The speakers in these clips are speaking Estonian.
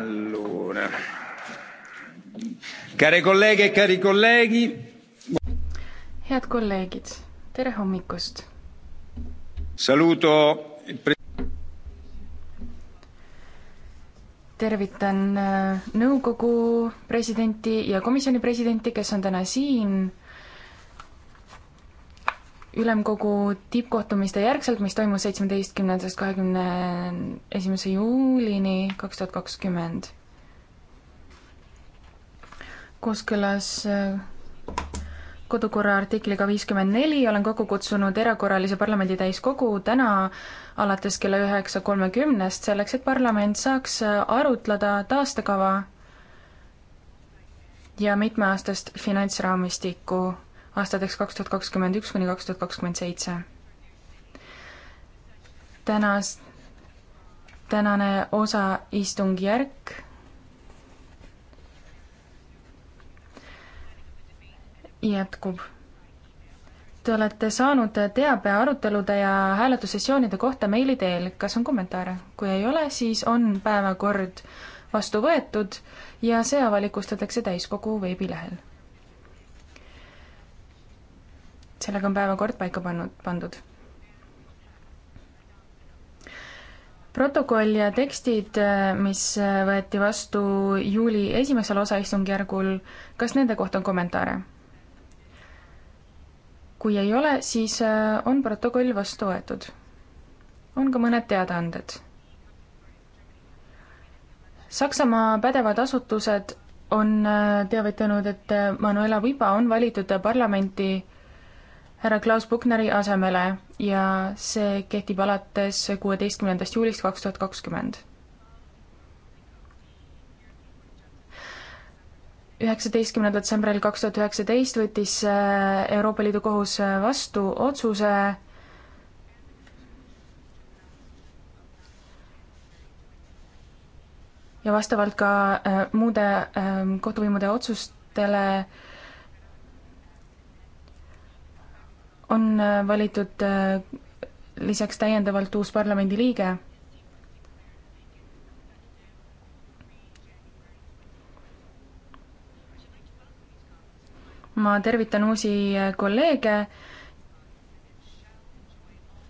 Allora. Care kolleege, e cari kolleegi. head kolleegid, tere hommikust. Saluto. tervitan äh, nõukogu presidenti ja komisjoni presidenti, kes on täna siin ülemkogu tippkohtumiste järgselt, mis toimus seitsmeteistkümnendast kahekümne esimese juulini kaks tuhat kakskümmend. kooskõlas äh, kodukorra artikliga viiskümmend neli olen kokku kutsunud erakorralise parlamendi täiskogu täna alates kella üheksa kolmekümnest, selleks et parlament saaks äh, arutleda taastekava ja mitmeaastast finantsraamistikku aastateks kaks tuhat kakskümmend üks kuni kaks tuhat kakskümmend seitse. tänas, tänane osa istungjärk jätkub. Te olete saanud teabe arutelude ja hääletussessioonide kohta meili teel, kas on kommentaare? kui ei ole, siis on päevakord vastu võetud ja see avalikustatakse täiskogu veebilehel sellega on päevakord paika pannud, pandud. protokoll ja tekstid, mis võeti vastu juuli esimesel osaistungjärgul, kas nende kohta on kommentaare? kui ei ole, siis äh, on protokoll vastu võetud. on ka mõned teadaanded. Saksamaa pädevad asutused on äh, teavitanud, et Manuela Viba on valitud parlamenti härra Klaus Pugneri asemele ja see kehtib alates kuueteistkümnendast juulist kaks tuhat kakskümmend üheksateistkümnendal detsembril kaks tuhat üheksateist võttis äh, Euroopa Liidu kohus äh, vastu otsuse ja vastavalt ka äh, muude kohtuvõimude otsustele on äh, valitud äh, lisaks täiendavalt uus parlamendiliige. ma tervitan uusi äh, kolleege.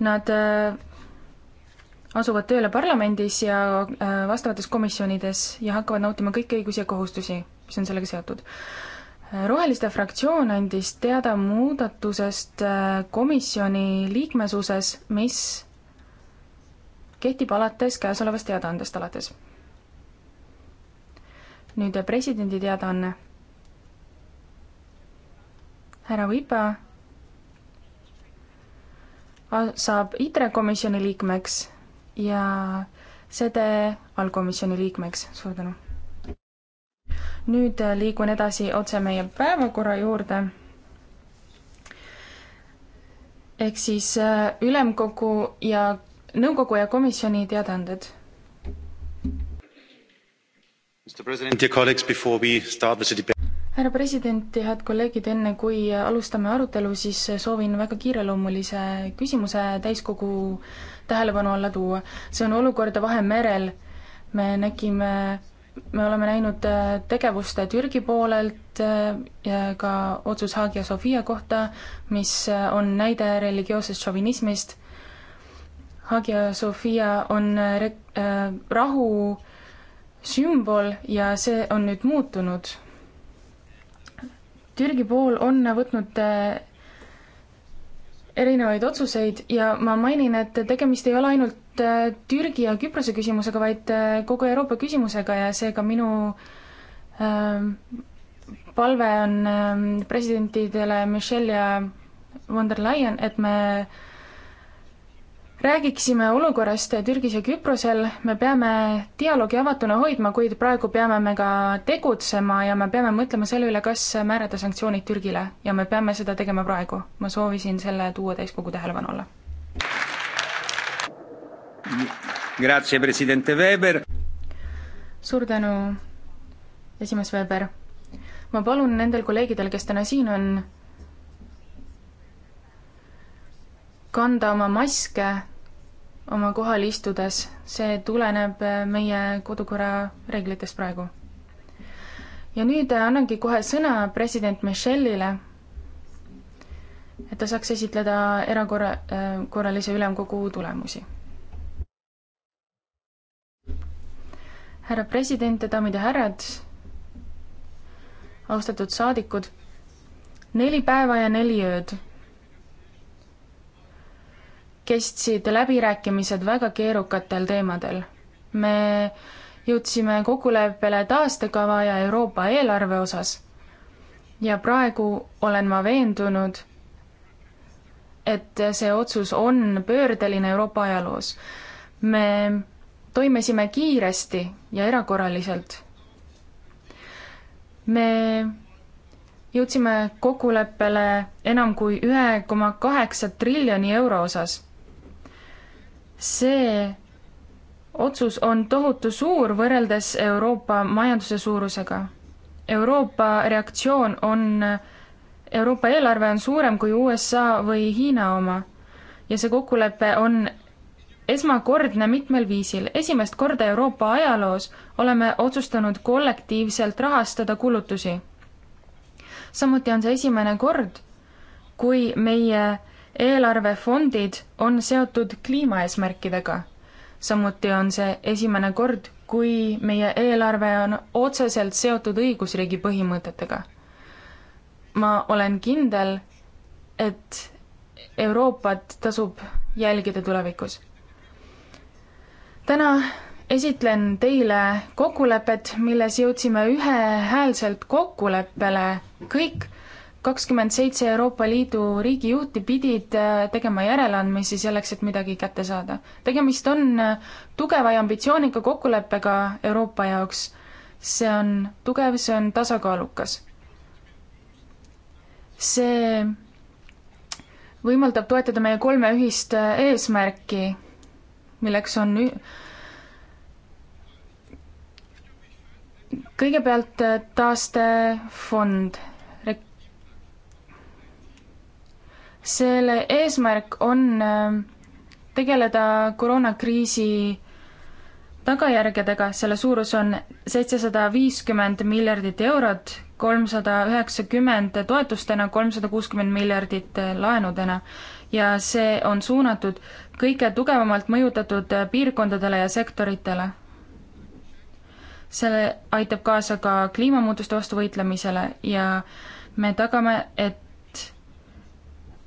Nad asuvad tööle parlamendis ja vastavates komisjonides ja hakkavad nautima kõiki õigusi ja kohustusi, mis on sellega seotud roheliste fraktsioon andis teada muudatusest äh, komisjoni liikmesuses, mis kehtib alates käesolevast teadaandest alates. nüüd äh, presidendi teadaanne. härra Vipa saab ITRE komisjoni liikmeks ja SEDE allkomisjoni liikmeks, suur tänu nüüd äh, liigun edasi otse meie päevakorra juurde. ehk siis äh, ülemkogu ja nõukogu ja komisjoni teadaanded. härra president ja head kolleegid, enne kui äh, alustame arutelu, siis soovin väga kiireloomulise küsimuse täiskogu tähelepanu alla tuua. see on olukorda Vahemerel. me nägime me oleme näinud äh, tegevust Türgi poolelt äh, ja ka otsus Hagia Sofia kohta, mis äh, on näide religioossest šovinismist. Hagia Sofia on re-, rahu sümbol ja see on nüüd muutunud. Türgi pool on võtnud erinevaid otsuseid ja ma mainin, et tegemist ei ole ainult Äh, Türgi ja Küprose küsimusega, vaid äh, kogu Euroopa küsimusega ja seega minu ähm, palve on ähm, presidentidele Michelle ja von der Leyen, et me räägiksime olukorrast Türgis ja Küprosel, me peame dialoogi avatuna hoidma, kuid praegu peame me ka tegutsema ja me peame mõtlema selle üle, kas määrata sanktsioonid Türgile ja me peame seda tegema praegu. ma soovisin selle tuua täiskogu tähelepanu alla Grazie, president Weber. suur tänu, esimees Weber. ma palun nendel kolleegidel, kes täna siin on, kanda oma maske oma kohal istudes, see tuleneb meie kodukorra reeglitest praegu. ja nüüd annangi kohe sõna president Michelle'ile, et ta saaks esitleda erakorra, äh, korralise ülemkogu tulemusi härra president ja daamid ja härrad, austatud saadikud, neli päeva ja neli ööd kestsid läbirääkimised väga keerukatel teemadel. me jõudsime kokkuleppele taastekava ja Euroopa eelarve osas. ja praegu olen ma veendunud, et see otsus on pöördeline Euroopa ajaloos. me toimisime kiiresti ja erakorraliselt. me jõudsime kokkuleppele enam kui ühe koma kaheksa triljoni euro osas. see otsus on tohutu suur võrreldes Euroopa majanduse suurusega. Euroopa reaktsioon on, Euroopa eelarve on suurem kui USA või Hiina oma ja see kokkulepe on esmakordne mitmel viisil. esimest korda Euroopa ajaloos oleme otsustanud kollektiivselt rahastada kulutusi. samuti on see esimene kord, kui meie eelarvefondid on seotud kliimaeesmärkidega. samuti on see esimene kord, kui meie eelarve on otseselt seotud õigusriigi põhimõtetega. ma olen kindel, et Euroopat tasub jälgida tulevikus täna esitlen teile kokkulepet, milles jõudsime ühehäälselt kokkuleppele kõik kakskümmend seitse Euroopa Liidu riigijuhti pidid äh, tegema järeleandmisi selleks, et midagi kätte saada. tegemist on äh, tugeva ja ambitsioonika kokkuleppega Euroopa jaoks. see on tugev, see on tasakaalukas. see võimaldab toetada meie kolme ühist äh, eesmärki milleks on kõigepealt äh, taastefond. selle eesmärk on äh, tegeleda koroonakriisi tagajärgedega, selle suurus on seitsesada viiskümmend miljardit eurot, kolmsada üheksakümmend toetustena, kolmsada kuuskümmend miljardit äh, laenudena. ja see on suunatud kõige tugevamalt mõjutatud piirkondadele ja sektoritele. see aitab kaasa ka kliimamuutuste vastu võitlemisele ja me tagame, et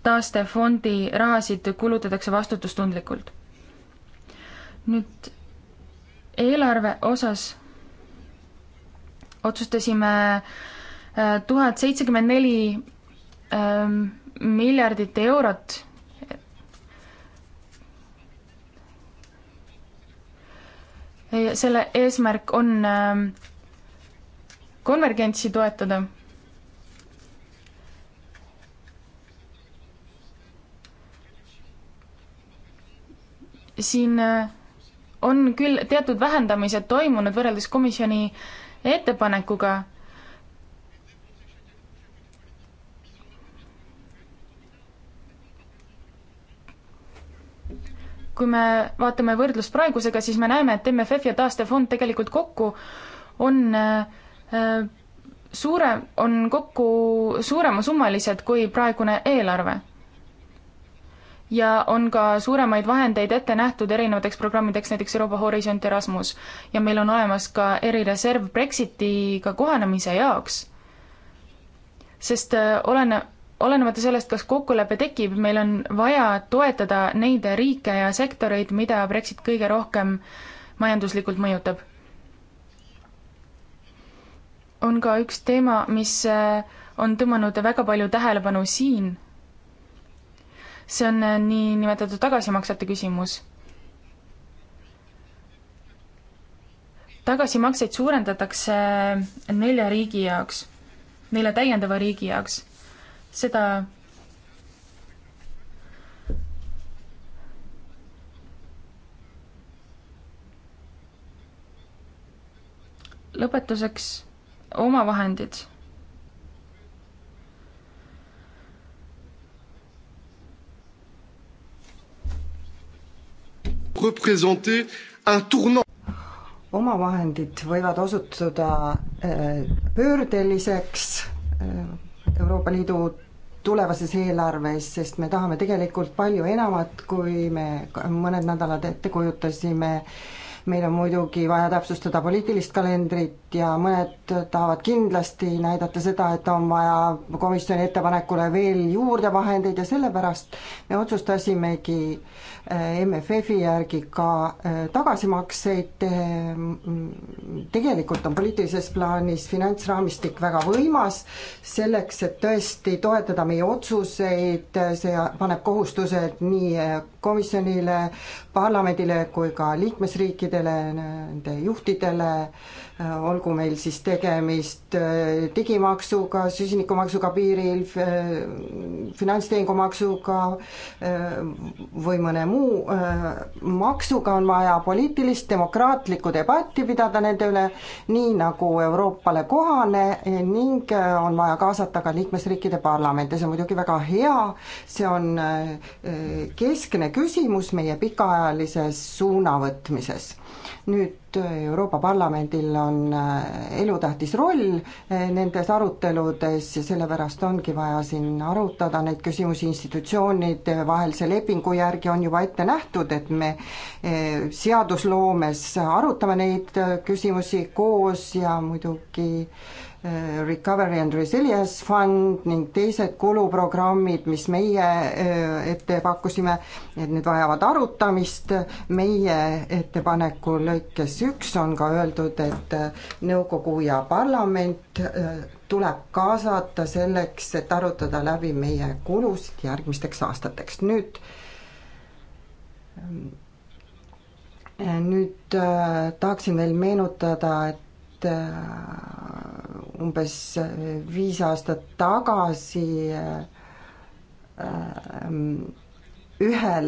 taastefondi rahasid kulutatakse vastutustundlikult. nüüd eelarve osas otsustasime äh, tuhat seitsekümmend neli ähm, miljardit eurot selle eesmärk on ähm, konvergentsi toetada. siin äh, on küll teatud vähendamised toimunud võrreldes komisjoni ettepanekuga kui me vaatame võrdlust praegusega, siis me näeme, et MFF ja taastefond tegelikult kokku on äh, äh, suure, on kokku suuremasummalised kui praegune eelarve. ja on ka suuremaid vahendeid ette nähtud erinevateks programmideks, näiteks Euroopa Horisont Erasmus. ja meil on olemas ka erireserv Brexitiga kohanemise jaoks. sest äh, olene-, olenemata sellest, kas kokkulepe tekib, meil on vaja toetada neid riike ja sektoreid, mida Brexit kõige rohkem majanduslikult mõjutab. on ka üks teema, mis äh, on tõmmanud väga palju tähelepanu siin. see on äh, niinimetatud tagasimaksete küsimus. tagasimakseid suurendatakse äh, nelja riigi jaoks, nelja täiendava riigi jaoks seda lõpetuseks omavahendid. omavahendid võivad osutuda äh, pöördeliseks äh, Euroopa Liidu tulevases eelarves, sest me tahame tegelikult palju enamat, kui me mõned nädalad ette kujutasime. meil on muidugi vaja täpsustada poliitilist kalendrit, ja mõned tahavad kindlasti näidata seda, et on vaja komisjoni ettepanekule veel juurde vahendeid ja sellepärast me otsustasimegi eh, MFF-i järgi ka eh, tagasimakseid. Mm, tegelikult on poliitilises plaanis finantsraamistik väga võimas selleks, et tõesti toetada meie otsuseid, see paneb kohustused nii eh, komisjonile, parlamendile kui ka liikmesriikidele, nende juhtidele Äh, olgu meil siis tegemist äh, digimaksuga, süsinikumaksuga piiril, finantstehingumaksuga äh, või mõne muu maksuga, on vaja poliitilist demokraatlikku debatti pidada nende üle, nii nagu Euroopale kohane eh, ning on vaja kaasata ka liikmesriikide parlamente, see on muidugi väga hea, see on keskne küsimus meie pikaajalises suunavõtmises nüüd äh, Euroopa Parlamendil on äh, elutähtis roll äh, nendes aruteludes ja sellepärast ongi vaja siin arutada neid küsimusi institutsioonide vahelise lepingu järgi on juba ette nähtud, et me seadusloomes arutame neid küsimusi koos ja muidugi Äh, Recovery and Resilience Fund ning teised kuluprogrammid, mis meie äh, ette pakkusime, et need vajavad arutamist, meie ettepaneku lõikes üks on ka öeldud, et äh, nõukogu ja parlament tuleb kaasata selleks, et arutada läbi meie kulusid järgmisteks aastateks, nüüd nüüd tahaksin veel meenutada, et Äh, umbes äh, viis aastat tagasi äh, ühel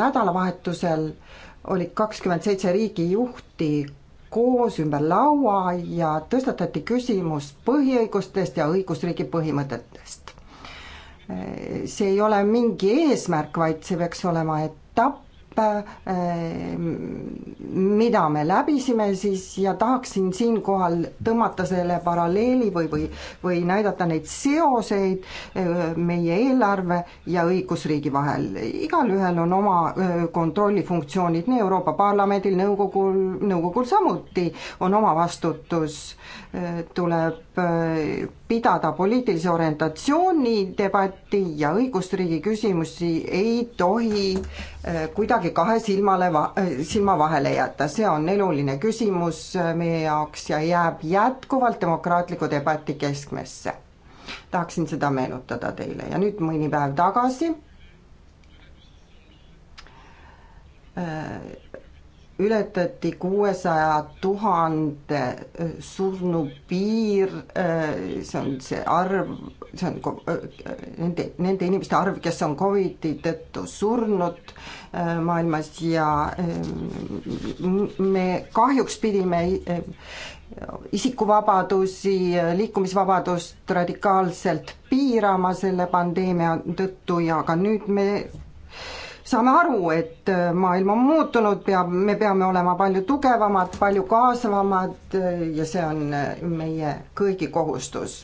nädalavahetusel oli kakskümmend seitse riigijuhti koos ümber laua ja tõstatati küsimus põhiõigustest ja õigusriigi põhimõtetest. see ei ole mingi eesmärk, vaid see peaks olema etapp, Ehm, mida me läbisime siis ja tahaksin siinkohal tõmmata selle paralleeli või, või, või näidata neid seoseid ehm, meie eelarve ja õigusriigi vahel. igalühel on oma kontrollifunktsioonid, nii Euroopa Parlamendil, nõukogul, nõukogul samuti on oma vastutus, ehm, tuleb pidada poliitilise orientatsiooni debatti ja õigusriigi küsimusi ei tohi Äh, kuidagi kahe silmale, äh, silma vahele jätta, see on eluline küsimus äh, meie jaoks ja jääb jätkuvalt demokraatliku debati keskmesse. tahaksin seda meenutada teile ja nüüd mõni päev tagasi ületati kuuesaja tuhande surnu piir, see on see arv see on nende, nende inimeste arv, kes on Covidi tõttu surnud maailmas ja me kahjuks pidime isikuvabadusi, liikumisvabadust radikaalselt piirama selle pandeemia tõttu ja ka nüüd me saame aru, et äh, maailm on muutunud, peab, me peame olema palju tugevamad, palju kaasavamad äh, ja see on äh, meie kõigi kohustus.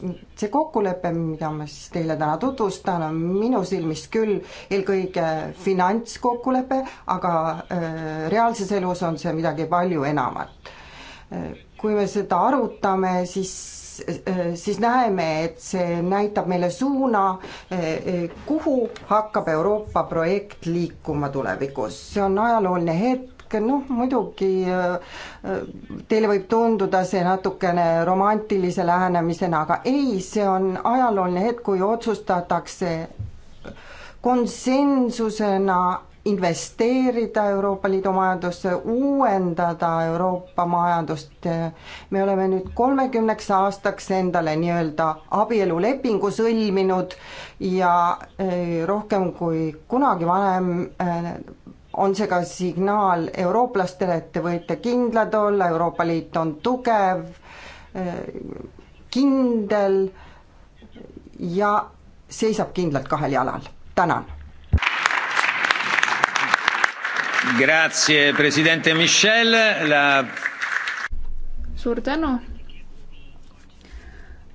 see kokkulepe, mida ma siis teile täna tutvustan, on minu silmis küll eelkõige finantskokkulepe, aga reaalses elus on see midagi palju enamat. kui me seda arutame, siis siis näeme, et see näitab meile suuna, kuhu hakkab Euroopa projekt liikuma tulevikus. see on ajalooline hetk, noh muidugi teile võib tunduda see natukene romantilise lähenemisena, aga ei, see on ajalooline hetk, kui otsustatakse konsensusena investeerida Euroopa Liidu majandusse, uuendada Euroopa majandust. me oleme nüüd kolmekümneks aastaks endale nii-öelda abielulepingu sõlminud ja eh, rohkem kui kunagi varem eh, on see ka signaal eurooplastele, et te võite kindlad olla, Euroopa Liit on tugev, eh, kindel ja seisab kindlalt kahel jalal. tänan Grazie, president Michel La.... suur tänu.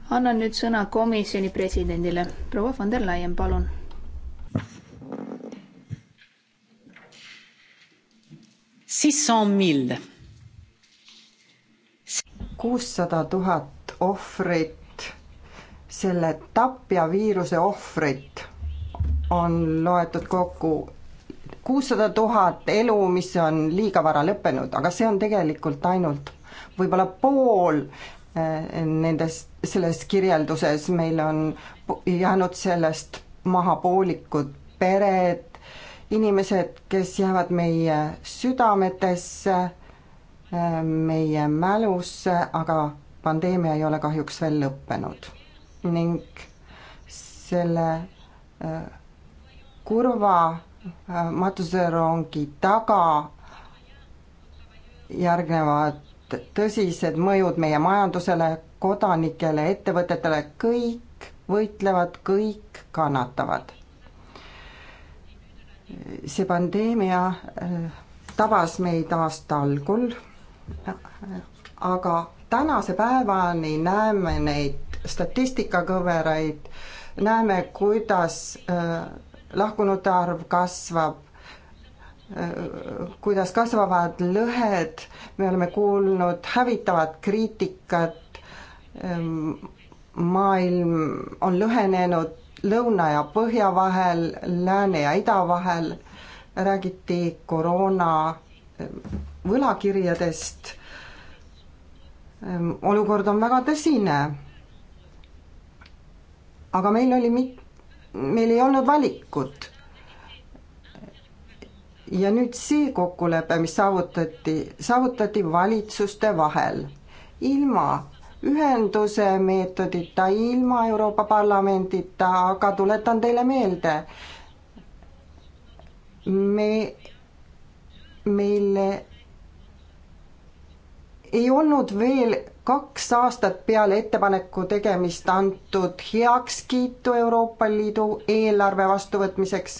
annan nüüd sõna komisjoni presidendile, proua von der Leyen, palun kuussada tuhat ohvrit, selle tapja viiruse ohvrit on loetud kokku kuussada tuhat elu, mis on liiga vara lõppenud, aga see on tegelikult ainult võib-olla pool eh, nendest, selles kirjelduses meil on jäänud sellest maha poolikud pered, inimesed, kes jäävad meie südametesse, eh, meie mälusse, aga pandeemia ei ole kahjuks veel lõppenud. ning selle eh, kurva Äh, matuserongi taga järgnevad tõsised mõjud meie majandusele, kodanikele, ettevõtetele, kõik võitlevad, kõik kannatavad. see pandeemia äh, tabas meid aasta algul, aga tänase päevani näeme neid statistikakõveraid, näeme, kuidas äh, lahkunute arv kasvab, kuidas kasvavad lõhed, me oleme kuulnud hävitavat kriitikat, maailm on lõhenenud lõuna ja põhja vahel, lääne ja ida vahel, räägiti koroona võlakirjadest, olukord on väga tõsine. aga meil oli mit-, meil ei olnud valikut. ja nüüd see kokkulepe, mis saavutati, saavutati valitsuste vahel ilma ühenduse meetodita, ilma Euroopa Parlamendita, aga tuletan teile meelde, me, meile ei olnud veel kaks aastat peale ettepaneku tegemist antud heakskiitu Euroopa Liidu eelarve vastuvõtmiseks.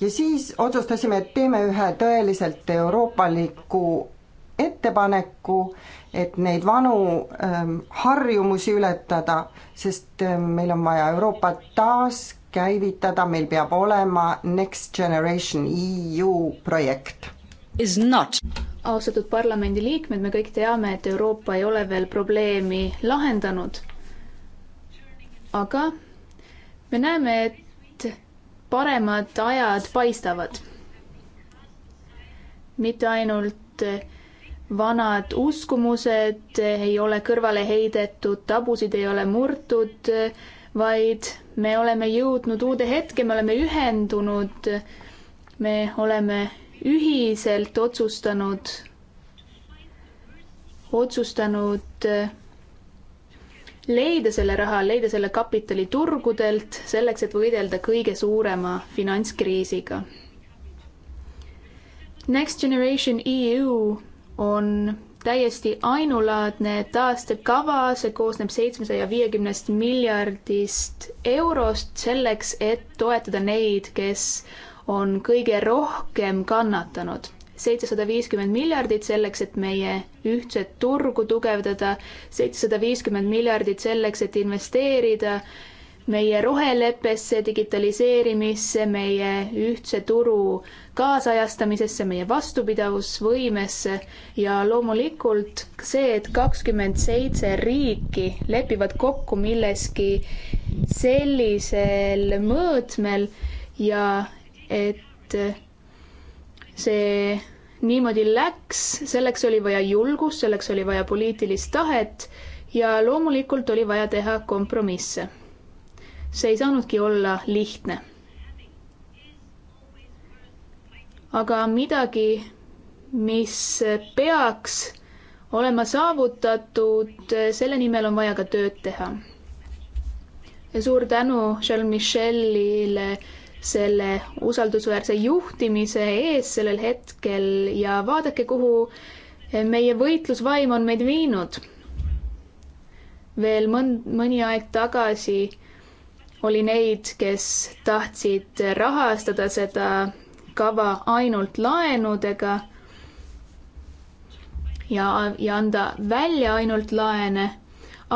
ja siis otsustasime, et teeme ühe tõeliselt euroopaliku ettepaneku, et neid vanu ähm, harjumusi ületada, sest äh, meil on vaja Euroopat taaskäivitada, meil peab olema Next Generation EU projekt. Is not austatud parlamendiliikmed, me kõik teame, et Euroopa ei ole veel probleemi lahendanud. aga me näeme, et paremad ajad paistavad. mitte ainult vanad uskumused ei ole kõrvale heidetud, tabusid ei ole murtud, vaid me oleme jõudnud uude hetke, me oleme ühendunud, me oleme ühiselt otsustanud, otsustanud äh, leida selle raha, leida selle kapitali turgudelt selleks, et võidelda kõige suurema finantskriisiga. Next Generation EU on täiesti ainulaadne taastekava, see koosneb seitsmesaja viiekümnest miljardist eurost selleks, et toetada neid, kes on kõige rohkem kannatanud. seitsesada viiskümmend miljardit selleks, et meie ühtset turgu tugevdada, seitsesada viiskümmend miljardit selleks, et investeerida meie roheleppesse, digitaliseerimisse, meie ühtse turu kaasajastamisesse, meie vastupidavusvõimesse ja loomulikult see, et kakskümmend seitse riiki lepivad kokku milleski sellisel mõõtmel ja et see niimoodi läks, selleks oli vaja julgust, selleks oli vaja poliitilist tahet ja loomulikult oli vaja teha kompromisse. see ei saanudki olla lihtne. aga midagi, mis peaks olema saavutatud, selle nimel on vaja ka tööd teha. ja suur tänu Charles Michelile selle usaldusväärse juhtimise ees sellel hetkel ja vaadake, kuhu meie võitlusvaim on meid viinud. veel mõn-, mõni aeg tagasi oli neid, kes tahtsid rahastada seda kava ainult laenudega ja, ja anda välja ainult laene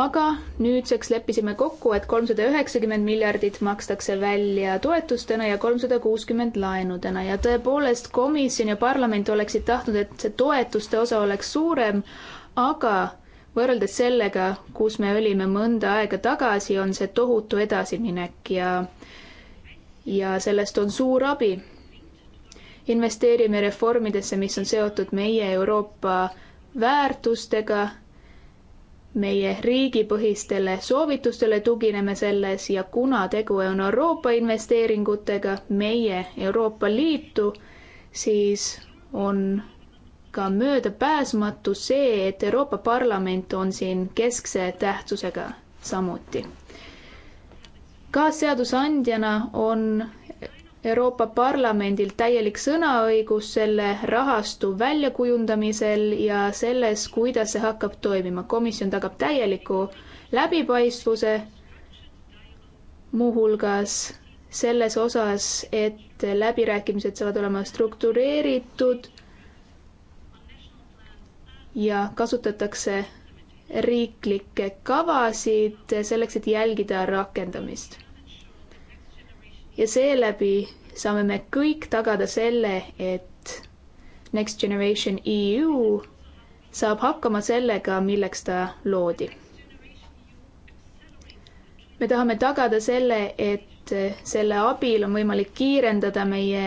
aga nüüdseks leppisime kokku, et kolmsada üheksakümmend miljardit makstakse välja toetustena ja kolmsada kuuskümmend laenudena ja tõepoolest komisjon ja parlament oleksid tahtnud, et see toetuste osa oleks suurem, aga võrreldes sellega, kus me olime mõnda aega tagasi, on see tohutu edasiminek ja ja sellest on suur abi. investeerime reformidesse, mis on seotud meie Euroopa väärtustega meie riigipõhistele soovitustele tugineme selles ja kuna tegu on Euroopa investeeringutega meie Euroopa Liitu, siis on ka möödapääsmatu see, et Euroopa Parlament on siin keskse tähtsusega samuti. kaasseadusandjana on Euroopa Parlamendil täielik sõnaõigus selle rahastu väljakujundamisel ja selles, kuidas see hakkab toimima. komisjon tagab täieliku läbipaistvuse, muuhulgas selles osas, et läbirääkimised saavad olema struktureeritud ja kasutatakse riiklikke kavasid selleks, et jälgida rakendamist ja seeläbi saame me kõik tagada selle, et Next Generation EU saab hakkama sellega, milleks ta loodi. me tahame tagada selle, et selle abil on võimalik kiirendada meie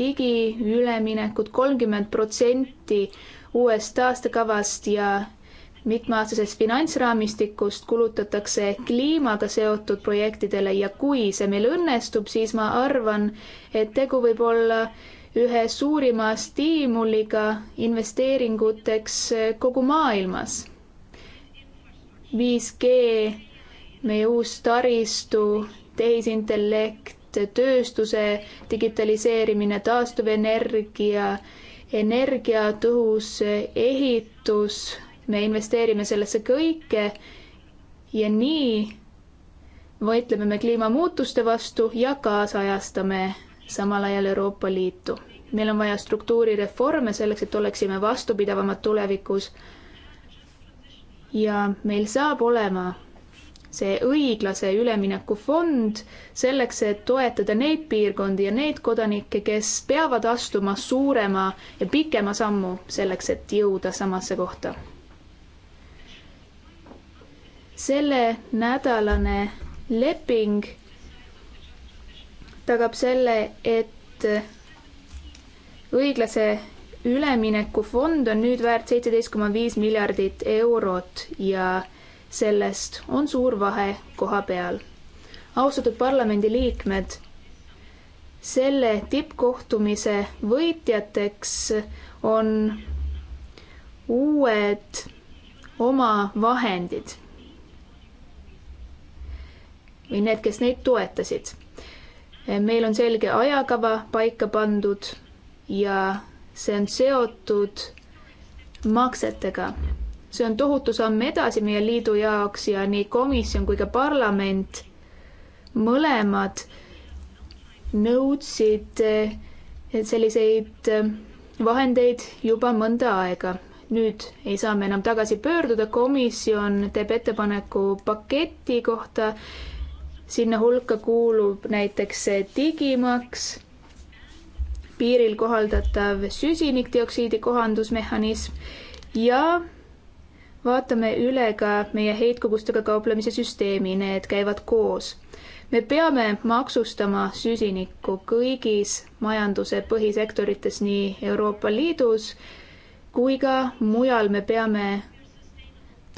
digiüleminekut kolmkümmend protsenti uuest taastekavast ja mitmeaastasest finantsraamistikust kulutatakse kliimaga seotud projektidele ja kui see meil õnnestub, siis ma arvan, et tegu võib olla ühe suurima stiimuliga investeeringuteks kogu maailmas. 5G, meie uus taristu, tehisintellekt, tööstuse digitaliseerimine, taastuvenergia, energiatõhus ehitus me investeerime sellesse kõike ja nii võitleme me kliimamuutuste vastu ja kaasajastame samal ajal Euroopa Liitu. meil on vaja struktuurireforme selleks, et oleksime vastupidavamad tulevikus. ja meil saab olema see õiglase ülemineku fond selleks, et toetada neid piirkondi ja neid kodanikke, kes peavad astuma suurema ja pikema sammu selleks, et jõuda samasse kohta sellenädalane leping tagab selle, et õiglase ülemineku fond on nüüd väärt seitseteist koma viis miljardit eurot ja sellest on suur vahe koha peal. austatud parlamendiliikmed, selle tippkohtumise võitjateks on uued omavahendid või need, kes neid toetasid. meil on selge ajakava paika pandud ja see on seotud maksetega. see on tohutu samm edasi meie liidu jaoks ja nii komisjon kui ka parlament mõlemad nõudsid eh, selliseid eh, vahendeid juba mõnda aega. nüüd ei saa me enam tagasi pöörduda, komisjon teeb ettepaneku paketi kohta sinna hulka kuulub näiteks digimaks, piiril kohaldatav süsinikdioksiidi kohandusmehhanism ja vaatame üle ka meie heitkogustega kauplemise süsteemi, need käivad koos. me peame maksustama süsinikku kõigis majanduse põhisektorites nii Euroopa Liidus kui ka mujal me peame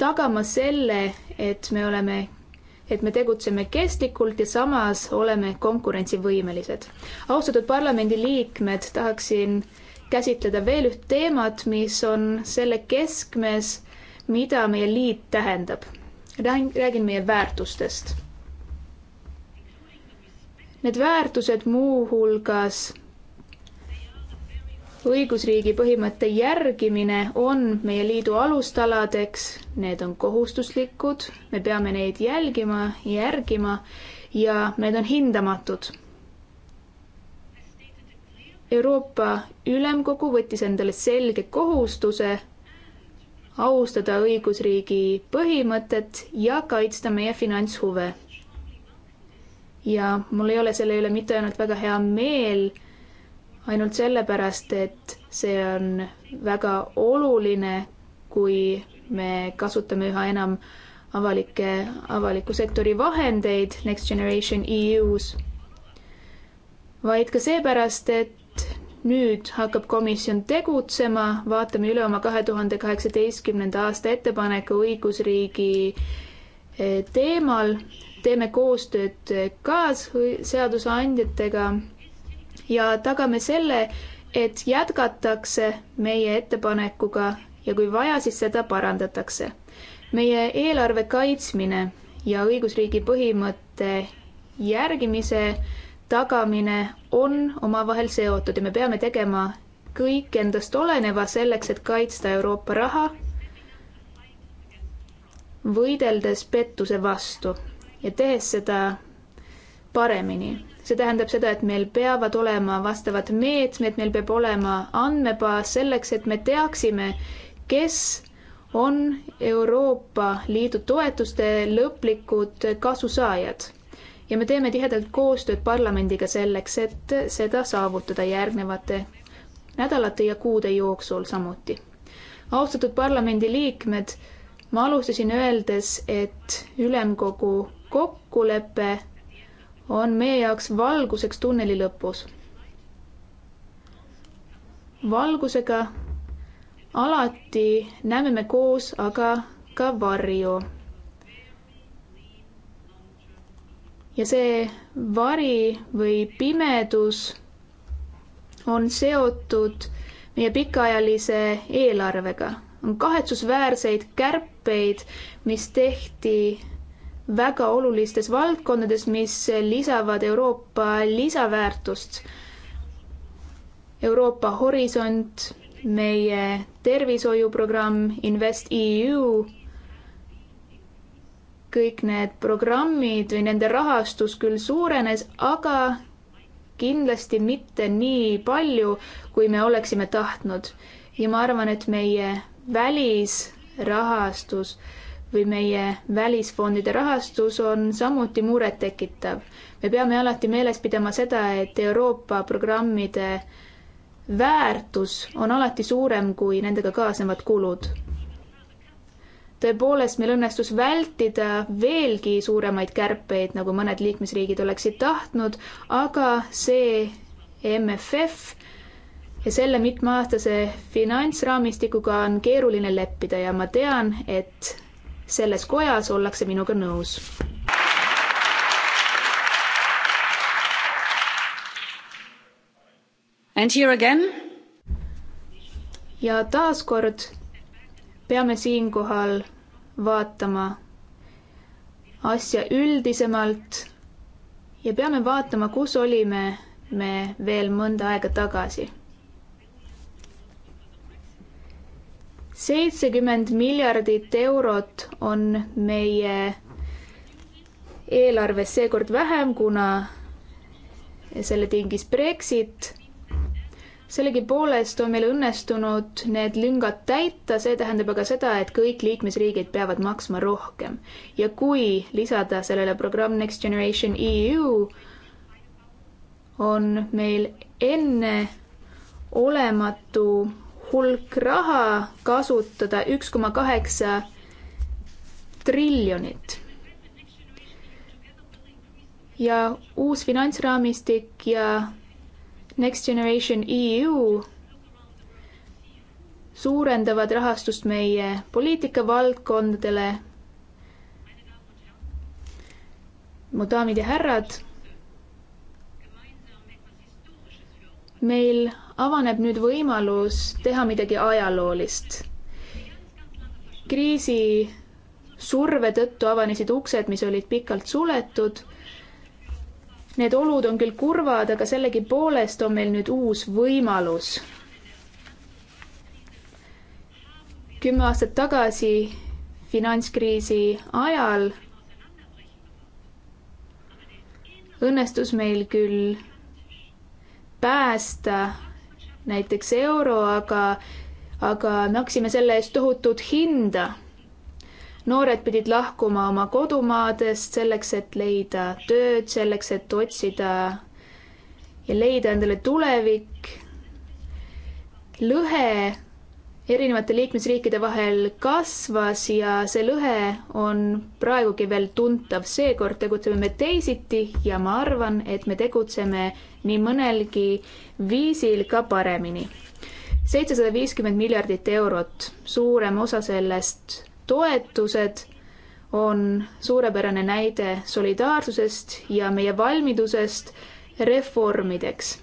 tagama selle, et me oleme et me tegutseme kestlikult ja samas oleme konkurentsivõimelised. austatud parlamendiliikmed, tahaksin käsitleda veel üht teemat, mis on selle keskmes, mida meie liit tähendab. räägin meie väärtustest. Need väärtused muuhulgas õigusriigi põhimõtte järgimine on meie liidu alustaladeks, need on kohustuslikud, me peame neid jälgima, järgima ja need on hindamatud. Euroopa Ülemkogu võttis endale selge kohustuse austada õigusriigi põhimõtet ja kaitsta meie finantshuve. ja mul ei ole selle üle mitte ainult väga hea meel, ainult sellepärast, et see on väga oluline, kui me kasutame üha enam avalikke, avaliku sektori vahendeid Next Generation EU-s, vaid ka seepärast, et nüüd hakkab komisjon tegutsema, vaatame üle oma kahe tuhande kaheksateistkümnenda aasta ettepaneku õigusriigi eh, teemal, teeme koostööd kaasseadusandjatega ja tagame selle, et jätkatakse meie ettepanekuga ja kui vaja, siis seda parandatakse. meie eelarve kaitsmine ja õigusriigi põhimõtte järgimise tagamine on omavahel seotud ja me peame tegema kõik endast oleneva selleks, et kaitsta Euroopa raha, võideldes pettuse vastu ja tehes seda paremini see tähendab seda, et meil peavad olema vastavad meetmed, meil peab olema andmebaas selleks, et me teaksime, kes on Euroopa Liidu toetuste lõplikud kasusaajad. ja me teeme tihedalt koostööd parlamendiga selleks, et seda saavutada järgnevate nädalate ja kuude jooksul samuti. austatud parlamendiliikmed, ma alustasin öeldes, et ülemkogu kokkulepe on meie jaoks valguseks tunneli lõpus. valgusega alati näeme me koos aga ka varju. ja see vari või pimedus on seotud meie pikaajalise eelarvega. on kahetsusväärseid kärpeid, mis tehti väga olulistes valdkondades, mis lisavad Euroopa lisaväärtust. Euroopa Horisont, meie tervishoiuprogramm InvestEU, kõik need programmid või nende rahastus küll suurenes, aga kindlasti mitte nii palju, kui me oleksime tahtnud. ja ma arvan, et meie välisrahastus äh, või meie välisfondide rahastus on samuti murettekitav. me peame alati meeles pidama seda, et Euroopa programmide väärtus on alati suurem kui nendega kaasnevad kulud. tõepoolest, meil õnnestus vältida veelgi suuremaid kärpeid, nagu mõned liikmesriigid oleksid tahtnud, aga see MFF ja selle mitmeaastase finantsraamistikuga on keeruline leppida ja ma tean, et selles kojas ollakse minuga nõus. And here again. ja taaskord peame siinkohal vaatama asja üldisemalt ja peame vaatama, kus olime me veel mõnda aega tagasi seitsekümmend miljardit eurot on meie eelarves seekord vähem, kuna selle tingis Brexit. sellegipoolest on meil õnnestunud need lüngad täita, see tähendab aga seda, et kõik liikmesriigid peavad maksma rohkem. ja kui lisada sellele programm Next Generation EU, on meil enne olematu hulk raha kasutada, üks koma kaheksa triljonit. ja uus finantsraamistik ja Next Generation EU suurendavad rahastust meie poliitikavaldkondadele. mu daamid ja härrad, meil avaneb nüüd võimalus teha midagi ajaloolist. kriisi surve tõttu avanesid uksed, mis olid pikalt suletud. Need olud on küll kurvad, aga sellegipoolest on meil nüüd uus võimalus. kümme aastat tagasi finantskriisi ajal õnnestus meil küll päästa näiteks euro, aga, aga maksime selle eest tohutut hinda. noored pidid lahkuma oma kodumaadest selleks, et leida tööd, selleks, et otsida ja leida endale tulevik. lõhe erinevate liikmesriikide vahel kasvas ja see lõhe on praegugi veel tuntav. seekord tegutseme me teisiti ja ma arvan, et me tegutseme nii mõnelgi viisil ka paremini. seitsesada viiskümmend miljardit eurot, suurem osa sellest toetused on suurepärane näide solidaarsusest ja meie valmidusest reformideks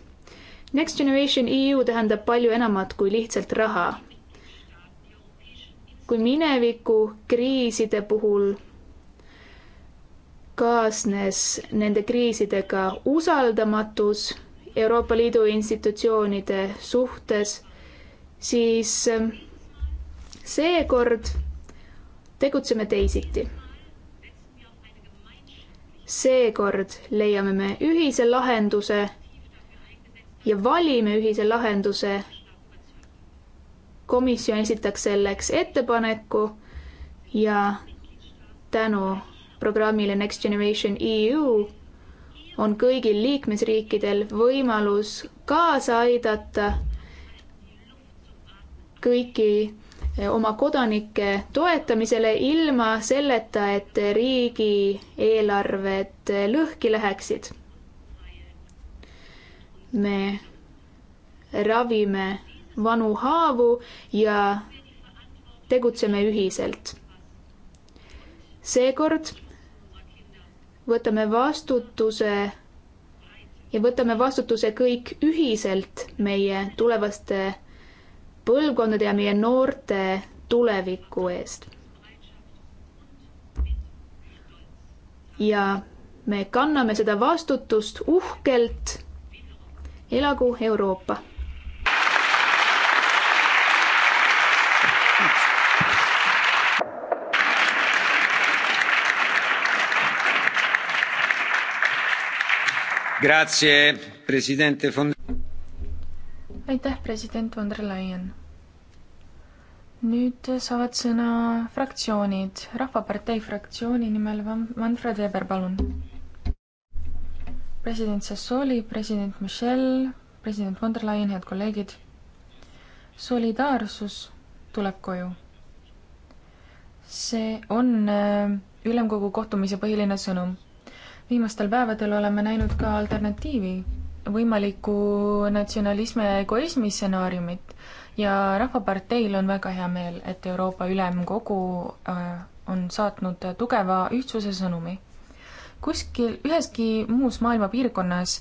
Next Generation EU tähendab palju enamat kui lihtsalt raha kui mineviku kriiside puhul kaasnes nende kriisidega usaldamatus Euroopa Liidu institutsioonide suhtes, siis ähm, seekord tegutseme teisiti. seekord leiame me ühise lahenduse ja valime ühise lahenduse komisjon esitaks selleks ettepaneku ja tänu programmile Next Generation EU on kõigil liikmesriikidel võimalus kaasa aidata kõiki eh, oma kodanike toetamisele ilma selleta, et riigieelarved lõhki läheksid. me ravime vanu haavu ja tegutseme ühiselt. seekord võtame vastutuse ja võtame vastutuse kõik ühiselt meie tulevaste põlvkondade ja meie noorte tuleviku eest. ja me kanname seda vastutust uhkelt. elagu Euroopa Von... aitäh, president von der Leyen. nüüd saavad sõna fraktsioonid. rahvapartei fraktsiooni nimel Manfred Weber, palun. president Sassoli, president Michel, president von der Leyen, head kolleegid. solidaarsus tuleb koju. see on äh, ülemkogu kohtumise põhiline sõnum viimastel päevadel oleme näinud ka alternatiivi, võimalikku natsionalismi ja egoismi stsenaariumit ja Rahvaparteil on väga hea meel, et Euroopa Ülemkogu äh, on saatnud tugeva ühtsuse sõnumi. kuskil üheski muus maailma piirkonnas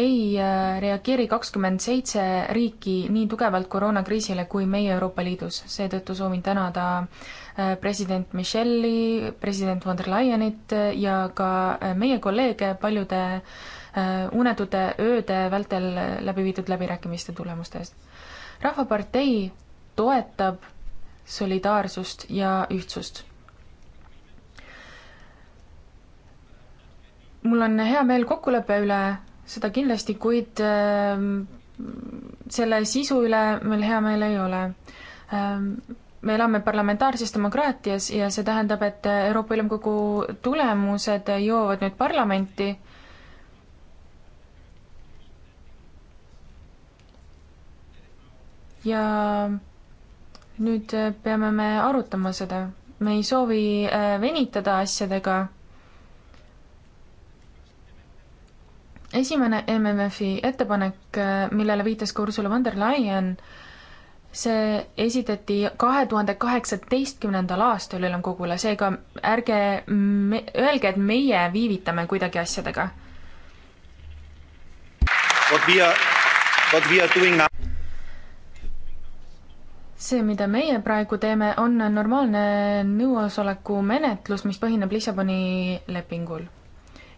ei äh, reageeri kakskümmend seitse riiki nii tugevalt koroonakriisile kui meie Euroopa Liidus. seetõttu soovin tänada president Michelli, president von der Leyenit äh, ja ka äh, meie kolleege paljude äh, unetute ööde vältel läbi viidud läbirääkimiste tulemuste eest. rahvapartei toetab solidaarsust ja ühtsust. mul on hea meel kokkuleppe üle, seda kindlasti, kuid ähm, selle sisu üle meil hea meel ei ole ähm, me elame parlamentaarses demokraatias ja see tähendab, et Euroopa Ülemkogu tulemused jõuavad nüüd parlamenti. ja nüüd peame me arutama seda, me ei soovi äh, venitada asjadega. esimene MMF-i ettepanek, äh, millele viitas ka Ursula von der Leyen, see esitati kahe tuhande kaheksateistkümnendal aastal ülemkogule, seega ärge me, öelge, et meie viivitame kuidagi asjadega. see, mida meie praegu teeme, on normaalne nõusoleku menetlus, mis põhineb Lissaboni lepingul.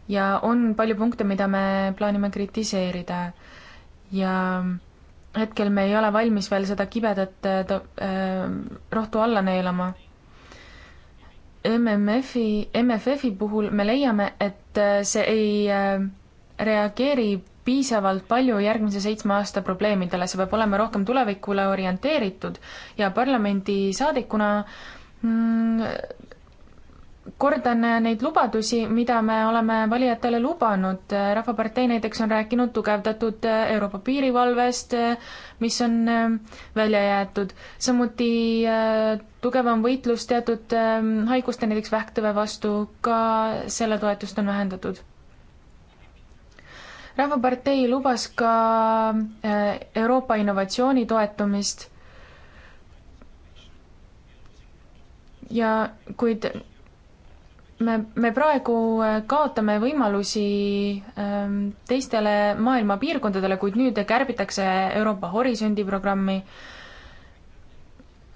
ja on palju punkte, mida me plaanime kritiseerida ja hetkel me ei ole valmis veel seda kibedat äh, äh, rohtu alla neelama. MMF-i, MFF-i puhul me leiame, et äh, see ei reageeri piisavalt palju järgmise seitsme aasta probleemidele, see peab olema rohkem tulevikule orienteeritud ja parlamendisaadikuna mm, kordan neid lubadusi, mida me oleme valijatele lubanud. rahvapartei näiteks on rääkinud tugevdatud Euroopa piirivalvest, mis on äh, välja jäetud. samuti äh, tugevam võitlus teatud ähm, haiguste, näiteks vähktõve vastu, ka selle toetust on vähendatud rahvapartei lubas ka äh, Euroopa innovatsiooni toetamist. ja kuid me, me praegu äh, kaotame võimalusi ähm, teistele maailma piirkondadele, kuid nüüd kärbitakse Euroopa Horisondi programmi.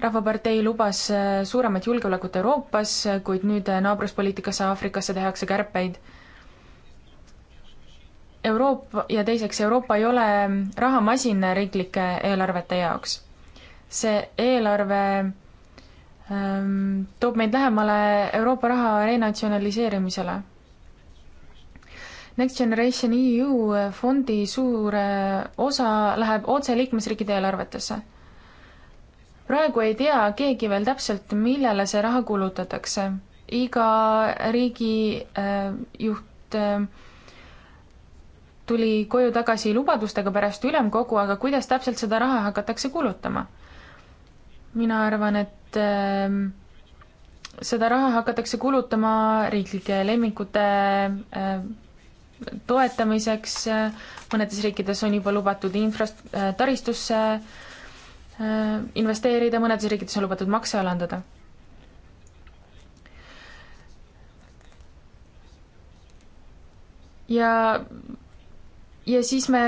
rahvapartei lubas äh, suuremat julgeolekut Euroopas, äh, kuid nüüd naabruspoliitikasse Aafrikasse tehakse kärpeid Euroopa ja teiseks, Euroopa ei ole ähm, rahamasin riiklike eelarvete jaoks. see eelarve Ehm, toob meid lähemale Euroopa raha renatsionaliseerimisele. Next Generation EU fondi suur osa läheb otse liikmesriikide eelarvetesse. praegu ei tea keegi veel täpselt, millele see raha kulutatakse. iga riigijuht ehm, äh, ehm, äh, tuli koju tagasi lubadustega pärast ülemkogu, aga kuidas täpselt seda raha hakatakse kulutama mina arvan, et ähm, seda raha hakatakse kulutama riiklike lemmikute ähm, toetamiseks, äh, mõnedes riikides on juba lubatud infrast-, äh, taristusse äh, investeerida, mõnedes riikides on lubatud makse alandada. ja ja siis me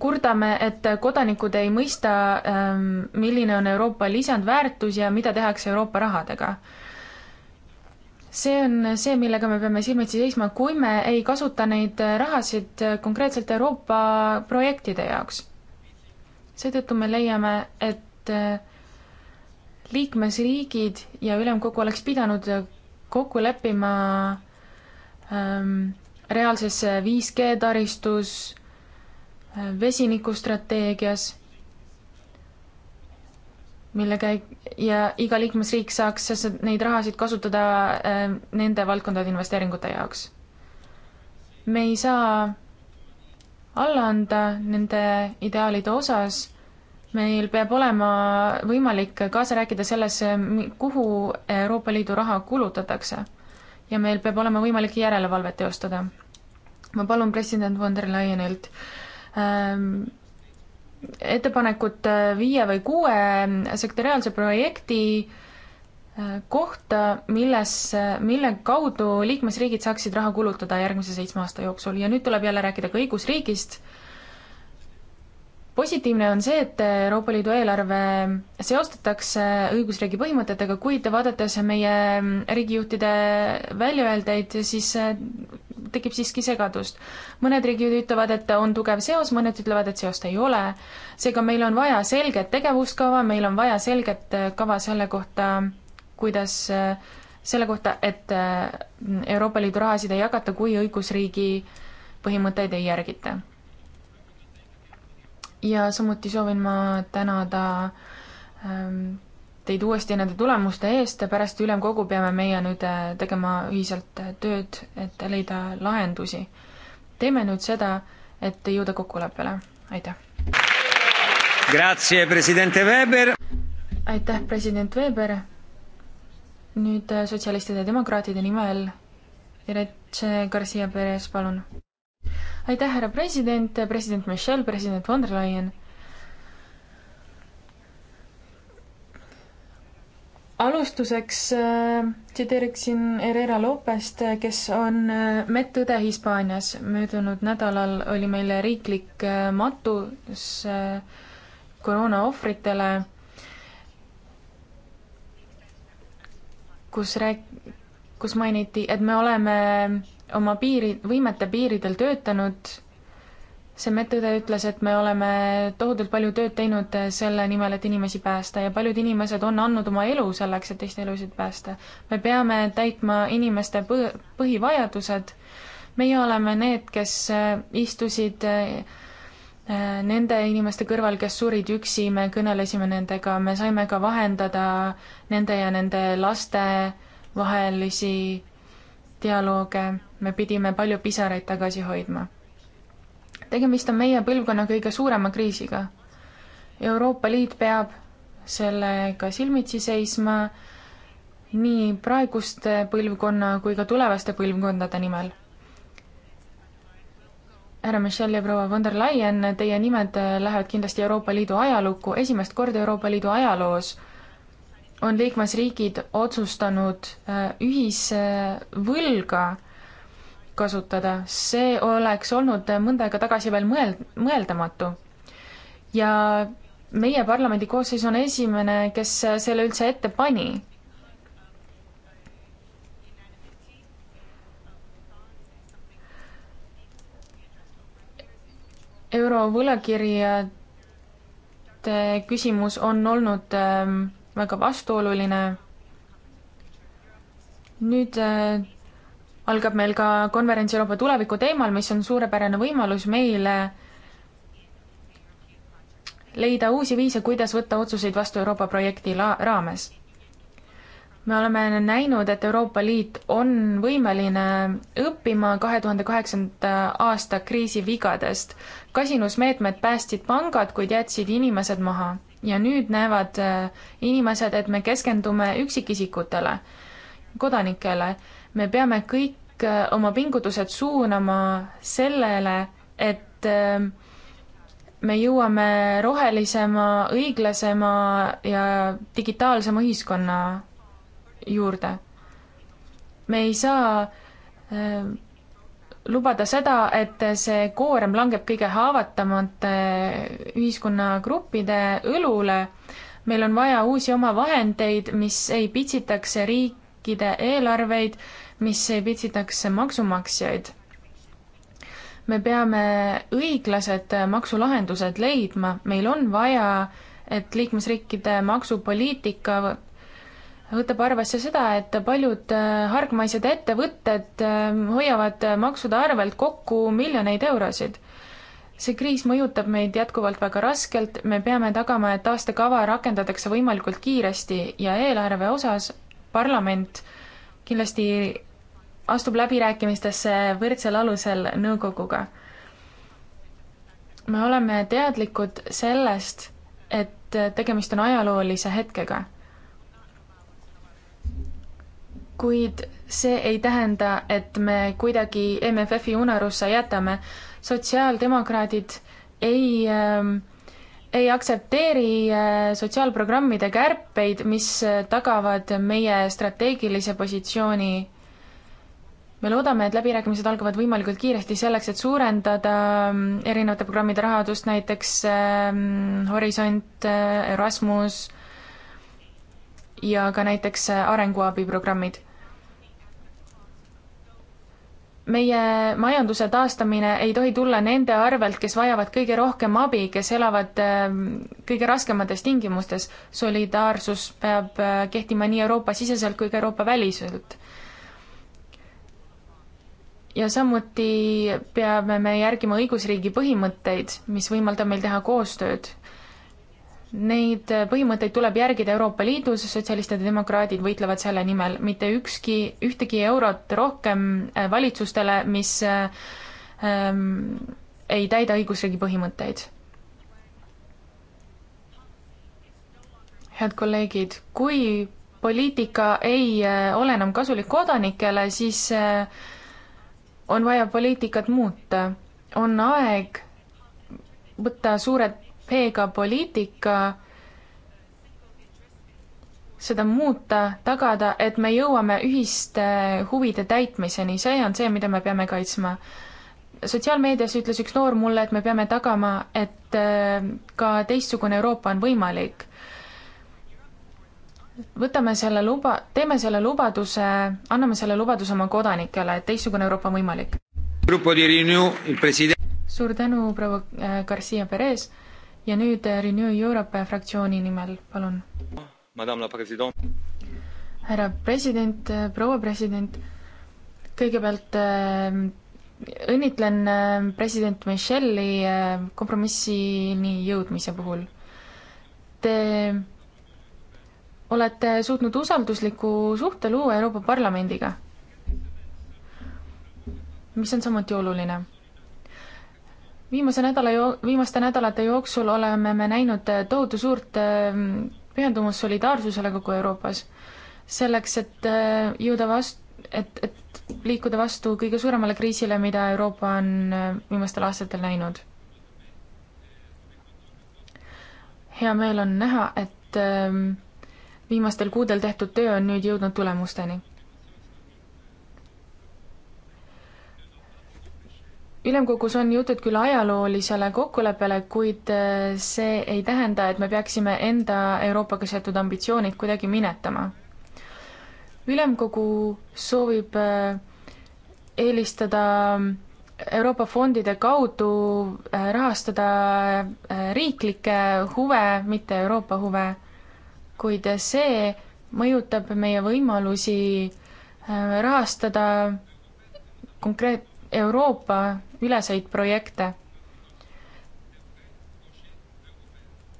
kurdame, et kodanikud ei mõista, ähm, milline on Euroopa lisandväärtus ja mida tehakse Euroopa rahadega. see on see, millega me peame silmitsi seisma, kui me ei kasuta neid rahasid konkreetselt Euroopa projektide jaoks. seetõttu me leiame, et äh, liikmesriigid ja ülemkogu oleks pidanud kokku leppima ähm, reaalses 5G taristus vesinikustrateegias, mille käi- ja iga liikmesriik saaks neid rahasid kasutada äh, nende valdkondade investeeringute jaoks. me ei saa alla anda nende ideaalide osas, meil peab olema võimalik kaasa rääkida sellesse, kuhu Euroopa Liidu raha kulutatakse. ja meil peab olema võimalik järelevalvet teostada. ma palun president von der Leyenilt äh, Ähm, ettepanekut äh, viie või kuue sektoriaalse projekti äh, kohta, milles, äh, mille kaudu liikmesriigid saaksid raha kulutada järgmise seitsme aasta jooksul ja nüüd tuleb jälle rääkida ka õigusriigist positiivne on see, et Euroopa Liidu eelarve seostatakse õigusriigi põhimõtetega, kuid vaadates meie riigijuhtide väljaöeldeid, siis eh, tekib siiski segadust. mõned riigid ütlevad, et on tugev seos, mõned ütlevad, et seost ei ole. seega meil on vaja selget tegevuskava, meil on vaja selget eh, kava selle kohta, kuidas, eh, selle kohta, et Euroopa Liidu rahasid ei jagata, kui õigusriigi põhimõtteid ei järgita ja samuti soovin ma tänada ähm, teid uuesti nende tulemuste eest, pärast ülemkogu peame meie nüüd äh, tegema ühiselt äh, tööd, et leida lahendusi. teeme nüüd seda, et jõuda kokkuleppele, aitäh. aitäh, president Weber. nüüd äh, sotsialistide ja demokraatide nimel Irene Garcia Perez, palun aitäh, härra president, president Michel, president von der Leyen. alustuseks äh, tsiteeriksin Herrera Lopest, äh, kes on äh, medõde Hispaanias. möödunud nädalal oli meil riiklik äh, matus äh, koroona ohvritele, kus rääk-, kus mainiti, et me oleme äh, oma piiri, võimete piiridel töötanud. see medõde ütles, et me oleme tohutult palju tööd teinud selle nimel, et inimesi päästa ja paljud inimesed on andnud oma elu selleks, et teiste elusid päästa. me peame täitma inimeste põ-, põhivajadused. meie oleme need, kes äh, istusid äh, nende inimeste kõrval, kes surid üksi, me kõnelesime nendega, me saime ka vahendada nende ja nende laste vahelisi dialoog me pidime palju pisaraid tagasi hoidma. tegemist on meie põlvkonna kõige suurema kriisiga. Euroopa Liit peab sellega silmitsi seisma nii praeguste põlvkonna kui ka tulevaste põlvkondade nimel. härra Michel ja proua von der Leyen, teie nimed lähevad kindlasti Euroopa Liidu ajalukku, esimest korda Euroopa Liidu ajaloos on liikmesriigid otsustanud äh, ühisvõlga kasutada, see oleks olnud mõnda aega tagasi veel mõel-, mõeldamatu. ja meie parlamendi koosseis on esimene, kes selle üldse ette pani. eurovõlakirjade küsimus on olnud ähm, väga vastuoluline. nüüd äh, algab meil ka konverents Euroopa tuleviku teemal, mis on suurepärane võimalus meile leida uusi viise, kuidas võtta otsuseid vastu Euroopa projekti la-, raames. me oleme näinud, et Euroopa Liit on võimeline õppima kahe tuhande kaheksanda aasta kriisi vigadest. kasinusmeetmed päästsid pangad, kuid jätsid inimesed maha ja nüüd näevad äh, inimesed, et me keskendume üksikisikutele, kodanikele me peame kõik äh, oma pingutused suunama sellele, et äh, me jõuame rohelisema, õiglasema ja digitaalsema ühiskonna juurde. me ei saa äh, lubada seda, et see koorem langeb kõige haavatamate ühiskonnagruppide õlule. meil on vaja uusi omavahendeid, mis ei pitsitaks riikide eelarveid mis ei pitsitaks maksumaksjaid. me peame õiglased maksulahendused leidma, meil on vaja, et liikmesriikide maksupoliitika võtab arvesse seda, et paljud äh, hargmaised ettevõtted äh, hoiavad maksude arvelt kokku miljoneid eurosid. see kriis mõjutab meid jätkuvalt väga raskelt, me peame tagama, et taastekava rakendatakse võimalikult kiiresti ja eelarve osas parlament kindlasti astub läbirääkimistesse võrdsel alusel nõukoguga. me oleme teadlikud sellest, et tegemist on ajaloolise hetkega. kuid see ei tähenda, et me kuidagi MFF-i unarusse jätame. sotsiaaldemokraadid ei äh, ei aktsepteeri äh, sotsiaalprogrammide kärpeid, mis tagavad meie strateegilise positsiooni me loodame, et läbirääkimised algavad võimalikult kiiresti selleks, et suurendada ähm, erinevate programmide rahastust, näiteks ähm, Horisont, äh, Erasmus ja ka näiteks äh, arenguabiprogrammid meie majanduse taastamine ei tohi tulla nende arvelt, kes vajavad kõige rohkem abi, kes elavad ähm, kõige raskemates tingimustes. solidaarsus peab äh, kehtima nii Euroopa-siseselt kui ka Euroopa väliselt ja samuti peame me järgima õigusriigi põhimõtteid, mis võimaldab meil teha koostööd. Neid põhimõtteid tuleb järgida Euroopa Liidus, sotsialistid ja demokraadid võitlevad selle nimel, mitte ükski, ühtegi eurot rohkem äh, valitsustele, mis äh, ähm, ei täida õigusriigi põhimõtteid. head kolleegid, kui poliitika ei äh, ole enam kasulik kodanikele, siis äh, on vaja poliitikat muuta, on aeg võtta suure P-ga poliitika, seda muuta, tagada, et me jõuame ühiste huvide täitmiseni, see on see, mida me peame kaitsma. sotsiaalmeedias ütles üks noor mulle, et me peame tagama, et äh, ka teistsugune Euroopa on võimalik võtame selle luba, teeme selle lubaduse, anname selle lubaduse oma kodanikele, et teistsugune Euroopa on võimalik. suur tänu, proua äh, Garcia Perez ja nüüd äh, Renew Europe fraktsiooni nimel, palun. härra president, äh, proua president, kõigepealt õnnitlen president Michelli kompromissini jõudmise puhul. Te olete suutnud usaldusliku suhte luua Euroopa Parlamendiga, mis on samuti oluline. viimase nädala jo-, viimaste nädalate jooksul oleme me näinud tohutu suurt ehm, pühendumust solidaarsusele kogu Euroopas. selleks, et ehm, jõuda vast-, et, et liikuda vastu kõige suuremale kriisile, mida Euroopa on ehm, viimastel aastatel näinud. hea meel on näha, et viimastel kuudel tehtud töö on nüüd jõudnud tulemusteni. ülemkogus on jõutud küll ajaloolisele kokkuleppele, kuid äh, see ei tähenda, et me peaksime enda Euroopaga seotud ambitsioonid kuidagi minetama. ülemkogu soovib äh, eelistada äh, Euroopa fondide kaudu rahastada riiklikke huve, mitte Euroopa huve kuid see mõjutab meie võimalusi äh, rahastada konkreet-, Euroopa üleseid projekte.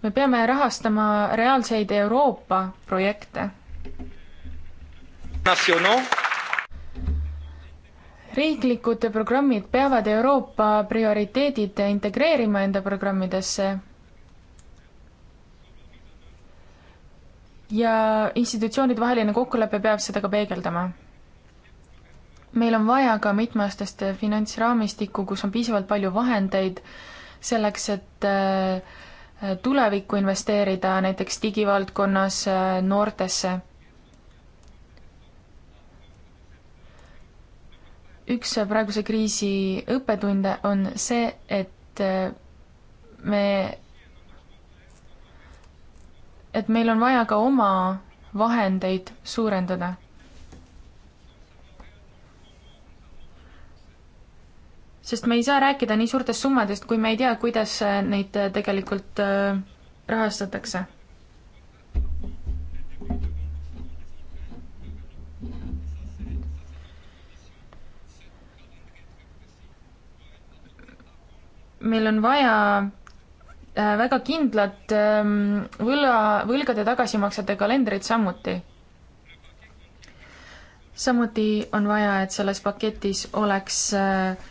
me peame rahastama reaalseid Euroopa projekte. riiklikud programmid peavad Euroopa prioriteedid integreerima enda programmidesse ja institutsioonide vaheline kokkulepe peab seda ka peegeldama. meil on vaja ka mitmeaastast finantsraamistikku, kus on piisavalt palju vahendeid selleks, et äh, tulevikku investeerida näiteks digivaldkonnas äh, noortesse. üks praeguse kriisi õppetunde on see, et äh, me et meil on vaja ka oma vahendeid suurendada. sest me ei saa rääkida nii suurtest summadest, kui me ei tea, kuidas neid tegelikult äh, rahastatakse meil on vaja Äh, väga kindlad ähm, võla, võlgade tagasimaksete kalendrid samuti. samuti on vaja, et selles paketis oleks äh,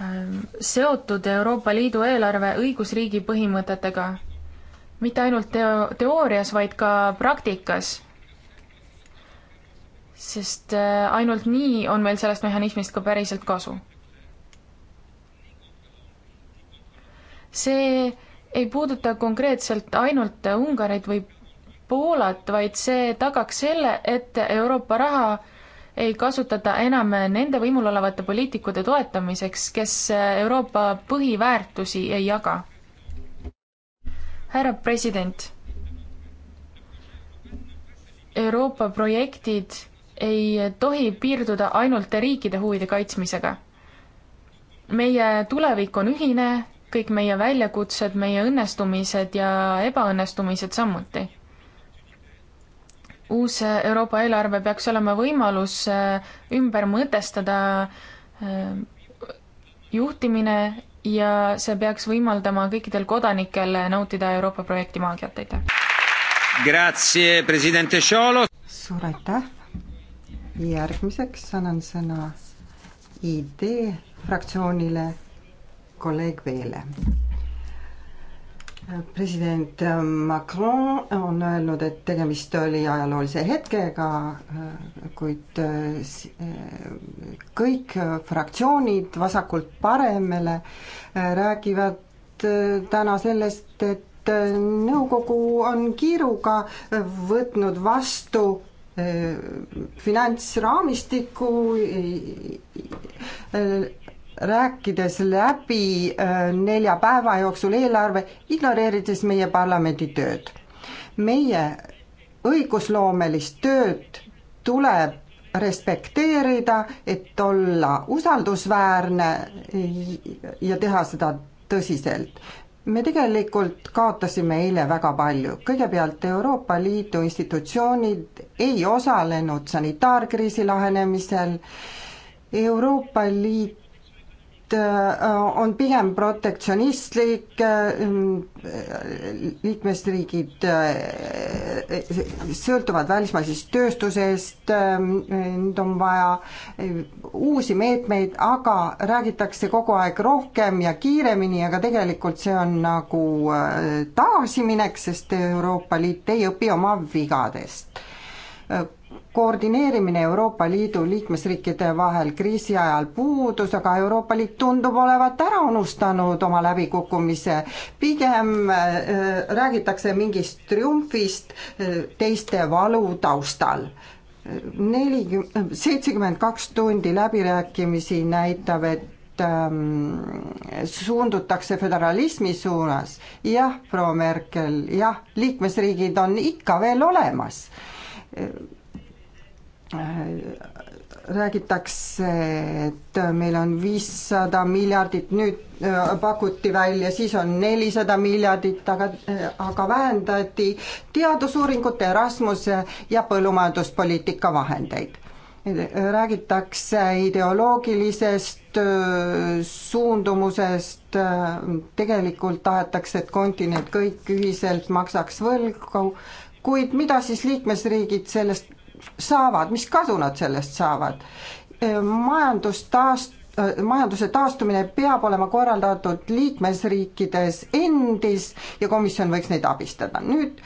ähm, seotud Euroopa Liidu eelarve õigusriigi põhimõtetega, mitte ainult teo-, teoorias, vaid ka praktikas. sest äh, ainult nii on meil sellest mehhanismist ka päriselt kasu see ei puuduta konkreetselt ainult Ungarit või Poolat, vaid see tagaks selle, et Euroopa raha ei kasutata enam nende võimul olevate poliitikute toetamiseks, kes Euroopa põhiväärtusi ei jaga. härra president, Euroopa projektid ei tohi piirduda ainult riikide huvide kaitsmisega meie tulevik on ühine kõik meie väljakutsed, meie õnnestumised ja ebaõnnestumised samuti. uus Euroopa eelarve peaks olema võimalus äh, ümber mõtestada äh, juhtimine ja see peaks võimaldama kõikidel kodanikel nautida Euroopa projekti maagiat, aitäh! suur aitäh! järgmiseks annan sõna ID fraktsioonile kolleeg Veele. president Macron on öelnud, et tegemist oli ajaloolise hetkega, kuid äh, kõik fraktsioonid vasakult paremale äh, räägivad äh, täna sellest, et nõukogu on kiiruga võtnud vastu finantsraamistiku rääkides läbi äh, nelja päeva jooksul eelarve, ignoreerides meie parlamendi tööd. meie õigusloomelist tööd tuleb respekteerida, et olla usaldusväärne ja teha seda tõsiselt. me tegelikult kaotasime eile väga palju, kõigepealt Euroopa Liidu institutsioonid ei osalenud sanitaarkriisi lahenemisel, Euroopa Liit Äh, on pigem protektsionistlik, äh, liikmesriigid äh, sõltuvad välismaisest tööstusest, nüüd on vaja uusi meetmeid, aga räägitakse kogu aeg rohkem ja kiiremini, aga tegelikult see on nagu tagasiminek, sest Euroopa Liit ei õpi oma vigadest koordineerimine Euroopa Liidu liikmesriikide vahel kriisi ajal puudus, aga Euroopa Liit tundub olevat ära unustanud oma läbikukkumise. pigem äh, räägitakse mingist triumfist äh, teiste valu taustal nelikümmend, seitsekümmend kaks tundi läbirääkimisi näitab, et ähm, suundutakse föderalismi suunas. jah, proua Merkel, jah, liikmesriigid on ikka veel olemas Äh, räägitakse, et meil on viissada miljardit, nüüd äh, pakuti välja, siis on nelisada miljardit, aga, äh, aga vähendati teadusuuringute, Erasmuse ja põllumajanduspoliitika vahendeid. räägitakse ideoloogilisest suundumusest, tegelikult tahetakse, et kontinent kõik ühiselt maksaks võlgu, kuid mida siis liikmesriigid sellest saavad, mis kasu nad sellest saavad. majandus taast-, majanduse taastumine peab olema korraldatud liikmesriikides endis ja komisjon võiks neid abistada. nüüd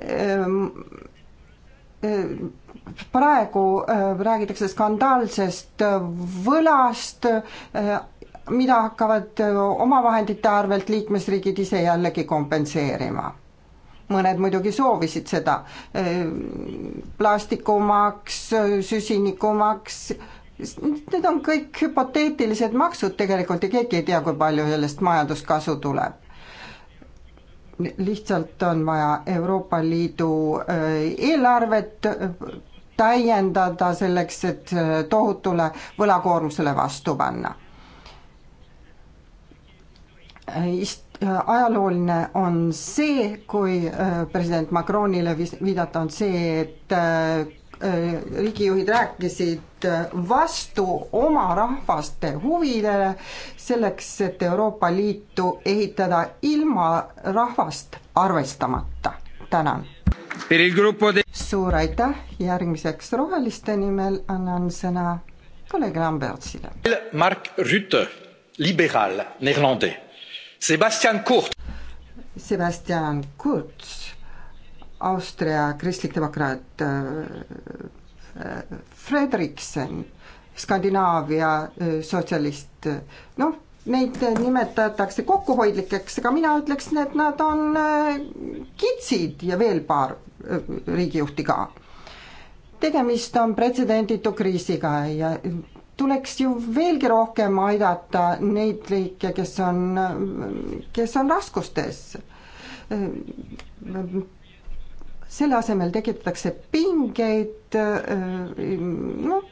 ehm, ehm, praegu ehm, räägitakse skandaalsest võlast, mida hakkavad omavahendite arvelt liikmesriigid ise jällegi kompenseerima mõned muidugi soovisid seda, plastikumaks, süsinikumaks, need on kõik hüpoteetilised maksud tegelikult ja keegi ei tea, kui palju sellest majanduskasu tuleb lihtsalt on vaja Euroopa Liidu äh, eelarvet äh, täiendada selleks, et äh, tohutule võlakoormusele vastu panna Äh, ajalooline on see, kui äh, president Macronile viidata, on see, et äh, riigijuhid rääkisid vastu oma rahvaste huvidele selleks, et Euroopa Liitu ehitada ilma rahvast arvestamata. tänan. suur aitäh, järgmiseks Roheliste nimel annan sõna kolleeg Lambertsile. Mark Rutte, liberaal, neerlandee Sebastian Kurz. Sebastian Kurz, Austria kristlikdemokraat äh, äh, Fredriksen, Skandinaavia äh, sotsialist, noh, neid nimetatakse kokkuhoidlikeks, aga mina ütleksin, et nad on kitsid ja veel paar riigijuhti ka. tegemist on pretsedenditu kriisiga ja tuleks ju veelgi rohkem aidata neid riike, kes on, kes on raskustes. selle asemel tekitatakse pingeid, noh,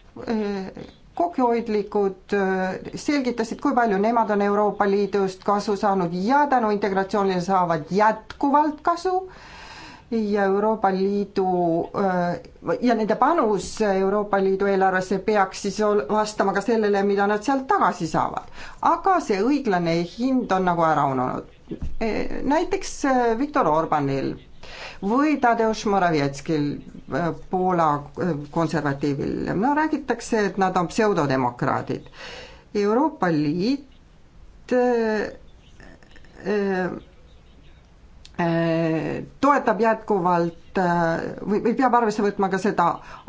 kokkuhoidlikud, selgitasid, kui palju nemad on Euroopa Liidust kasu saanud ja tänu integratsioonile saavad jätkuvalt kasu ja Euroopa Liidu äh, ja nende panus Euroopa Liidu eelarvesse peaks siis vastama ka sellele, mida nad sealt tagasi saavad. aga see õiglane hind on nagu ära ununenud. E, näiteks äh, Viktor Orbanil või Tadeusz Moravetskil, äh, Poola konservatiivil, no räägitakse, et nad on pseudodemokraadid. Euroopa Liit äh, äh, Äh, toetab jätkuvalt äh, või, või peab arvesse võtma ka seda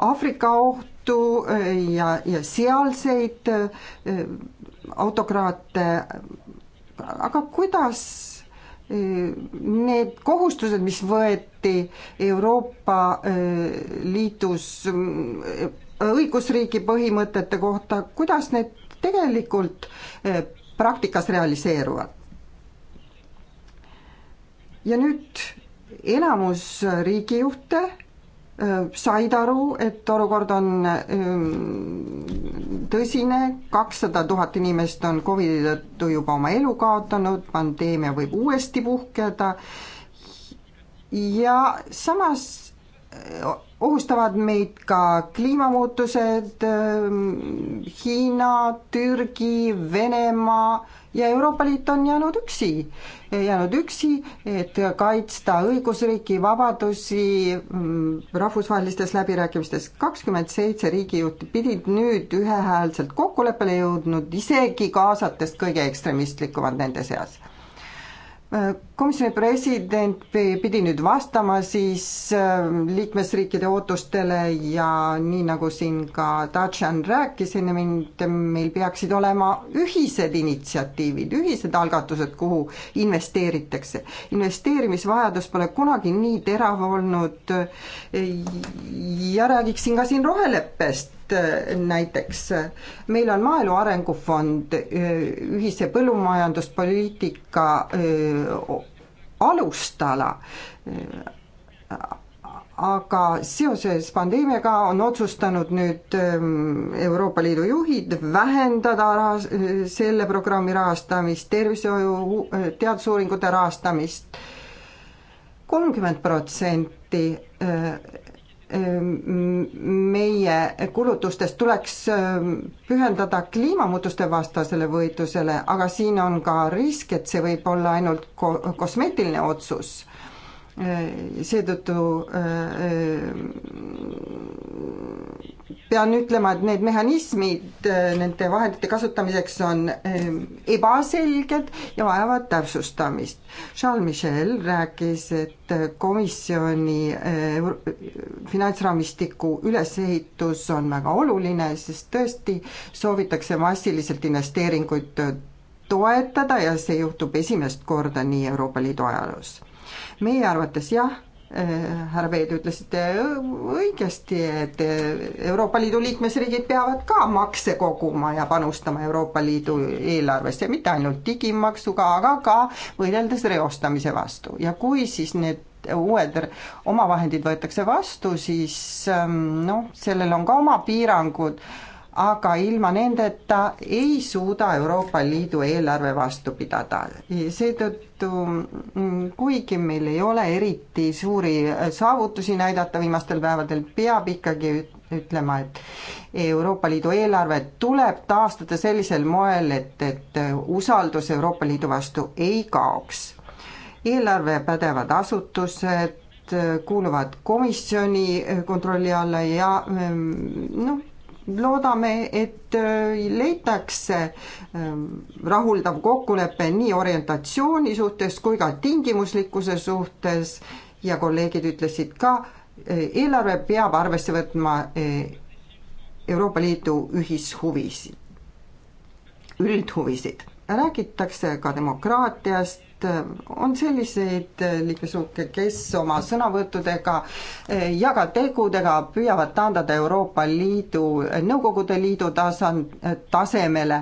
Aafrika ohtu äh, ja, ja sealseid autokraate, aga kuidas need kohustused, mis võeti Euroopa Liidus õigusriigi põhimõtete kohta, kuidas need tegelikult praktikas realiseeruvad? ja nüüd enamus riigijuhte äh, said aru, et olukord on äh, tõsine, kakssada tuhat inimest on Covidi tõttu juba oma elu kaotanud, pandeemia võib uuesti puhkeda ja samas Eh, ohustavad meid ka kliimamuutused, ehm, Hiina, Türgi, Venemaa ja Euroopa Liit on jäänud üksi, jäänud üksi, et kaitsta õigusriiki, vabadusi mm, rahvusvahelistes läbirääkimistes. kakskümmend seitse riigijuhti pidid nüüd ühehäälselt kokkuleppele jõudnud, isegi kaasates kõige ekstremistlikumad nende seas komisjoni president pidi nüüd vastama siis ähm, liikmesriikide ootustele ja nii, nagu siin ka Dacian rääkis enne mind, meil peaksid olema ühised initsiatiivid, ühised algatused, kuhu investeeritakse. investeerimisvajadus pole kunagi nii terav olnud ja räägiksin ka siin roheleppest, Äh, näiteks äh, meil on Maaelu Arengufond äh, ühise põllumajanduspoliitika alustala, aga seoses pandeemiaga on otsustanud nüüd ähm, Euroopa Liidu juhid vähendada rahas-, selle programmi rahastamist, tervishoiu teadusuuringute rahastamist kolmkümmend protsenti Ehm, meie kulutustest tuleks ehm, pühendada kliimamuutuste vastasele võitlusele, aga siin on ka risk, et see võib olla ainult ko-, kosmeetiline otsus. Äh, seetõttu äh, pean ütlema, et need mehhanismid äh, nende vahendite kasutamiseks on ebaselged ja vajavad täpsustamist. Charles Michel rääkis, et komisjoni finantsraamistiku ülesehitus on väga oluline, sest tõesti soovitakse massiliselt investeeringuid toetada ja see juhtub esimest korda nii Euroopa Liidu ajaloos meie arvates jah, eh, härra Veed, ütlesite õigesti, et Euroopa Liidu liikmesriigid peavad ka makse koguma ja panustama Euroopa Liidu eelarvesse, mitte ainult digimaksuga, aga ka võideldes reostamise vastu ja kui siis need uued omavahendid võetakse vastu, siis ehm, noh, sellel on ka oma piirangud aga ilma nendeta ei suuda Euroopa Liidu eelarve vastu pidada. seetõttu, mm, kuigi meil ei ole eriti suuri äh, saavutusi näidata viimastel päevadel, peab ikkagi ütlema, et Euroopa Liidu eelarve tuleb taastada sellisel moel, et, et äh, usaldus Euroopa Liidu vastu ei kaoks. eelarve pädevad asutused äh, kuuluvad komisjoni kontrolli alla ja ähm, noh, loodame, et äh, leitakse ähm, rahuldav kokkulepe nii orientatsiooni suhtes kui ka tingimuslikkuse suhtes ja kolleegid ütlesid ka, äh, eelarve peab arvesse võtma äh, Euroopa Liidu ühishuvisid, üldhuvisid. räägitakse ka demokraatiast, Äh, on selliseid äh, liikmesriike, kes oma sõnavõttudega äh, ja ka tegudega püüavad taandada Euroopa Liidu, Nõukogude Liidu tasand, tasemele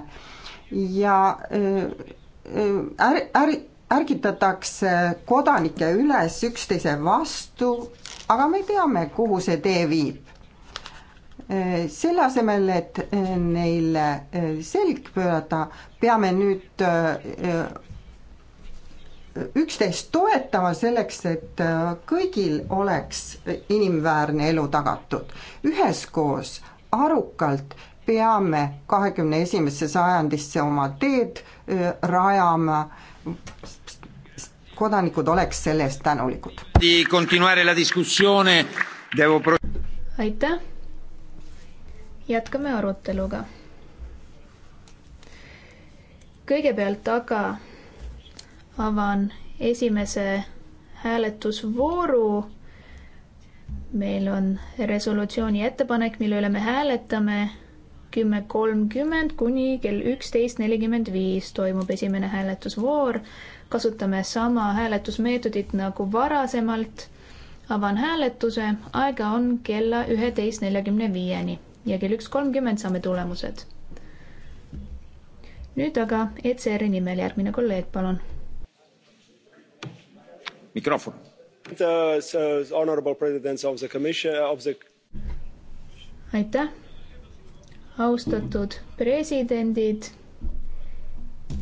ja är-, är-, ärgitatakse kodanikke üles üksteise vastu, aga me teame, kuhu see tee viib selle asemel, et neile selg pöörata, peame nüüd üksteist toetama selleks, et äh, kõigil oleks inimväärne elu tagatud. üheskoos arukalt peame kahekümne esimesse sajandisse oma teed äh, rajama, kodanikud oleks selle eest tänulikud. aitäh, jätkame aruteluga. kõigepealt aga avan esimese hääletusvooru. meil on resolutsiooni ettepanek, mille üle me hääletame. kümme kolmkümmend kuni kell üksteist nelikümmend viis toimub esimene hääletusvoor. kasutame sama hääletusmeetodit nagu varasemalt. avan hääletuse, aega on kella üheteist neljakümne viieni ja kell üks kolmkümmend saame tulemused. nüüd aga ECR-i nimel järgmine kolleeg, palun aitäh, austatud presidendid.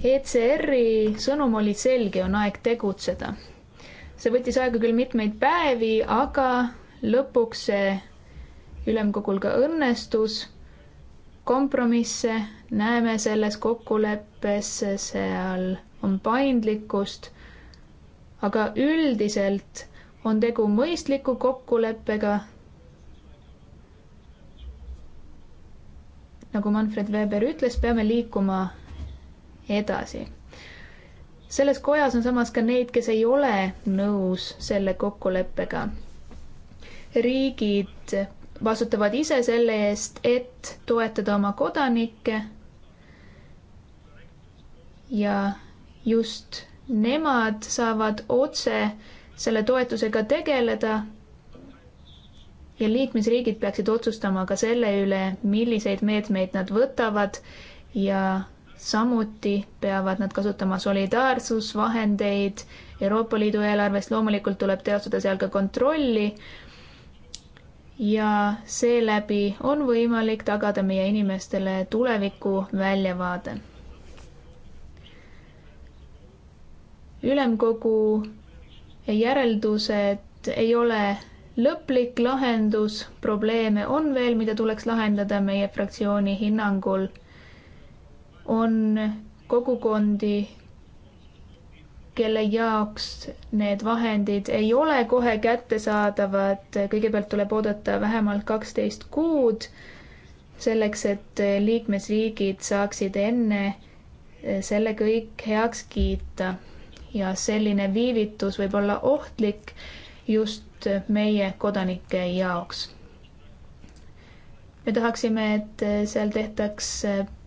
ECR-i sõnum oli selge, on aeg tegutseda. see võttis aega küll mitmeid päevi, aga lõpuks see ülemkogul ka õnnestus. kompromisse näeme selles kokkuleppes, seal on paindlikkust aga üldiselt on tegu mõistliku kokkuleppega. nagu Manfred Weber ütles, peame liikuma edasi. selles kojas on samas ka neid, kes ei ole nõus selle kokkuleppega. riigid vastutavad ise selle eest, et toetada oma kodanikke. ja just nemad saavad otse selle toetusega tegeleda ja liikmesriigid peaksid otsustama ka selle üle, milliseid meetmeid nad võtavad ja samuti peavad nad kasutama solidaarsusvahendeid Euroopa Liidu eelarvest, loomulikult tuleb teostada seal ka kontrolli ja seeläbi on võimalik tagada meie inimestele tuleviku väljavaade ülemkogu järeldused ei ole lõplik lahendus, probleeme on veel, mida tuleks lahendada meie fraktsiooni hinnangul. on kogukondi, kelle jaoks need vahendid ei ole kohe kättesaadavad, kõigepealt tuleb oodata vähemalt kaksteist kuud selleks, et liikmesriigid saaksid enne selle kõik heaks kiita ja selline viivitus võib olla ohtlik just meie kodanike jaoks. me tahaksime, et seal tehtaks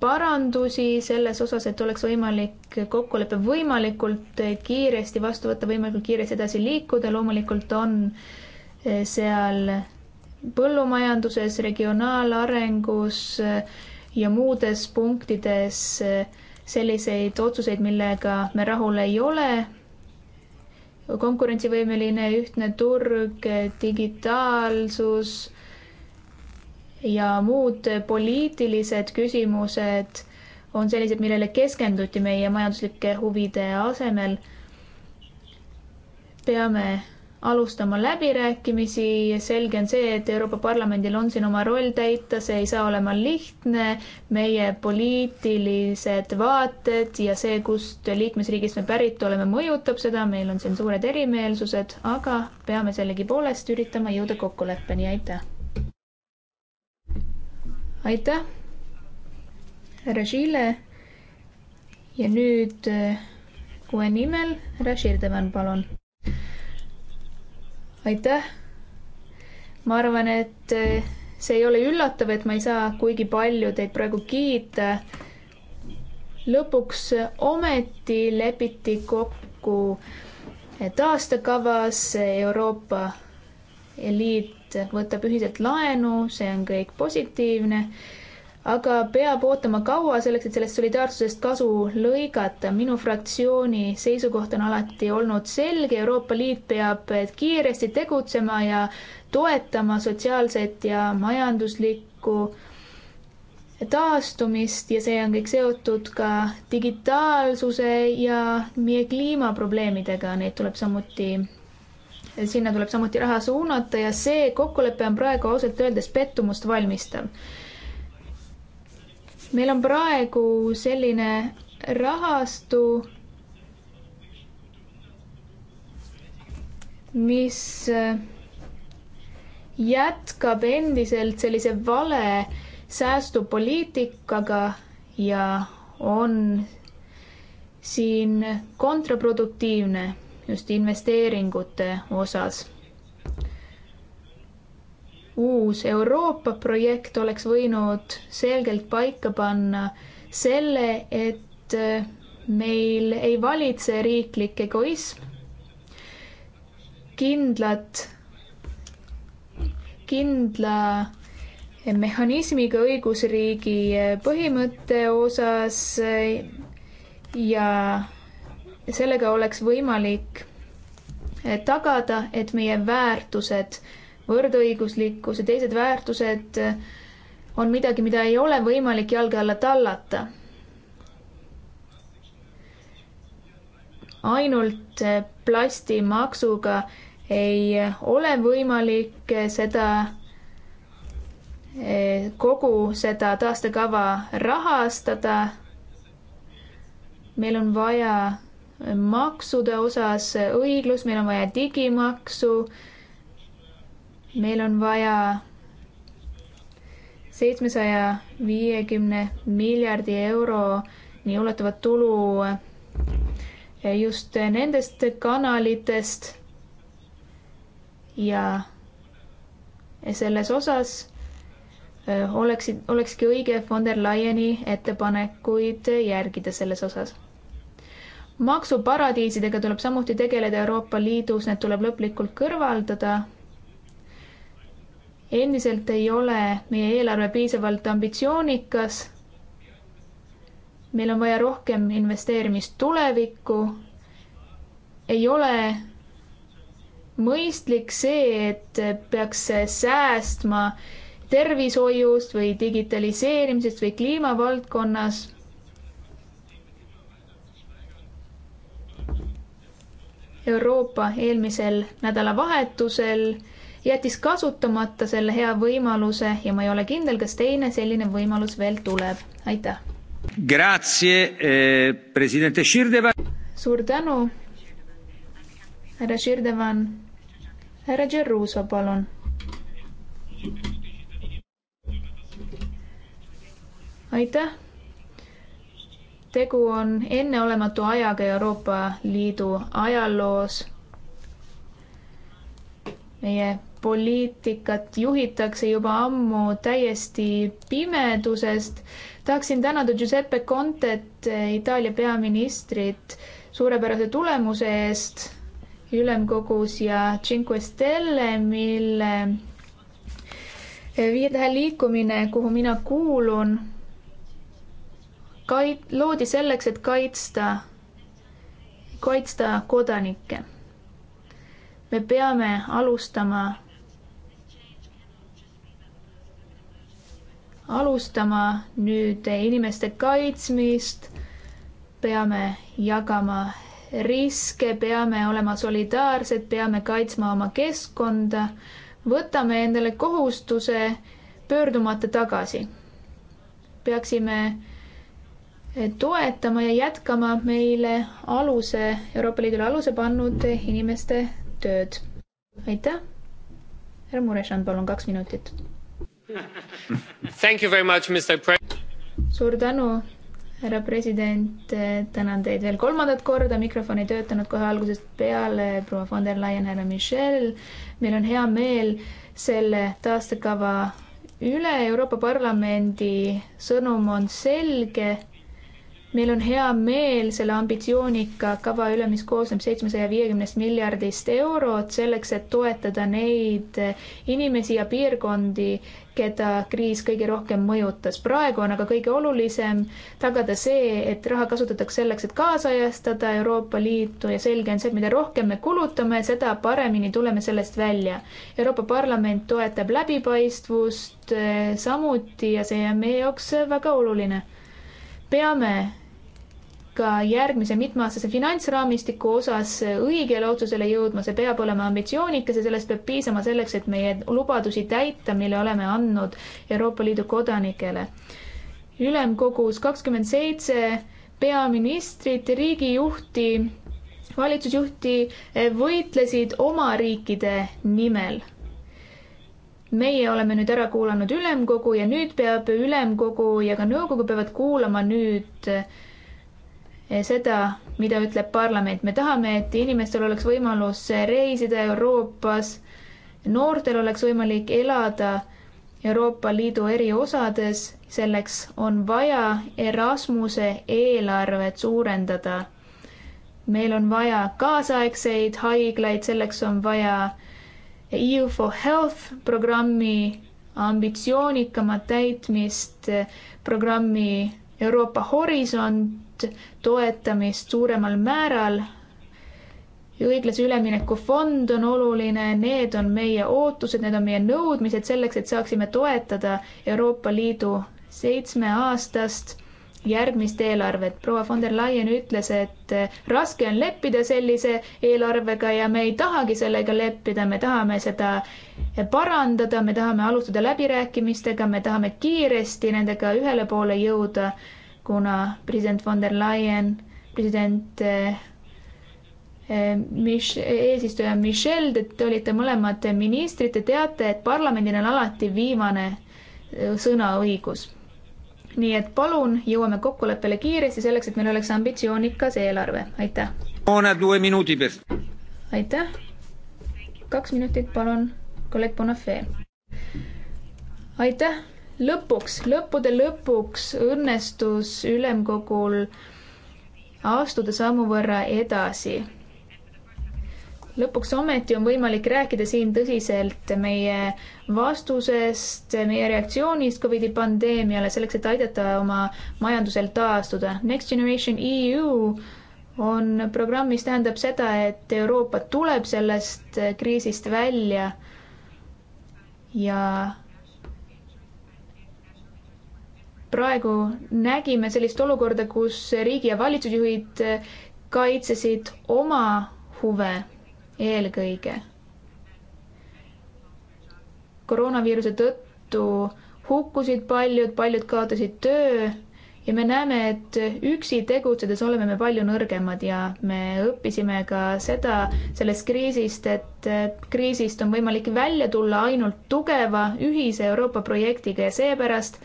parandusi selles osas, et oleks võimalik kokkulepe võimalikult kiiresti vastu võtta, võimalikult kiiresti edasi liikuda, loomulikult on seal põllumajanduses, regionaalarengus ja muudes punktides äh, selliseid otsuseid, millega me rahul ei ole. konkurentsivõimeline ühtne turg, digitaalsus ja muud poliitilised küsimused on sellised, millele keskenduti meie majanduslike huvide asemel. peame alustama läbirääkimisi, selge on see, et Euroopa Parlamendil on siin oma roll täita, see ei saa olema lihtne, meie poliitilised vaated ja see, kust liikmesriigist me pärit oleme, mõjutab seda, meil on siin suured erimeelsused, aga peame sellegipoolest üritama jõuda kokkuleppeni, aitäh! aitäh, härra Žile ja nüüd eh, kuue nimel härra Širdevan, palun! aitäh. ma arvan, et äh, see ei ole üllatav, et ma ei saa kuigi palju teid praegu kiita. lõpuks äh, ometi lepiti kokku, et äh, aastakavas Euroopa Liit võtab ühiselt laenu, see on kõik positiivne aga peab ootama kaua selleks, et sellest solidaarsusest kasu lõigata. minu fraktsiooni seisukoht on alati olnud selge, Euroopa Liit peab kiiresti tegutsema ja toetama sotsiaalset ja majanduslikku taastumist ja see on kõik seotud ka digitaalsuse ja meie kliimaprobleemidega, neid tuleb samuti, sinna tuleb samuti raha suunata ja see kokkulepe on praegu ausalt öeldes pettumust valmistav meil on praegu selline rahastu, mis äh, jätkab endiselt sellise vale säästupoliitikaga ja on siin kontraproduktiivne just investeeringute osas uus Euroopa projekt oleks võinud selgelt paika panna selle, et äh, meil ei valitse riiklik egoism, kindlat, kindla mehhanismiga õigusriigi äh, põhimõtte osas äh, ja sellega oleks võimalik tagada, et meie väärtused võrdõiguslikkus ja teised väärtused on midagi, mida ei ole võimalik jalge alla tallata. ainult plastimaksuga ei ole võimalik seda, eh, kogu seda taastekava rahastada. meil on vaja maksude osas õiglus, meil on vaja digimaksu meil on vaja seitsmesaja viiekümne miljardi euroni ulatuvat tulu eh, just nendest kanalitest. ja selles osas eh, oleksid, olekski õige von der Leyeni ettepanekuid järgida selles osas. maksuparadiisidega tuleb samuti tegeleda Euroopa Liidus, need tuleb lõplikult kõrvaldada endiselt ei ole meie eelarve piisavalt ambitsioonikas. meil on vaja rohkem investeerimist tulevikku. ei ole mõistlik see, et peaks säästma tervishoiust või digitaliseerimisest või kliimavaldkonnas Euroopa eelmisel nädalavahetusel jättis kasutamata selle hea võimaluse ja ma ei ole kindel, kas teine selline võimalus veel tuleb. aitäh. Grazie eh,, president Širdeva. suur tänu, härra Širdevan. härra Džeruso, palun. aitäh tegu on enneolematu ajaga Euroopa Liidu ajaloos. meie poliitikat juhitakse juba ammu täiesti pimedusest. tahaksin tänada Giuseppe Contet, Itaalia peaministrit, suurepärase tulemuse eest ülemkogus ja Cinque Stelle, mille viie tähe liikumine, kuhu mina kuulun, kait-, loodi selleks, et kaitsta, kaitsta kodanikke. me peame alustama alustama nüüd inimeste kaitsmist, peame jagama riske, peame olema solidaarsed, peame kaitsma oma keskkonda, võtame endale kohustuse pöördumata tagasi. peaksime toetama ja jätkama meile aluse, Euroopa Liidule aluse pannud inimeste tööd. aitäh. härra Mureshan, palun kaks minutit suur tänu, härra president, tänan teid veel kolmandat korda, mikrofon ei töötanud kohe algusest peale, proua von der Leyen, härra Michel, meil on hea meel selle taastekava üle, Euroopa Parlamendi sõnum on selge meil on hea meel selle ambitsioonika kava üle, mis koosneb seitsmesaja viiekümnest miljardist eurot selleks, et toetada neid inimesi ja piirkondi, keda äh, kriis kõige rohkem mõjutas. praegu on aga kõige olulisem tagada see, et raha kasutatakse selleks, et kaasajastada Euroopa Liitu ja selge on see, et mida rohkem me kulutame, seda paremini tuleme sellest välja. Euroopa Parlament toetab läbipaistvust äh, samuti ja see on meie jaoks väga oluline. peame ka järgmise mitmeaastase finantsraamistiku osas õigele otsusele jõudma, see peab olema ambitsioonikas ja sellest peab piisama selleks, et meie lubadusi täita, mille oleme andnud Euroopa Liidu kodanikele. ülemkogus kakskümmend seitse peaministrit, riigijuhti, valitsusjuhti võitlesid oma riikide nimel meie oleme nüüd ära kuulanud ülemkogu ja nüüd peab ülemkogu ja ka nõukogu peavad kuulama nüüd äh, seda, mida ütleb parlament. me tahame, et inimestel oleks võimalus reisida Euroopas, noortel oleks võimalik elada Euroopa Liidu eri osades, selleks on vaja Erasmuse eelarvet suurendada. meil on vaja kaasaegseid haiglaid, selleks on vaja EU for Health programmi ambitsioonikamat täitmist, programmi Euroopa Horisont Liit toetamist suuremal määral. õiglase ülemineku fond on oluline, need on meie ootused, need on meie nõudmised selleks, et saaksime toetada Euroopa Liidu seitsmeaastast järgmist eelarvet. proua von der Leyen ütles, et raske on leppida sellise eelarvega ja me ei tahagi sellega leppida, me tahame seda parandada, me tahame alustada läbirääkimistega, me tahame kiiresti nendega ühele poole jõuda kuna president von der Leyen, president eh, eh, Mich-, eesistuja Michel, te olite mõlemad ministrid, te teate, et parlamendil on alati viimane eh, sõnaõigus. nii et palun jõuame kokkuleppele kiiresti selleks, et meil oleks ambitsioonikas eelarve, aitäh. aitäh. kaks minutit, palun, kolleeg Bonafé. aitäh lõpuks, lõppude lõpuks õnnestus ülemkogul astuda sammu võrra edasi. lõpuks ometi on võimalik rääkida siin tõsiselt meie vastusest, meie reaktsioonist Covidi pandeemiale selleks, et aidata oma majandusel taastuda. Next Generation EU on programm, mis tähendab seda, et Euroopa tuleb sellest kriisist välja ja praegu nägime sellist olukorda, kus riigi ja valitsusjuhid kaitsesid oma huve eelkõige. koroonaviiruse tõttu hukkusid paljud, paljud kaotasid töö ja me näeme, et üksi tegutsedes oleme me palju nõrgemad ja me õppisime ka seda sellest kriisist, et kriisist on võimalik välja tulla ainult tugeva ühise Euroopa projektiga ja seepärast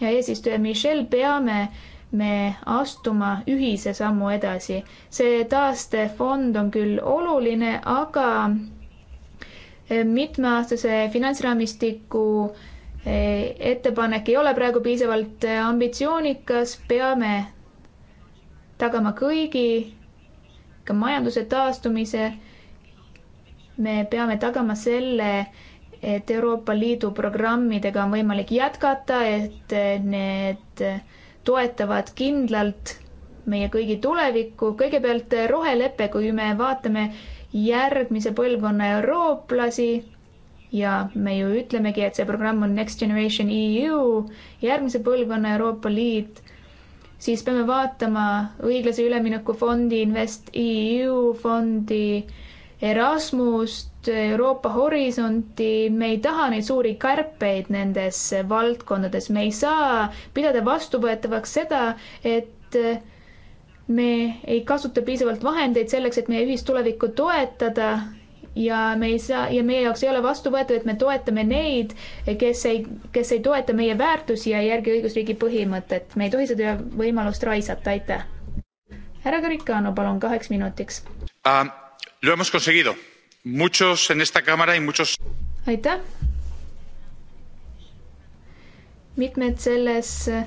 ja eesistuja Michel peame me astuma ühise sammu edasi. see taastefond on küll oluline, aga eh, mitmeaastase finantsraamistiku eh, ettepanek ei ole praegu piisavalt eh, ambitsioonikas, peame tagama kõigi, ka majanduse taastumise. me peame tagama selle, et Euroopa Liidu programmidega on võimalik jätkata, et need toetavad kindlalt meie kõigi tulevikku. kõigepealt rohelepe, kui me vaatame järgmise põlvkonna eurooplasi ja me ju ütlemegi, et see programm on Next Generation EU, järgmise põlvkonna Euroopa Liit, siis peame vaatama õiglase ülemineku fondi, Invest EU fondi, Erasmust, Euroopa horisonti, me ei taha neid suuri kärpeid nendes valdkondades, me ei saa pidada vastuvõetavaks seda, et me ei kasuta piisavalt vahendeid selleks, et meie ühist tulevikku toetada ja me ei saa ja meie jaoks ei ole vastuvõetav, et me toetame neid, kes ei, kes ei toeta meie väärtusi ja ei järgi õigusriigi põhimõtet. me ei tohi seda võimalust raisata, aitäh. härra Garicano, palun kaheks minutiks um,. Lo hemos conseguido muchos en esta cámara y muchos. aitäh. mitmed selles eh,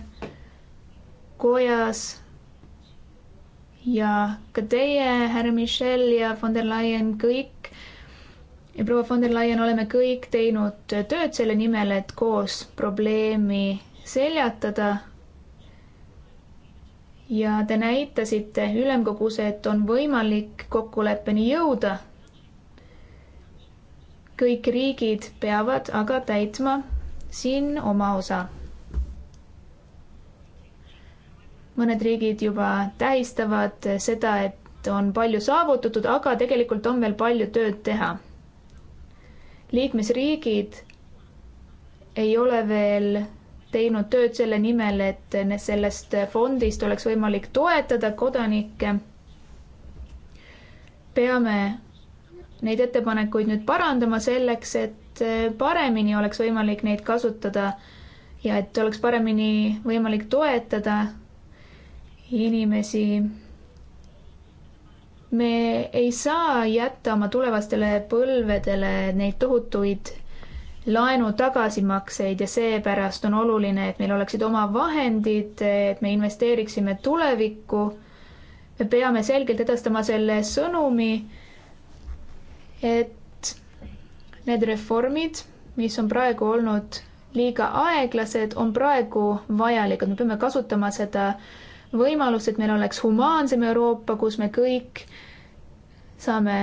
kojas ja ka teie, härra Michel ja von der Leyen, kõik ja proua von der Leyen, oleme kõik teinud eh, tööd selle nimel, et koos probleemi seljatada. ja te näitasite ülemkogus, et on võimalik kokkuleppeni jõuda kõik riigid peavad aga täitma siin oma osa. mõned riigid juba tähistavad seda, et on palju saavutatud, aga tegelikult on veel palju tööd teha. liikmesriigid ei ole veel teinud tööd selle nimel, et sellest fondist oleks võimalik toetada kodanikke. peame neid ettepanekuid nüüd parandama selleks, et äh, paremini oleks võimalik neid kasutada ja et oleks paremini võimalik toetada inimesi. me ei saa jätta oma tulevastele põlvedele neid tohutuid laenu tagasimakseid ja seepärast on oluline, et meil oleksid oma vahendid, et me investeeriksime tulevikku. me peame selgelt edastama selle sõnumi et need reformid, mis on praegu olnud liiga aeglased, on praegu vajalikud, me peame kasutama seda võimalust, et meil oleks humaansem Euroopa, kus me kõik saame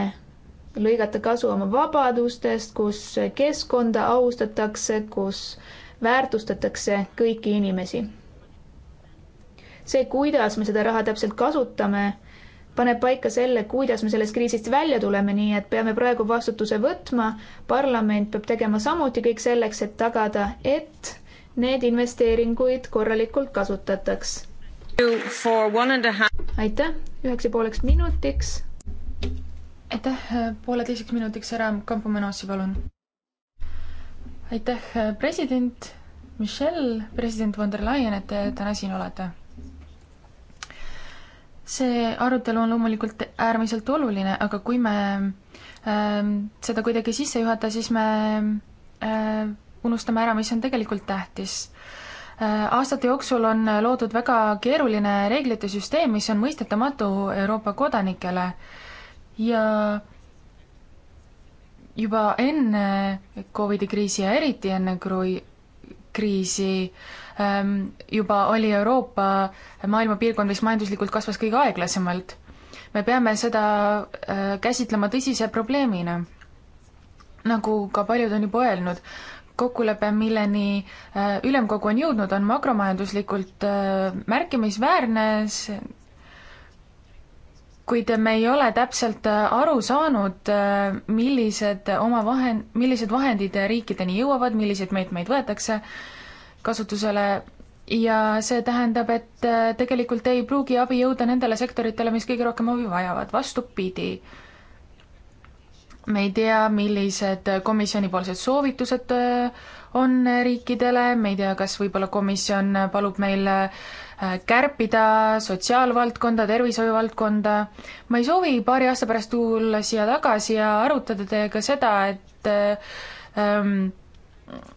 lõigata kasu oma vabadustest, kus keskkonda austatakse, kus väärtustatakse kõiki inimesi. see, kuidas me seda raha täpselt kasutame, paneb paika selle, kuidas me sellest kriisist välja tuleme, nii et peame praegu vastutuse võtma. parlament peab tegema samuti kõik selleks, et tagada, et need investeeringuid korralikult kasutataks. aitäh, üheks ja pooleks minutiks. aitäh, pooleteiseks minutiks ära, Kampo Menossi, palun. aitäh, president Michelle, president von der Leyen, et te täna siin olete see arutelu on loomulikult äärmiselt oluline, aga kui me äh, seda kuidagi sisse ei juhata, siis me äh, unustame ära, mis on tegelikult tähtis äh,. aastate jooksul on loodud väga keeruline reeglite süsteem, mis on mõistetamatu Euroopa kodanikele ja juba enne Covidi kriisi ja eriti enne kriisi äh, kriisi Ehm, juba oli Euroopa maailma piirkond, mis majanduslikult kasvas kõige aeglasemalt. me peame seda äh, käsitlema tõsise probleemina. nagu ka paljud on juba öelnud, kokkulepe, milleni äh, ülemkogu on jõudnud, on makromajanduslikult äh, märkimisväärne, kuid me ei ole täpselt aru saanud, millised oma vahend, millised vahendid riikideni jõuavad, milliseid meetmeid võetakse kasutusele ja see tähendab, et äh, tegelikult ei pruugi abi jõuda nendele sektoritele, mis kõige rohkem abi vajavad, vastupidi. me ei tea, millised komisjonipoolsed soovitused äh, on riikidele, me ei tea, kas võib-olla komisjon palub meil äh, kärpida sotsiaalvaldkonda, tervishoiuvaldkonda. ma ei soovi paari aasta pärast tulla siia tagasi ja arutada teiega seda, et ähm,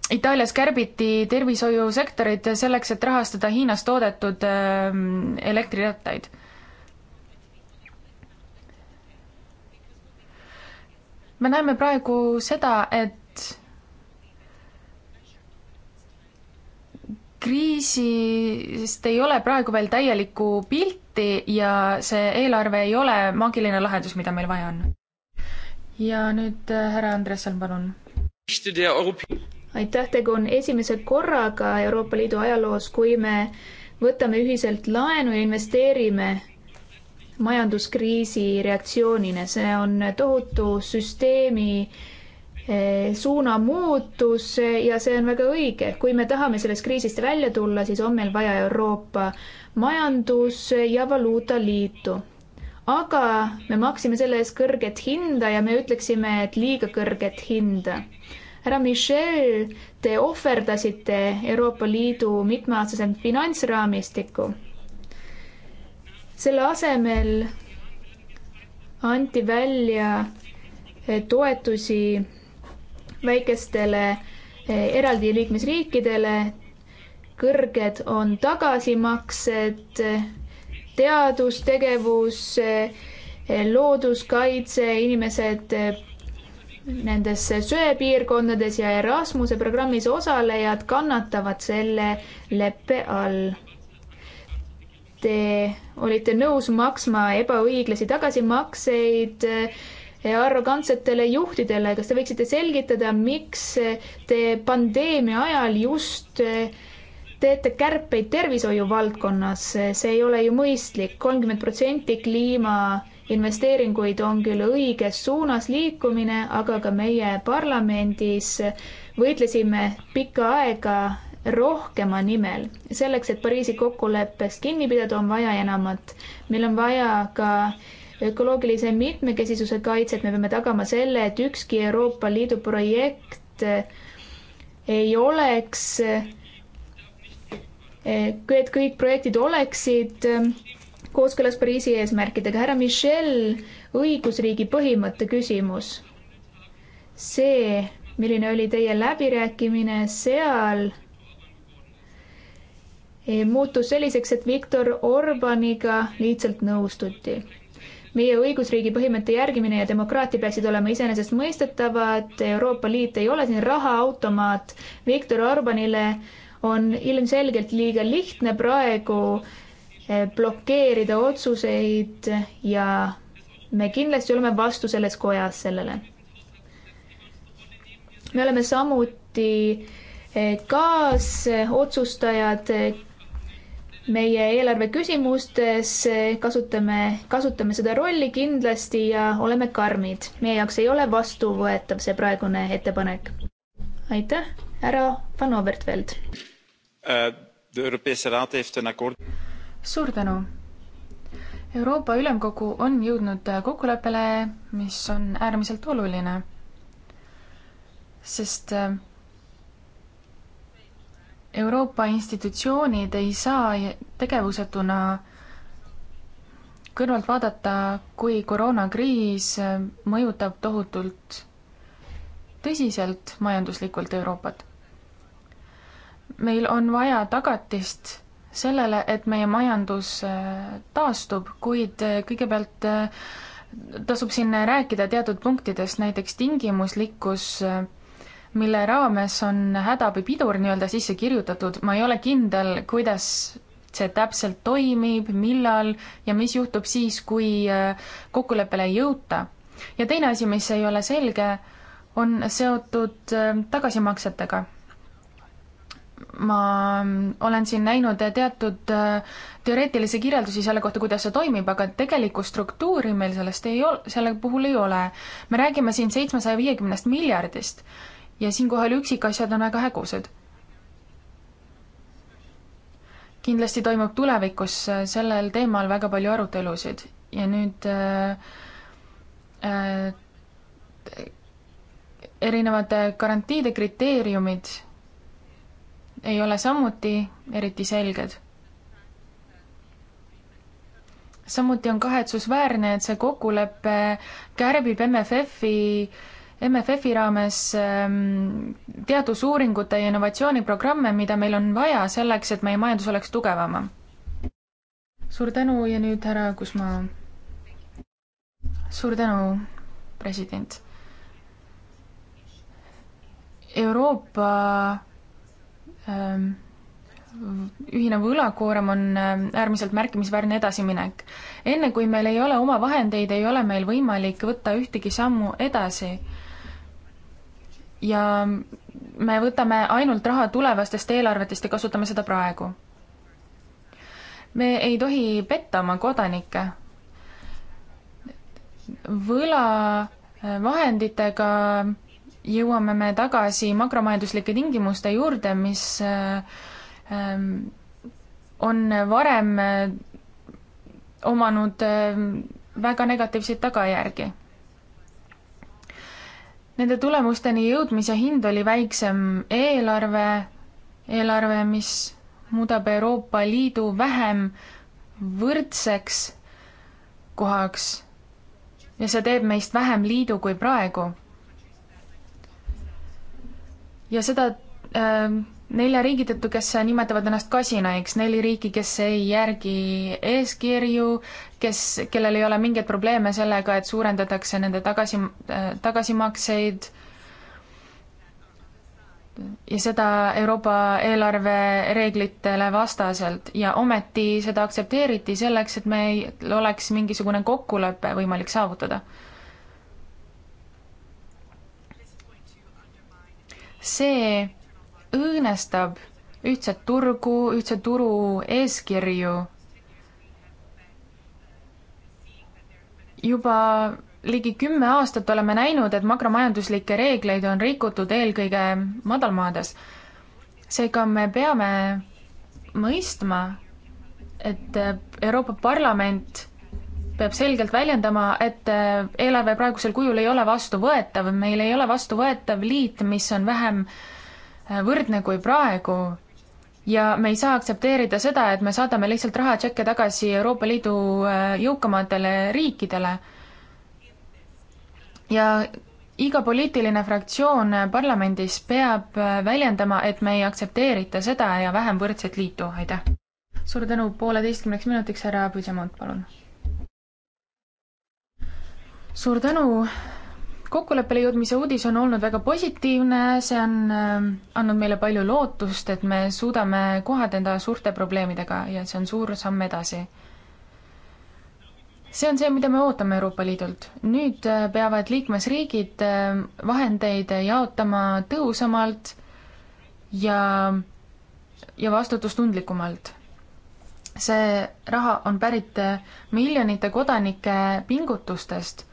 Itaalias kärbiti tervishoiusektorit selleks, et rahastada Hiinas toodetud ähm, elektrirattaid. me näeme praegu seda, et kriisist ei ole praegu veel täielikku pilti ja see eelarve ei ole maagiline lahendus, mida meil vaja on. ja nüüd äh, härra Andresson, palun aitäh, tegu on esimese korraga Euroopa Liidu ajaloos, kui me võtame ühiselt laenu ja investeerime majanduskriisi reaktsioonina, see on tohutu süsteemi eh, suunamuutus ja see on väga õige. kui me tahame sellest kriisist välja tulla, siis on meil vaja Euroopa Majandus- ja Valuutaliitu. aga me maksime selle eest kõrget hinda ja me ütleksime, et liiga kõrget hinda härra Michel, te ohverdasite Euroopa Liidu mitmeaastase finantsraamistiku. selle asemel anti välja eh, toetusi väikestele eh, eraldi liikmesriikidele, kõrged on tagasimaksed, teadustegevus, eh, looduskaitse, inimesed nendes söepiirkondades ja Erasmuse programmis osalejad kannatavad selle leppe all. Te olite nõus maksma ebaõiglasi tagasimakseid eh, arrogantsetele juhtidele, kas te võiksite selgitada, miks te pandeemia ajal just eh, teete kärpeid tervishoiu valdkonnas, see ei ole ju mõistlik, kolmkümmend protsenti kliima investeeringuid on küll õiges suunas liikumine, aga ka meie parlamendis võitlesime pikka aega rohkema nimel. selleks, et Pariisi kokkuleppest kinni pidada, on vaja enamat. meil on vaja ka ökoloogilise mitmekesisuse kaitset, me peame tagama selle, et ükski Euroopa Liidu projekt ei oleks, et kõik projektid oleksid kooskõlas Pariisi eesmärkidega. härra Michel, õigusriigi põhimõtte küsimus. see, milline oli teie läbirääkimine seal, eh, muutus selliseks, et Viktor Orbaniga lihtsalt nõustuti meie õigusriigi põhimõtte järgimine ja demokraatia peaksid olema iseenesestmõistetavad, Euroopa Liit ei ole siin rahaautomaat. Viktor Orbanile on ilmselgelt liiga lihtne praegu Eh, blokeerida otsuseid ja me kindlasti oleme vastu selles kojas sellele. me oleme samuti eh, kaasotsustajad eh, meie eelarve küsimustes, kasutame, kasutame seda rolli kindlasti ja oleme karmid. meie jaoks ei ole vastuvõetav see praegune ettepanek. aitäh, härra Van Overtveld uh,. De Europese Raad heeft een akkoord suur tänu! Euroopa Ülemkogu on jõudnud kokkuleppele, mis on äärmiselt oluline, sest äh, Euroopa institutsioonid ei saa tegevusetuna kõrvalt vaadata, kui koroonakriis äh, mõjutab tohutult tõsiselt majanduslikult Euroopat. meil on vaja tagatist sellele, et meie majandus äh, taastub, kuid äh, kõigepealt äh, tasub siin rääkida teatud punktidest, näiteks tingimuslikkus, mille raames on hädaabipidur nii-öelda sisse kirjutatud, ma ei ole kindel, kuidas see täpselt toimib, millal ja mis juhtub siis, kui kokkuleppele ei jõuta. ja teine asi, mis ei ole selge, on seotud tagasimaksetega ma olen siin näinud teatud äh, teoreetilisi kirjeldusi selle kohta, kuidas see toimib, aga tegelikku struktuuri meil sellest ei ole, selle puhul ei ole. me räägime siin seitsmesaja viiekümnest miljardist ja siinkohal üksikasjad on väga hägusad. kindlasti toimub tulevikus äh, sellel teemal väga palju arutelusid ja nüüd äh, äh, erinevate äh, garantiide kriteeriumid ei ole samuti eriti selged. samuti on kahetsusväärne, et see kokkulepe kärbib MFF-i MFF-i raames ähm, teadusuuringute ja innovatsiooniprogramme, mida meil on vaja selleks, et meie majandus oleks tugevama. suur tänu ja nüüd härra Kusmaa. suur tänu, president. Euroopa Ähm, ühine võlakoorem on ähm, äärmiselt märkimisväärne edasiminek. enne kui meil ei ole oma vahendeid, ei ole meil võimalik võtta ühtegi sammu edasi. ja me võtame ainult raha tulevastest eelarvetest ja kasutame seda praegu. me ei tohi petta oma kodanikke. võlavahenditega äh, jõuame me tagasi makromajanduslike tingimuste juurde, mis äh, ähm, on varem äh, omanud äh, väga negatiivseid tagajärgi. Nende tulemusteni jõudmise hind oli väiksem eelarve, eelarve, mis muudab Euroopa Liidu vähem võrdseks kohaks ja see teeb meist vähem liidu kui praegu ja seda äh, nelja riigi tõttu, kes nimetavad ennast kasinaiks, neli riiki, kes ei järgi eeskirju, kes, kellel ei ole mingeid probleeme sellega, et suurendatakse nende tagasi, äh, tagasimakseid ja seda Euroopa eelarvereeglitele vastaselt ja ometi seda aktsepteeriti selleks, et meil oleks mingisugune kokkulepe võimalik saavutada see õõnestab ühtset turgu, ühtse turu eeskirju. juba ligi kümme aastat oleme näinud, et makromajanduslikke reegleid on rikutud eelkõige madalmaades. seega me peame mõistma, et Euroopa Parlament peab selgelt väljendama, et äh, eelarve praegusel kujul ei ole vastuvõetav, meil ei ole vastuvõetav liit, mis on vähem äh, võrdne kui praegu ja me ei saa aktsepteerida seda, et me saadame lihtsalt rahatšekke tagasi Euroopa Liidu äh, jõukamatele riikidele. ja iga poliitiline fraktsioon parlamendis peab väljendama, et me ei aktsepteerita seda ja vähem võrdset liitu, aitäh! suur tänu pooleteistkümneks minutiks, härra Püsemont, palun! suur tänu. kokkuleppele jõudmise uudis on olnud väga positiivne, see on ähm, andnud meile palju lootust, et me suudame kohaneda suurte probleemidega ja see on suur samm edasi see on see, mida me ootame Euroopa Liidult. nüüd äh, peavad liikmesriigid ähm, vahendeid jaotama tõhusamalt ja, ja vastutustundlikumalt. see raha on pärit äh, miljonite kodanike pingutustest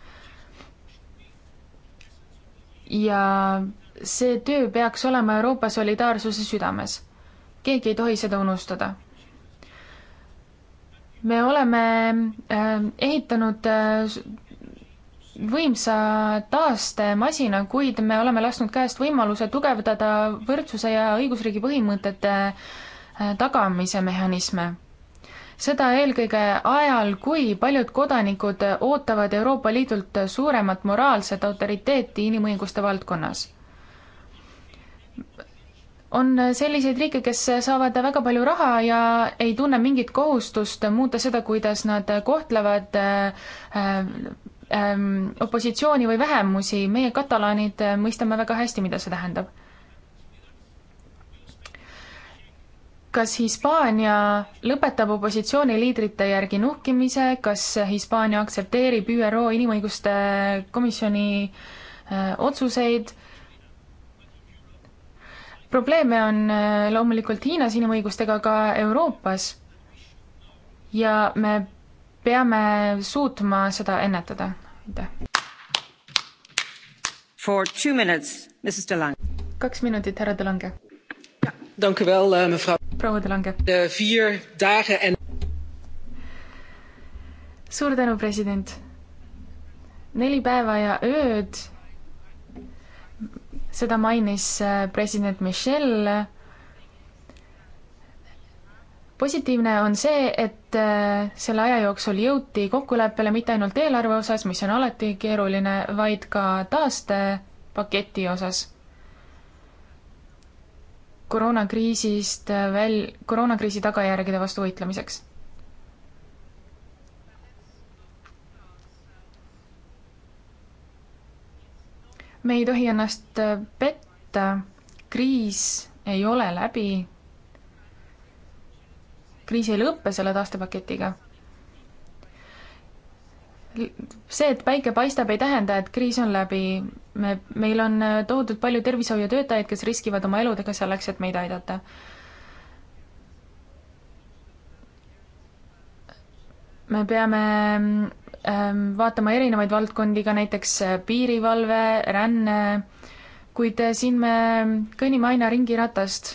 ja see töö peaks olema Euroopa solidaarsuse südames. keegi ei tohi seda unustada. me oleme äh, ehitanud äh, võimsa taastemasina, kuid me oleme lasknud käest võimaluse tugevdada võrdsuse ja õigusriigi põhimõtete äh, tagamise mehhanisme seda eelkõige ajal, kui paljud kodanikud ootavad Euroopa Liidult suuremat moraalset autoriteeti inimõiguste valdkonnas. on selliseid riike, kes saavad väga palju raha ja ei tunne mingit kohustust muuta seda, kuidas nad kohtlevad äh, äh, opositsiooni või vähemusi, meie katalaanid mõistame väga hästi, mida see tähendab kas Hispaania lõpetab opositsiooni liidrite järgi nuhkimise, kas Hispaania aktsepteerib ÜRO Inimõiguste Komisjoni äh, otsuseid? probleeme on äh, loomulikult Hiinas inimõigustega ka Euroopas ja me peame suutma seda ennetada. aitäh. kaks minutit, härra Delange Dank u wel, uh, mevrouw. proua De Lange. De vier dagen en. suur tänu, president. neli päeva ja ööd. seda mainis eh, president Michel. positiivne on see, et eh, selle aja jooksul jõuti kokkuleppele mitte ainult eelarve osas, mis on alati keeruline, vaid ka taastepaketi osas koroonakriisist väl-, koroonakriisi tagajärgede vastu võitlemiseks. me ei tohi ennast petta, kriis ei ole läbi, kriis ei lõppe selle taastepaketiga see, et päike paistab, ei tähenda, et kriis on läbi. me, meil on äh, tohutult palju tervishoiutöötajaid, kes riskivad oma eludega selleks, et meid aidata. me peame ähm, vaatama erinevaid valdkondi, ka näiteks äh, piirivalve, ränne, kuid äh, siin me kõnnime aina ringiratast.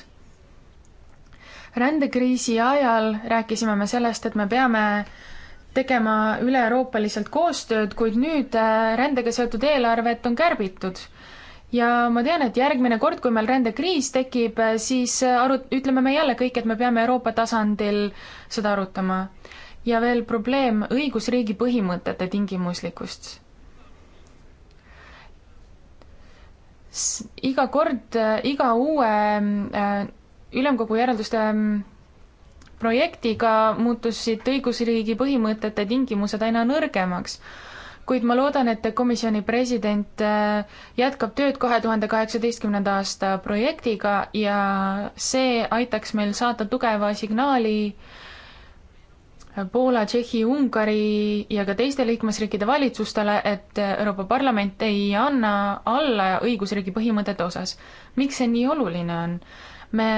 rändekriisi ajal rääkisime me sellest, et me peame äh, tegema üle-euroopaliselt koostööd, kuid nüüd äh, rändega seotud eelarvet on kärbitud. ja ma tean, et järgmine kord, kui meil rändekriis tekib, äh, siis äh, aru-, ütleme me jälle kõik, et me peame Euroopa tasandil seda arutama. ja veel probleem õigusriigi põhimõtete tingimuslikkust iga kord, iga uue ülemkogu järelduste mm, projektiga muutusid õigusriigi põhimõtete tingimused aina nõrgemaks kuid ma loodan, et komisjoni president äh, jätkab tööd kahe tuhande kaheksateistkümnenda aasta projektiga ja see aitaks meil saata tugeva signaali äh, Poola, Tšehhi, Ungari ja ka teiste liikmesriikide valitsustele, et äh, Euroopa Parlament ei anna alla õigusriigi põhimõtete osas. miks see nii oluline on? me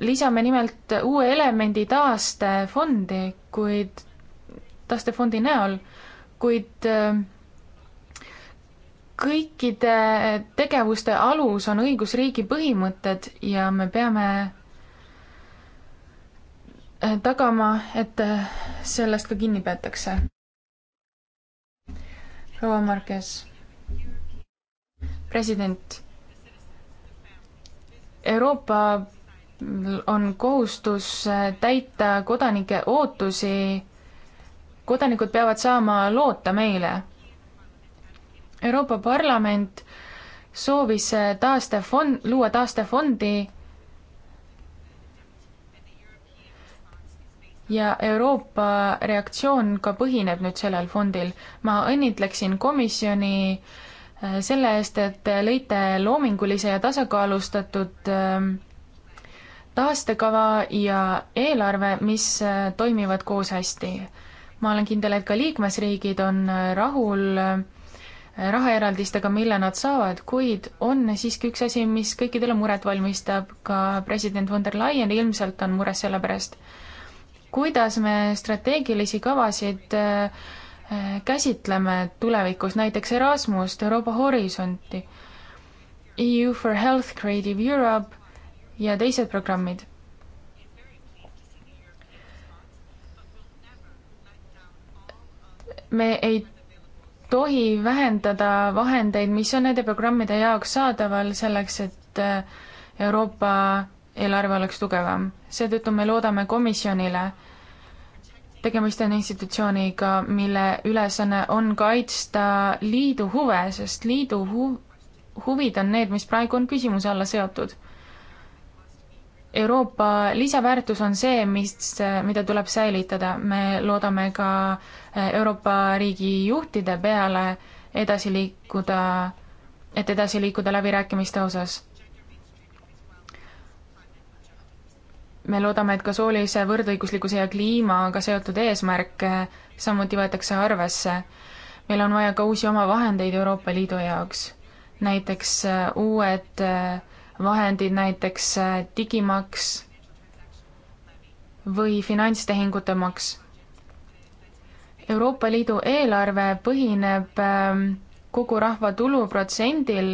lisame nimelt uue elemendi taastefondi, kuid taastefondi näol, kuid äh, kõikide tegevuste alus on õigusriigi põhimõtted ja me peame äh, tagama, et äh, sellest ka kinni peetakse. proua Marges. president. Euroopa on kohustus täita kodanike ootusi. kodanikud peavad saama loota meile. Euroopa Parlament soovis taastefond, luua taastefondi ja Euroopa reaktsioon ka põhineb nüüd sellel fondil. ma õnnitleksin komisjoni äh, selle eest, et lõite loomingulise ja tasakaalustatud äh, taastekava ja eelarve, mis äh, toimivad koos hästi. ma olen kindel, et ka liikmesriigid on äh, rahul äh, rahaeraldistega, mille nad saavad, kuid on siiski üks asi, mis kõikidele muret valmistab, ka president von der Leyen ilmselt on mures selle pärast. kuidas me strateegilisi kavasid käsitleme tulevikus, näiteks Erasmust, Euroopa Horisonti, EU for Health, Creative Europe, ja teised programmid. me ei tohi vähendada vahendeid, mis on nende programmide jaoks saadaval, selleks et äh, Euroopa eelarve oleks tugevam. seetõttu me loodame komisjonile, tegemist on institutsiooniga, mille ülesanne on kaitsta liidu huve, sest liidu hu-, huvid on need, mis praegu on küsimuse alla seotud. Euroopa lisaväärtus on see, mis, mida tuleb säilitada, me loodame ka äh, Euroopa riigijuhtide peale edasi liikuda, et edasi liikuda läbirääkimiste osas. me loodame, et ka soolise võrdõiguslikkuse ja kliimaga seotud eesmärke äh, samuti võetakse arvesse. meil on vaja ka uusi omavahendeid Euroopa Liidu jaoks, näiteks äh, uued äh, vahendid, näiteks äh, digimaks või finantstehingute maks. Euroopa Liidu eelarve põhineb ähm, kogu rahva tulu protsendil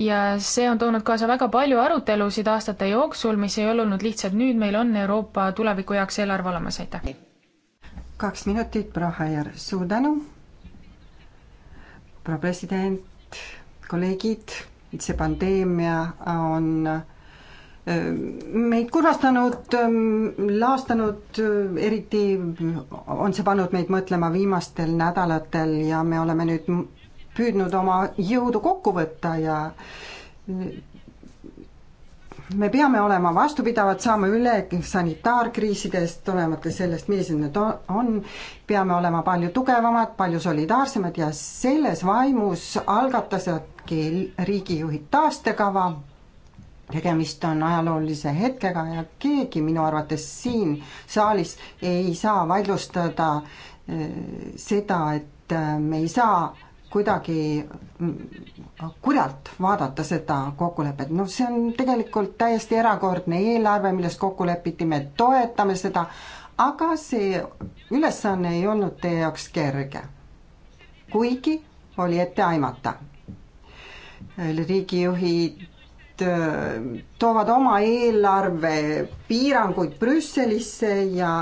ja see on toonud kaasa väga palju arutelusid aastate jooksul, mis ei olnud lihtsalt nüüd meil on Euroopa tuleviku jaoks eelarve olemas, aitäh. kaks minutit, Prahajärv, suur tänu. proua president, kolleegid see pandeemia on äh, meid kurvastanud, ähm, laastanud, äh, eriti on see pannud meid mõtlema viimastel nädalatel ja me oleme nüüd püüdnud oma jõudu kokku võtta ja äh, me peame olema vastupidavad, saama üle sanitaarkriisidest, olemata sellest, millised need on, peame olema palju tugevamad, palju solidaarsemad ja selles vaimus algatasid Slovakkia riigijuhid taastekava. tegemist on ajaloolise hetkega ja keegi minu arvates siin saalis ei saa vaidlustada eh, seda, et eh, me ei saa kuidagi mm, kurjalt vaadata seda kokkulepet, noh, see on tegelikult täiesti erakordne eelarve, milles kokku lepiti, me toetame seda, aga see ülesanne ei olnud teie jaoks kerge. kuigi oli ette aimata Äh, riigijuhid äh, toovad oma eelarve piiranguid Brüsselisse ja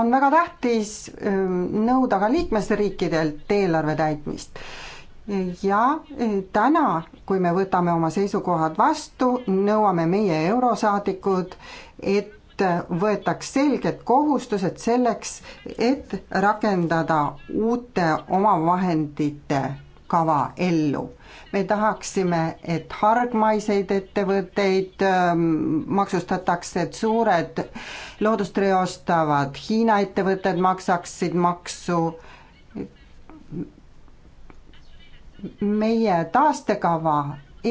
on väga tähtis äh, nõuda ka liikmesriikidelt eelarve täitmist. ja täna, kui me võtame oma seisukohad vastu, nõuame meie eurosaadikud, et võetaks selged kohustused selleks, et rakendada uute omavahendite kava ellu. me tahaksime, et hargmaiseid ettevõtteid ähm, maksustatakse, et suured loodust reostavad Hiina ettevõtted maksaksid maksu. meie taastekava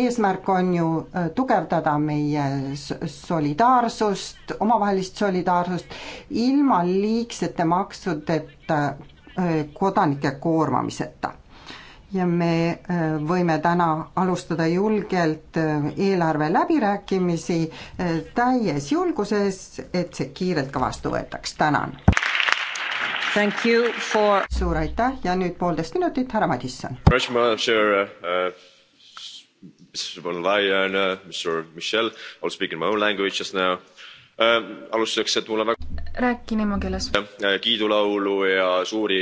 eesmärk on ju äh, tugevdada meie solidaarsust, omavahelist solidaarsust ilma liigsete maksudeta äh, kodanike koormamiseta ja me äh, võime täna alustada julgelt äh, eelarve läbirääkimisi äh, täies julguses, et see kiirelt ka vastu võetaks, tänan. For... suur aitäh ja nüüd poolteist minutit, härra Madisson. Mr uh, uh, von Leyen, uh, Mr Michel, I will speak in my own language just now um,. alustuseks, et mul on väga rääki emakeeles. kiidulaulu ja suuri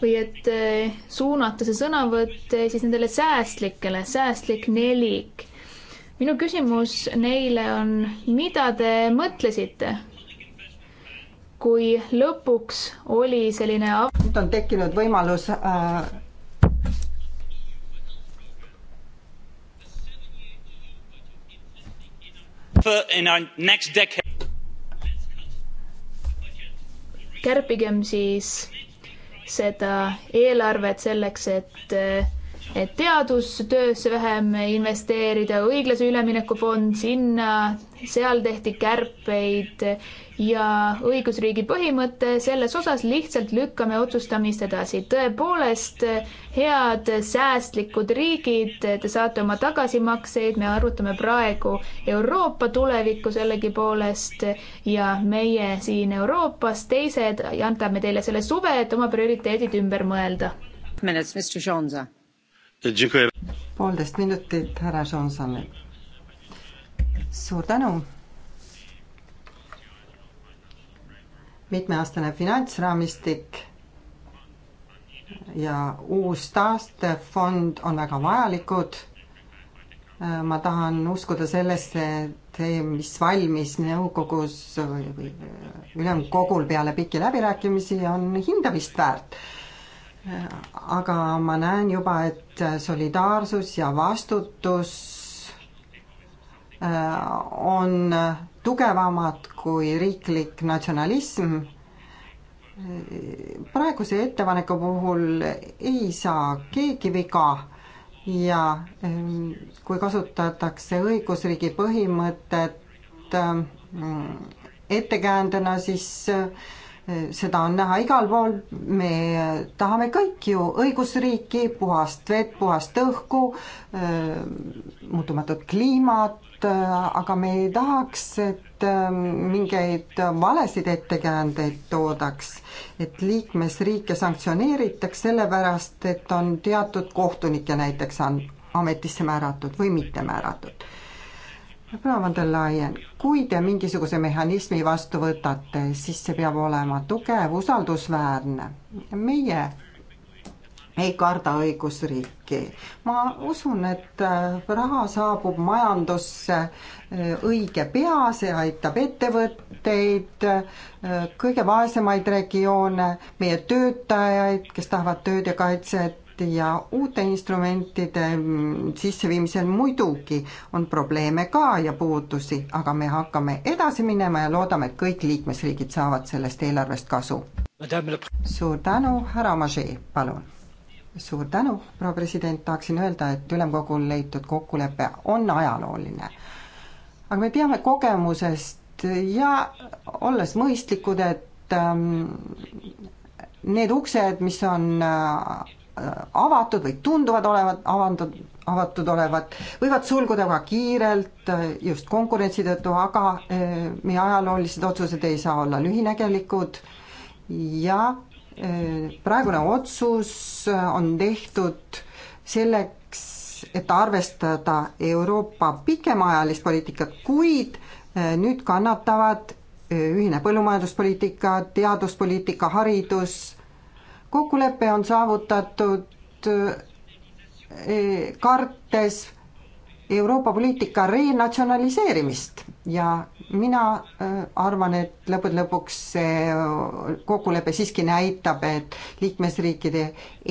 või et eh, suunata see sõnavõtt eh, siis nendele säästlikele, säästlik nelik. minu küsimus neile on, mida te mõtlesite? kui lõpuks oli selline nüüd on tekkinud võimalus äh, kärpigem siis seda eelarvet selleks, et teadustöösse vähem investeerida, õiglase ülemineku fond sinna, seal tehti kärpeid ja õigusriigi põhimõte, selles osas lihtsalt lükkame otsustamist edasi. tõepoolest, head säästlikud riigid, te saate oma tagasimakseid, me arutame praegu Euroopa tulevikku sellegipoolest ja meie siin Euroopas, teised, antame teile selle suve, et oma prioriteedid ümber mõelda. minutes, Mr Johnson poolteist minutit härra Johnsonil. suur tänu. mitmeaastane finantsraamistik ja uus taastefond on väga vajalikud. ma tahan uskuda sellesse, et see, mis valmis nõukogus või ülemkogul peale pikki läbirääkimisi, on hindamist väärt aga ma näen juba, et solidaarsus ja vastutus äh, on tugevamad kui riiklik natsionalism. praeguse ettepaneku puhul ei saa keegi viga ja äh, kui kasutatakse õigusriigi põhimõtet äh, ettekäändena, siis seda on näha igal pool, me tahame kõik ju õigusriiki, puhast vett, puhast õhku, äh, muutumatut kliimat, äh, aga me ei tahaks, et äh, mingeid valesid ettekäändeid toodaks. et liikmesriike sanktsioneeritakse sellepärast, et on teatud kohtunikke näiteks ametisse määratud või mitte määratud proua von der Leyen, kui te mingisuguse mehhanismi vastu võtate, siis see peab olema tugev, usaldusväärne. meie ei karda õigusriiki. ma usun, et äh, raha saabub majandusse äh, õige pea, see aitab ettevõtteid, äh, kõige vaesemaid regioone, meie töötajaid, kes tahavad tööd ja kaitset, ja uute instrumentide mm, sisseviimisel muidugi on probleeme ka ja puudusi, aga me hakkame edasi minema ja loodame, et kõik liikmesriigid saavad sellest eelarvest kasu. suur tänu, härra Omažee, palun. suur tänu, proua president, tahaksin öelda, et ülemkogul leitud kokkulepe on ajalooline. aga me teame kogemusest ja olles mõistlikud, et ähm, need uksed, mis on äh, Äh, avatud või tunduvad olevat avandud, avatud olevat, võivad sulguda väga kiirelt äh, just konkurentsi tõttu, aga äh, meie ajaloolised otsused ei saa olla lühinägelikud ja praegune otsus on tehtud selleks, et arvestada Euroopa pikemaajalist poliitikat, kuid nüüd kannatavad ühine põllumajanduspoliitika, teaduspoliitika, haridus kokkulepe on saavutatud eh, kartes Euroopa poliitika renatsionaliseerimist ja mina eh, arvan, et lõppude lõpuks see kokkulepe siiski näitab, et liikmesriikide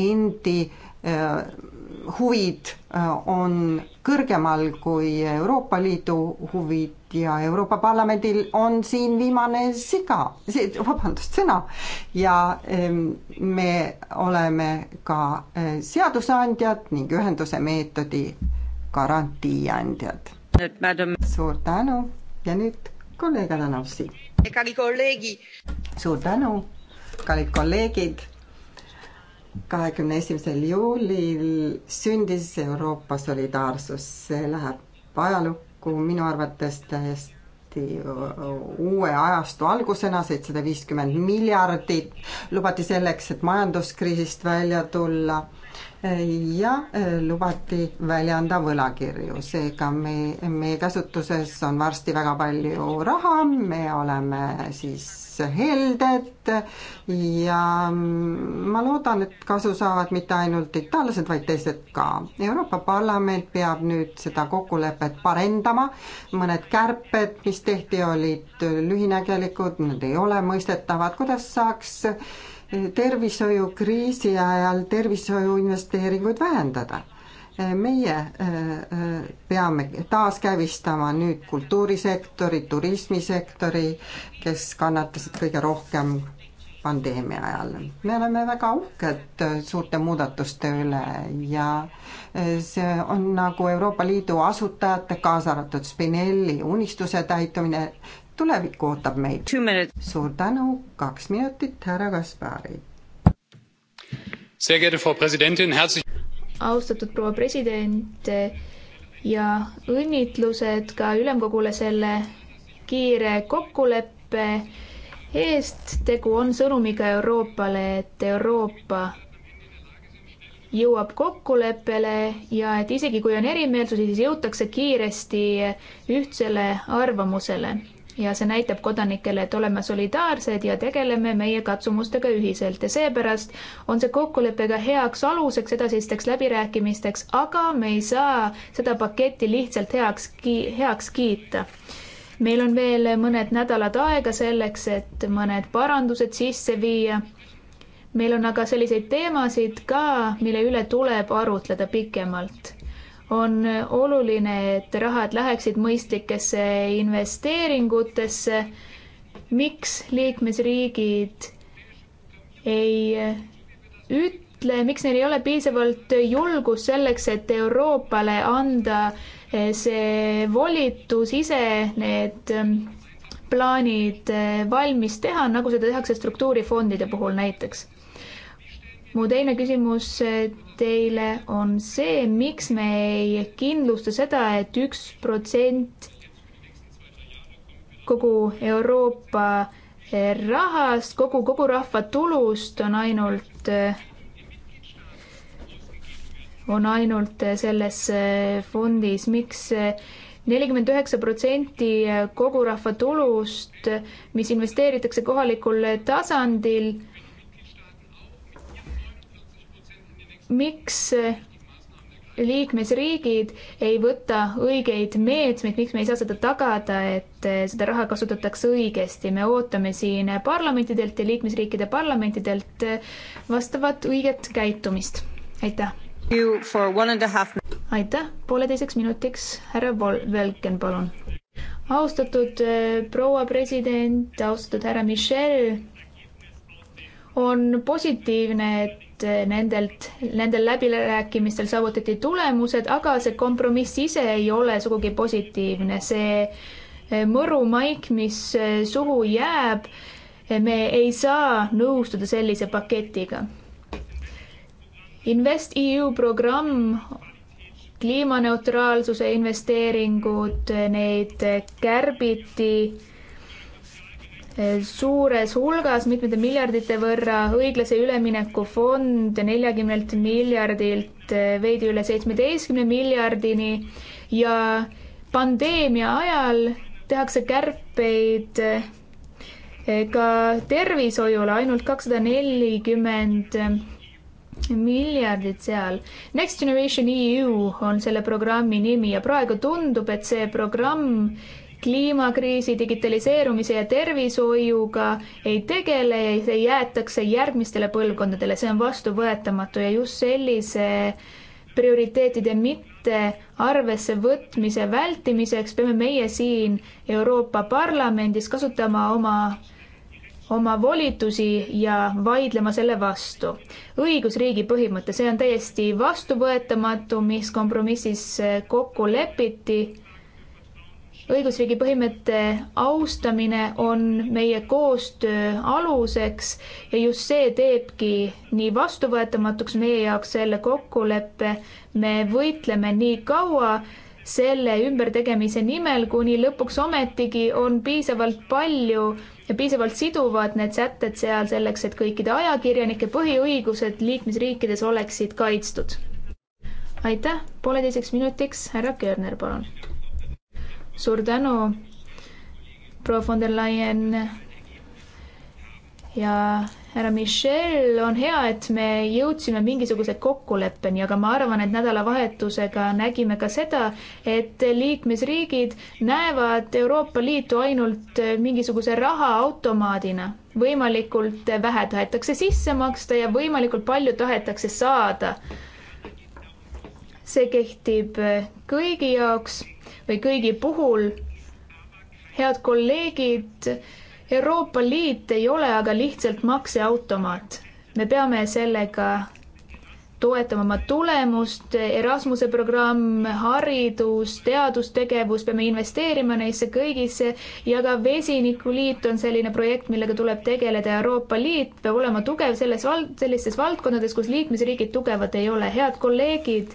endi eh, huvid on kõrgemal kui Euroopa Liidu huvid ja Euroopa Parlamendil on siin viimane siga, vabandust, sõna. ja ehm, me oleme ka eh, seadusandjad ning ühenduse meetodi garantii andjad. suur tänu ja nüüd kolleeg Adanovski. suur tänu, kallid kolleegid kahekümne esimesel juulil sündis Euroopa solidaarsus, see läheb ajalukku minu arvates täiesti uue ajastu algusena, seitsesada viiskümmend miljardit lubati selleks, et majanduskriisist välja tulla ja eh, lubati välja anda võlakirju, seega me, meie käsutuses on varsti väga palju raha, me oleme siis helded ja mm, ma loodan, et kasu saavad mitte ainult itaallased, vaid teised ka. Euroopa Parlament peab nüüd seda kokkulepet parendama, mõned kärped, mis tehti, olid lühinägelikud, need ei ole mõistetavad, kuidas saaks tervishoiukriisi ajal tervishoiu investeeringuid vähendada. meie eh, eh, peame taaskäivistama nüüd kultuurisektori, turismisektori, kes kannatasid kõige rohkem pandeemia ajal. me oleme väga uhked suurte muudatuste üle ja eh, see on nagu Euroopa Liidu asutajate, kaasa arvatud Spinelli unistuse täitumine, tulevik ootab meid. suur tänu, kaks minutit, härra Kaspari. austatud proua president eh, ja õnnitlused ka ülemkogule selle kiire kokkuleppe eest. tegu on sõnumiga Euroopale, et Euroopa jõuab kokkuleppele ja et isegi kui on erimeelsusi, siis jõutakse kiiresti ühtsele arvamusele ja see näitab kodanikele, et oleme solidaarsed ja tegeleme meie katsumustega ühiselt ja seepärast on see kokkulepe ka heaks aluseks edasisteks läbirääkimisteks, aga me ei saa seda paketti lihtsalt heaks ki-, heaks kiita. meil on veel mõned nädalad aega selleks, et mõned parandused sisse viia. meil on aga selliseid teemasid ka, mille üle tuleb arutleda pikemalt on oluline, et rahad läheksid mõistlikesse investeeringutesse. miks liikmesriigid ei ütle, miks neil ei ole piisavalt julgust selleks, et Euroopale anda eh, see volitus ise need mm, plaanid eh, valmis teha, nagu seda tehakse struktuurifondide puhul näiteks mu teine küsimus teile on see, miks me ei kindlusta seda et, et üks protsent kogu Euroopa eh, rahast, kogu, kogu rahva tulust on ainult, eh, on ainult eh, selles fondis, miks nelikümmend üheksa protsenti kogu rahva tulust, mis investeeritakse kohalikul tasandil miks liikmesriigid ei võta õigeid meetmeid, miks me ei saa seda tagada, et seda raha kasutatakse õigesti, me ootame siin parlamentidelt ja liikmesriikide parlamentidelt vastavat õiget käitumist. aitäh. aitäh, pooleteiseks minutiks härra Vol-, Velken, palun. austatud äh, proua president, austatud härra Michel, on positiivne, et et eh, nendelt, nendel läbirääkimistel saavutati tulemused, aga see kompromiss ise ei ole sugugi positiivne. see eh, mõru maik, mis eh, suhu jääb, me ei saa nõustuda sellise paketiga. InvestEU programm kliimaneutraalsuse investeeringud, neid kärbiti Eh, suures hulgas, mitmete miljardite võrra, õiglase ülemineku fond neljakümnelt miljardilt eh, veidi üle seitsmeteistkümne miljardini ja pandeemia ajal tehakse kärpeid eh, ka tervishoiule ainult kakssada nelikümmend miljardit seal. Next Generation EU on selle programmi nimi ja praegu tundub, et see programm kliimakriisi, digitaliseerumise ja tervishoiuga ei tegele ja see jäetakse järgmistele põlvkondadele, see on vastuvõetamatu ja just sellise prioriteetide mitte arvesse võtmise vältimiseks peame meie siin Euroopa Parlamendis kasutama oma oma volitusi ja vaidlema selle vastu. õigusriigi põhimõte, see on täiesti vastuvõetamatu, mis kompromissis kokku lepiti õigusriigi põhimõtte austamine on meie koostöö aluseks ja just see teebki nii vastuvõetamatuks meie jaoks selle kokkuleppe. me võitleme nii kaua selle ümbertegemise nimel, kuni lõpuks ometigi on piisavalt palju ja piisavalt siduvad need sätted seal selleks, et kõikide ajakirjanike põhiõigused liikmesriikides oleksid kaitstud. aitäh, pooleteiseks minutiks, härra Körner, palun suur tänu, proua von der Leyen ja härra Michel, on hea, et me jõudsime mingisuguse kokkuleppeni, aga ma arvan, et nädalavahetusega nägime ka seda, et liikmesriigid näevad Euroopa Liitu ainult mingisuguse rahaautomaadina. võimalikult vähe tahetakse sisse maksta ja võimalikult palju tahetakse saada. see kehtib kõigi jaoks või kõigi puhul. head kolleegid, Euroopa Liit ei ole aga lihtsalt makseautomaat. me peame sellega toetama oma tulemust, Erasmuse programm, haridus, teadustegevus, peame investeerima neisse kõigisse ja ka Vesinikuliit on selline projekt, millega tuleb tegeleda. Euroopa Liit peab olema tugev selles vald-, sellistes valdkondades, kus liikmesriigid tugevad ei ole. head kolleegid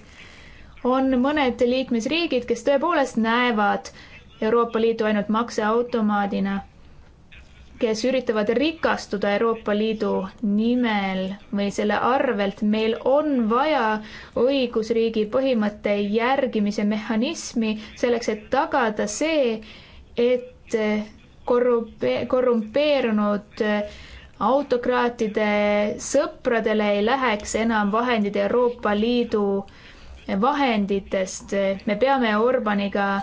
on mõned liikmesriigid, kes tõepoolest näevad Euroopa Liitu ainult makseautomaadina, kes üritavad rikastuda Euroopa Liidu nimel või selle arvelt. meil on vaja õigusriigi põhimõtte järgimise mehhanismi selleks, et tagada see, et korrupe-, korrumpeerunud autokraatide sõpradele ei läheks enam vahendid Euroopa Liidu äh, vahenditest. me peame Orbaniga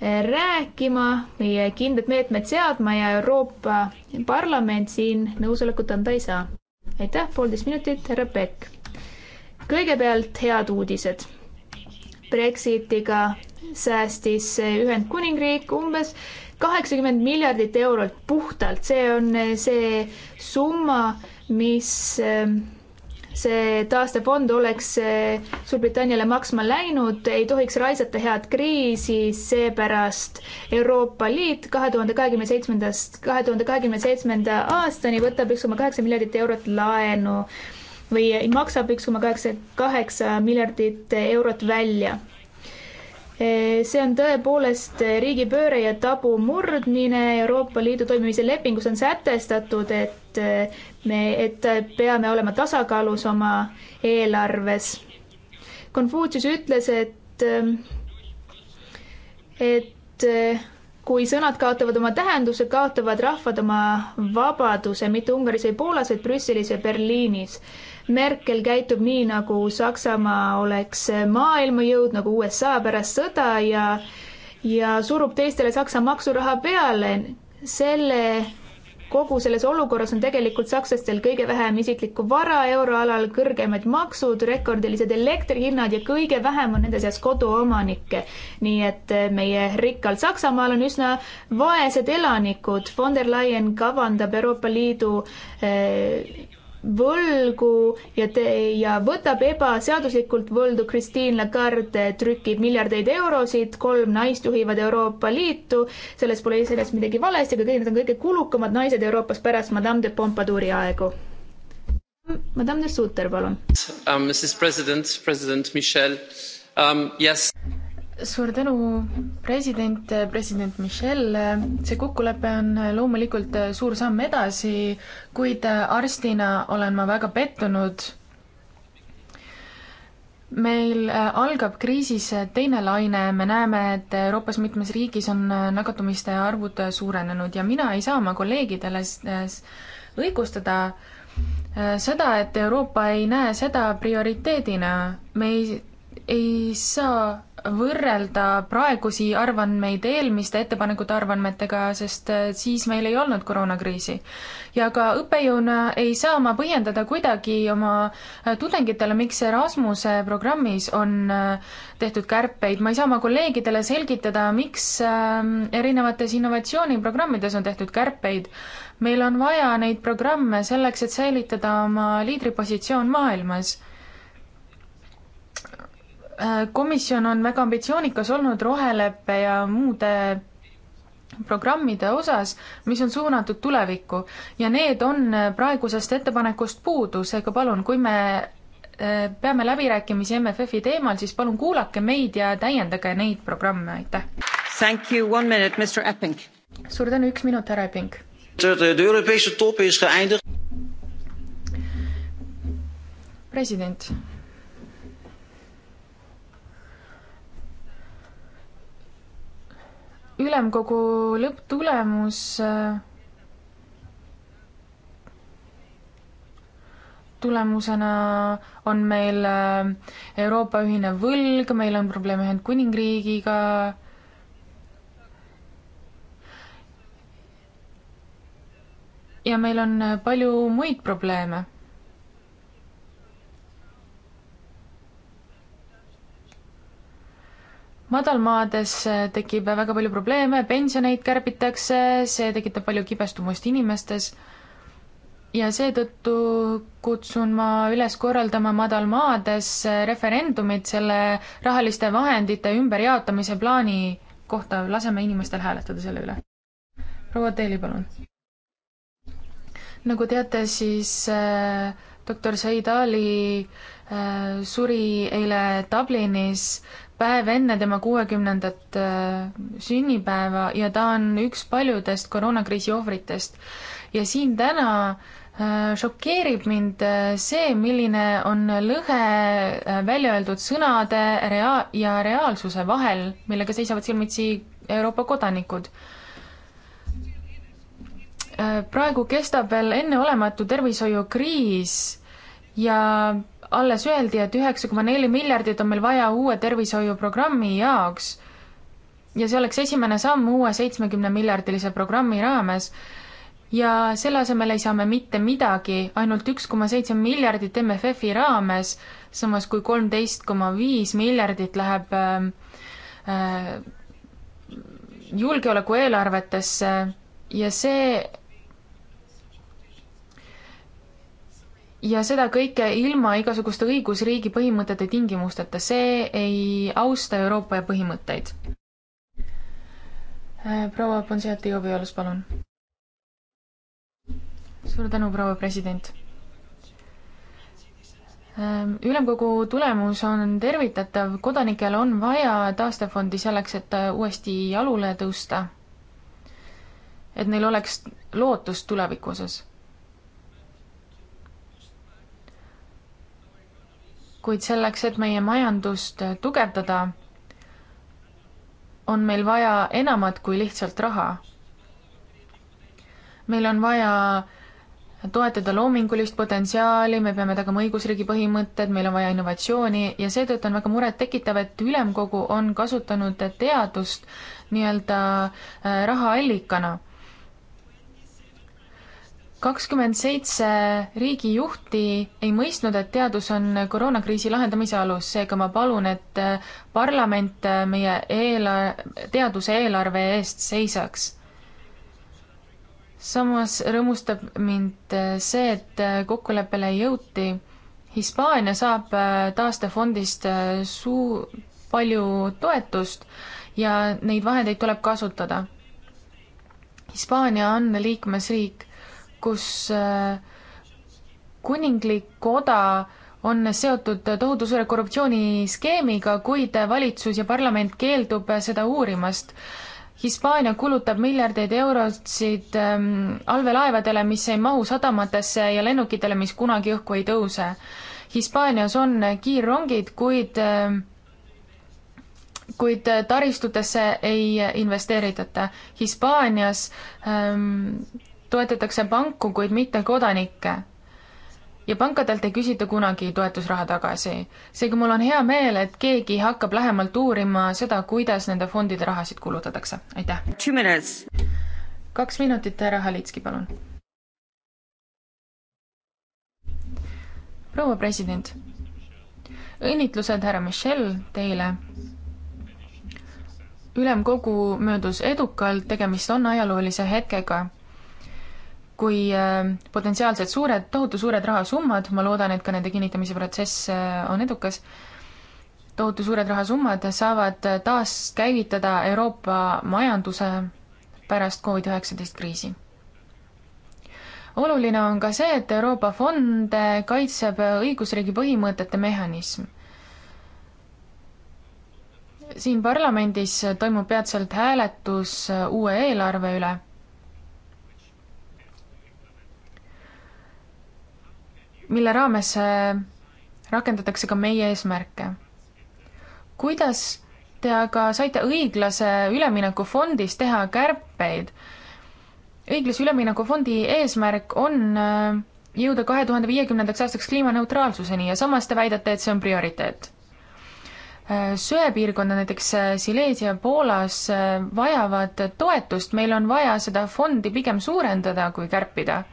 eh, rääkima, meie kindlad meetmed seadma ja Euroopa Parlament siin nõusolekut anda ei saa. aitäh, poolteist minutit, härra Pekk. kõigepealt head uudised. Brexitiga säästis Ühendkuningriik umbes kaheksakümmend miljardit eurot puhtalt, see on eh, see summa, mis eh, see taastefond oleks eh, Suurbritanniale maksma läinud, ei tohiks raisata head kriisi, seepärast Euroopa Liit kahe tuhande kahekümne seitsmendast, kahe tuhande kahekümne seitsmenda aastani võtab üks koma kaheksa miljardit eurot laenu või maksab üks koma kaheksa, kaheksa miljardit eurot välja Eh, see on tõepoolest eh, riigipööre ja tabu murdmine. Euroopa Liidu toimimise lepingus on sätestatud, et eh, me, et peame olema tasakaalus oma eelarves. Konfutsius ütles, et, et kui sõnad kaotavad oma tähenduse, kaotavad rahvad oma vabaduse, mitte Ungaris või Poolas, vaid Brüsselis ja Berliinis Merkel käitub nii, nagu Saksamaa oleks maailmajõud nagu USA pärast sõda ja ja surub teistele Saksa maksuraha peale. selle, kogu selles olukorras on tegelikult sakslastel kõige vähem isiklikku vara euroalal, kõrgemad maksud, rekordilised elektrihinnad ja kõige vähem on nende seas koduomanikke. nii et meie rikkal Saksamaal on üsna vaesed elanikud. Von der Leyen kavandab Euroopa Liidu eh, võlgu ja te-, ja võtab ebaseaduslikult võldu Christine Lagarde, trükib miljardeid eurosid, kolm naist juhivad Euroopa Liitu, selles pole iseenesest midagi valesti, aga kõik need on kõige kulukamad naised Euroopas pärast Madame de Pompadouri aegu. Madame de Sutter, palun um,. Mrs President, President Michel um,, yes suur tänu, president, president Michel. see kokkulepe on loomulikult suur samm edasi, kuid arstina olen ma väga pettunud. meil algab kriisis teine laine, me näeme, et Euroopas mitmes riigis on nakatumiste arvud suurenenud ja mina ei saa oma kolleegidele õigustada äh, seda, et Euroopa ei näe seda prioriteedina. me ei, ei saa võrrelda praegusi arvandmeid eelmiste ettepanekute arvandmetega, sest äh, siis meil ei olnud koroonakriisi. ja ka õppejõuna ei saa ma põhjendada kuidagi oma äh, tudengitele, miks Erasmuse programmis on äh, tehtud kärpeid, ma ei saa oma kolleegidele selgitada, miks ähm, erinevates innovatsiooniprogrammides on tehtud kärpeid. meil on vaja neid programme selleks, et säilitada oma liidripositsioon maailmas Äh, komisjon on väga ambitsioonikas olnud roheleppe ja muude programmide osas, mis on suunatud tulevikku ja need on äh, praegusest ettepanekust puudu, seega palun, kui me äh, peame läbirääkimisi MFF-i teemal, siis palun kuulake meid ja täiendage neid programme, aitäh. Thank you, one minute, Mr Epping. suur tänu, üks minut, härra Epping. president ülemkogu lõpptulemus tulemusena on meil äh, Euroopa ühine võlg, meil on probleeme Ühendkuningriigiga, ja meil on äh, palju muid probleeme madalmaades eh, tekib väga palju probleeme, pensioneid kärbitakse, see tekitab palju kibestumust inimestes ja seetõttu kutsun ma üles korraldama madalmaades eh, referendumit selle rahaliste vahendite ümberjaotamise plaani kohta, laseme inimestel hääletada selle üle. proua Teeli, palun. nagu teate, siis äh, doktor Said Ali äh, suri eile Dublinis päev enne tema kuuekümnendat äh, sünnipäeva ja ta on üks paljudest koroonakriisi ohvritest. ja siin täna äh, šokeerib mind äh, see, milline on lõhe välja öeldud sõnade rea- ja reaalsuse vahel, millega seisavad silmitsi Euroopa kodanikud praegu kestab veel enneolematu tervishoiukriis ja alles öeldi, et üheksa koma neli miljardit on meil vaja uue tervishoiuprogrammi jaoks ja see oleks esimene samm uue seitsmekümne miljardilise programmi raames. ja selle asemel ei saa me mitte midagi, ainult üks koma seitse miljardit MFF-i raames, samas kui kolmteist koma viis miljardit läheb ähm, äh, äh, julgeolekueelarvetesse ja see ja seda kõike ilma igasuguste õigusriigi põhimõtete tingimusteta, see ei austa Euroopa ja põhimõtteid. Äh, proua Ponsiati Joviolus, palun. suur tänu, proua president. Ähm, ülemkogu tulemus on tervitatav, kodanikel on vaja taastefondi selleks, et äh, uuesti jalule tõusta. et neil oleks lootust tuleviku osas kuid selleks, et meie majandust tugevdada, on meil vaja enamat kui lihtsalt raha. meil on vaja toetada loomingulist potentsiaali, me peame tagama õigusriigi põhimõtted, meil on vaja innovatsiooni ja seetõttu on väga murettekitav, et ülemkogu on kasutanud teadust nii-öelda äh, rahaallikana kakskümmend seitse riigijuhti ei mõistnud, et teadus on koroonakriisi lahendamise alus, seega ma palun, et parlament meie eelar-, teaduse eelarve eest seisaks. samas rõõmustab mind see, et kokkuleppele jõuti. Hispaania saab taastefondist suu-, palju toetust ja neid vahendeid tuleb kasutada. Hispaania on liikmesriik kus äh, kuninglik koda on seotud tohutu suure korruptsiooniskeemiga, kuid valitsus ja parlament keeldub seda uurimast. Hispaania kulutab miljardeid eurosid ähm, allveelaevadele, mis ei mahu sadamatesse ja lennukitele, mis kunagi õhku ei tõuse. Hispaanias on kiirrongid, kuid ähm, kuid taristutesse ei investeeritata. Hispaanias ähm, toetatakse panku, kuid mitte kodanikke. ja pankadelt ei küsita kunagi toetusraha tagasi. seega mul on hea meel, et keegi hakkab lähemalt uurima seda, kuidas nende fondide rahasid kulutatakse. aitäh! kaks minutit, härra Halitski, palun. proua president, õnnitlused, härra Michel, teile ülemkogu möödus edukalt, tegemist on ajaloolise hetkega kui äh, potentsiaalselt suured, tohutu suured rahasummad, ma loodan, et ka nende kinnitamise protsess äh, on edukas, tohutu suured rahasummad saavad äh, taaskäivitada Euroopa majanduse pärast Covid-19 kriisi. oluline on ka see, et Euroopa fonde kaitseb õigusriigi põhimõtete mehhanism siin parlamendis toimub peatselt hääletus uue eelarve üle mille raames äh, rakendatakse ka meie eesmärke. kuidas te aga saite õiglase ülemineku fondis teha kärpeid? õiglase ülemineku fondi eesmärk on äh, jõuda kahe tuhande viiekümnendaks aastaks kliimaneutraalsuseni ja samas te väidate, et see on prioriteet. Äh, söepiirkonna, näiteks Silesia Poolas, vajavad toetust, meil on vaja seda fondi pigem suurendada kui kärpida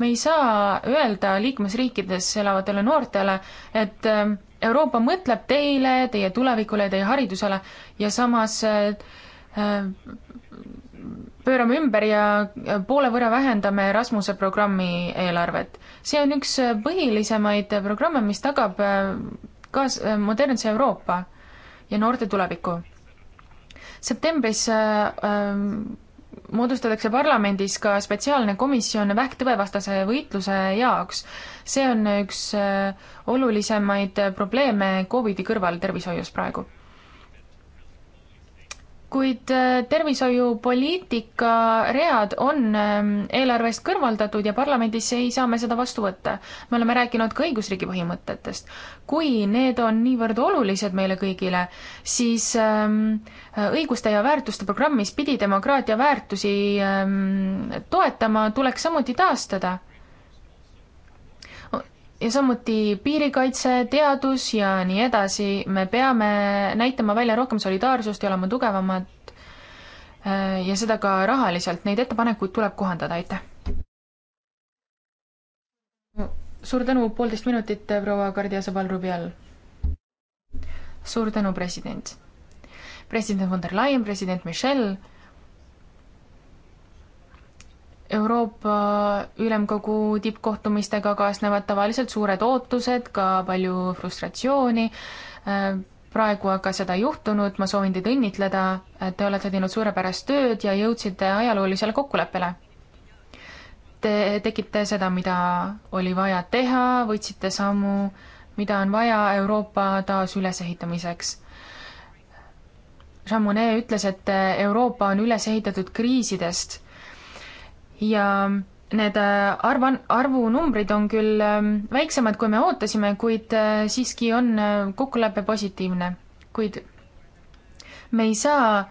me ei saa öelda liikmesriikides elavatele noortele, et ähm, Euroopa mõtleb teile, teie tulevikule ja teie haridusele ja samas äh, äh, pöörame ümber ja äh, poole võrra vähendame Rasmuse programmi eelarvet. see on üks põhilisemaid programme, mis tagab kaas-, modernse Euroopa ja noorte tuleviku. septembris äh, moodustatakse parlamendis ka spetsiaalne komisjon vähktõvevastase võitluse jaoks. see on üks äh, olulisemaid probleeme Covidi kõrval tervishoius praegu kuid äh, tervishoiupoliitika read on ähm, eelarvest kõrvaldatud ja parlamendis ei saa me seda vastu võtta. me oleme rääkinud ka õigusriigi põhimõtetest. kui need on niivõrd olulised meile kõigile, siis ähm, õiguste ja väärtuste programmis pidi demokraatia väärtusi ähm, toetama tuleks samuti taastada ja samuti piirikaitse, teadus ja nii edasi, me peame näitama välja rohkem solidaarsust ja olema tugevamad äh, ja seda ka rahaliselt, neid ettepanekuid tuleb kohandada, aitäh! suur tänu, poolteist minutit, äh, proua Kardia Sabal-Rubial. suur tänu, president. president von der Leyen, president Michel Euroopa Ülemkogu tippkohtumistega kaasnevad tavaliselt suured ootused, ka palju frustratsiooni. Äh, praegu aga seda ei juhtunud, ma soovin teid õnnitleda, et te olete teinud suurepärast tööd ja jõudsite ajaloolisele kokkuleppele. Te tegite seda, mida oli vaja teha, võtsite sammu, mida on vaja Euroopa taasülesehitamiseks Jean Monnet ütles, et Euroopa on üles ehitatud kriisidest ja need äh, arvan, arvunumbrid on küll ähm, väiksemad, kui me ootasime, kuid äh, siiski on äh, kokkulepe positiivne. kuid me ei saa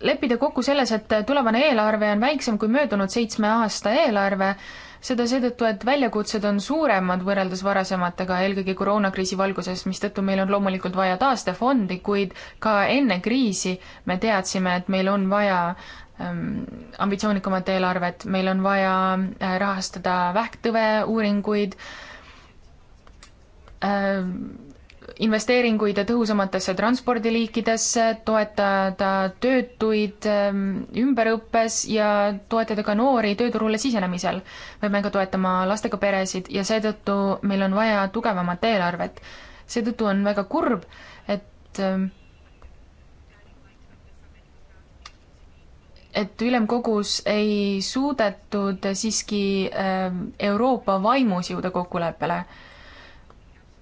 leppida kokku selles, et tulevane eelarve on väiksem kui möödunud seitsme aasta eelarve, seda seetõttu, et väljakutsed on suuremad võrreldes varasematega, eelkõige koroonakriisi valguses, mistõttu meil on loomulikult vaja taastefondi, kuid ka enne kriisi me teadsime, et meil on vaja Ähm, ambitsioonikamat eelarvet, meil on vaja äh, rahastada vähktõve uuringuid, ähm, investeeringuid tõhusamatesse transpordiliikidesse, toetada töötuid ähm, ümberõppes ja toetada ka noori tööturule sisenemisel. me peame ka toetama lastega peresid ja seetõttu meil on vaja tugevamat eelarvet. seetõttu on väga kurb, et et ülemkogus ei suudetud siiski ähm, Euroopa vaimus jõuda kokkuleppele.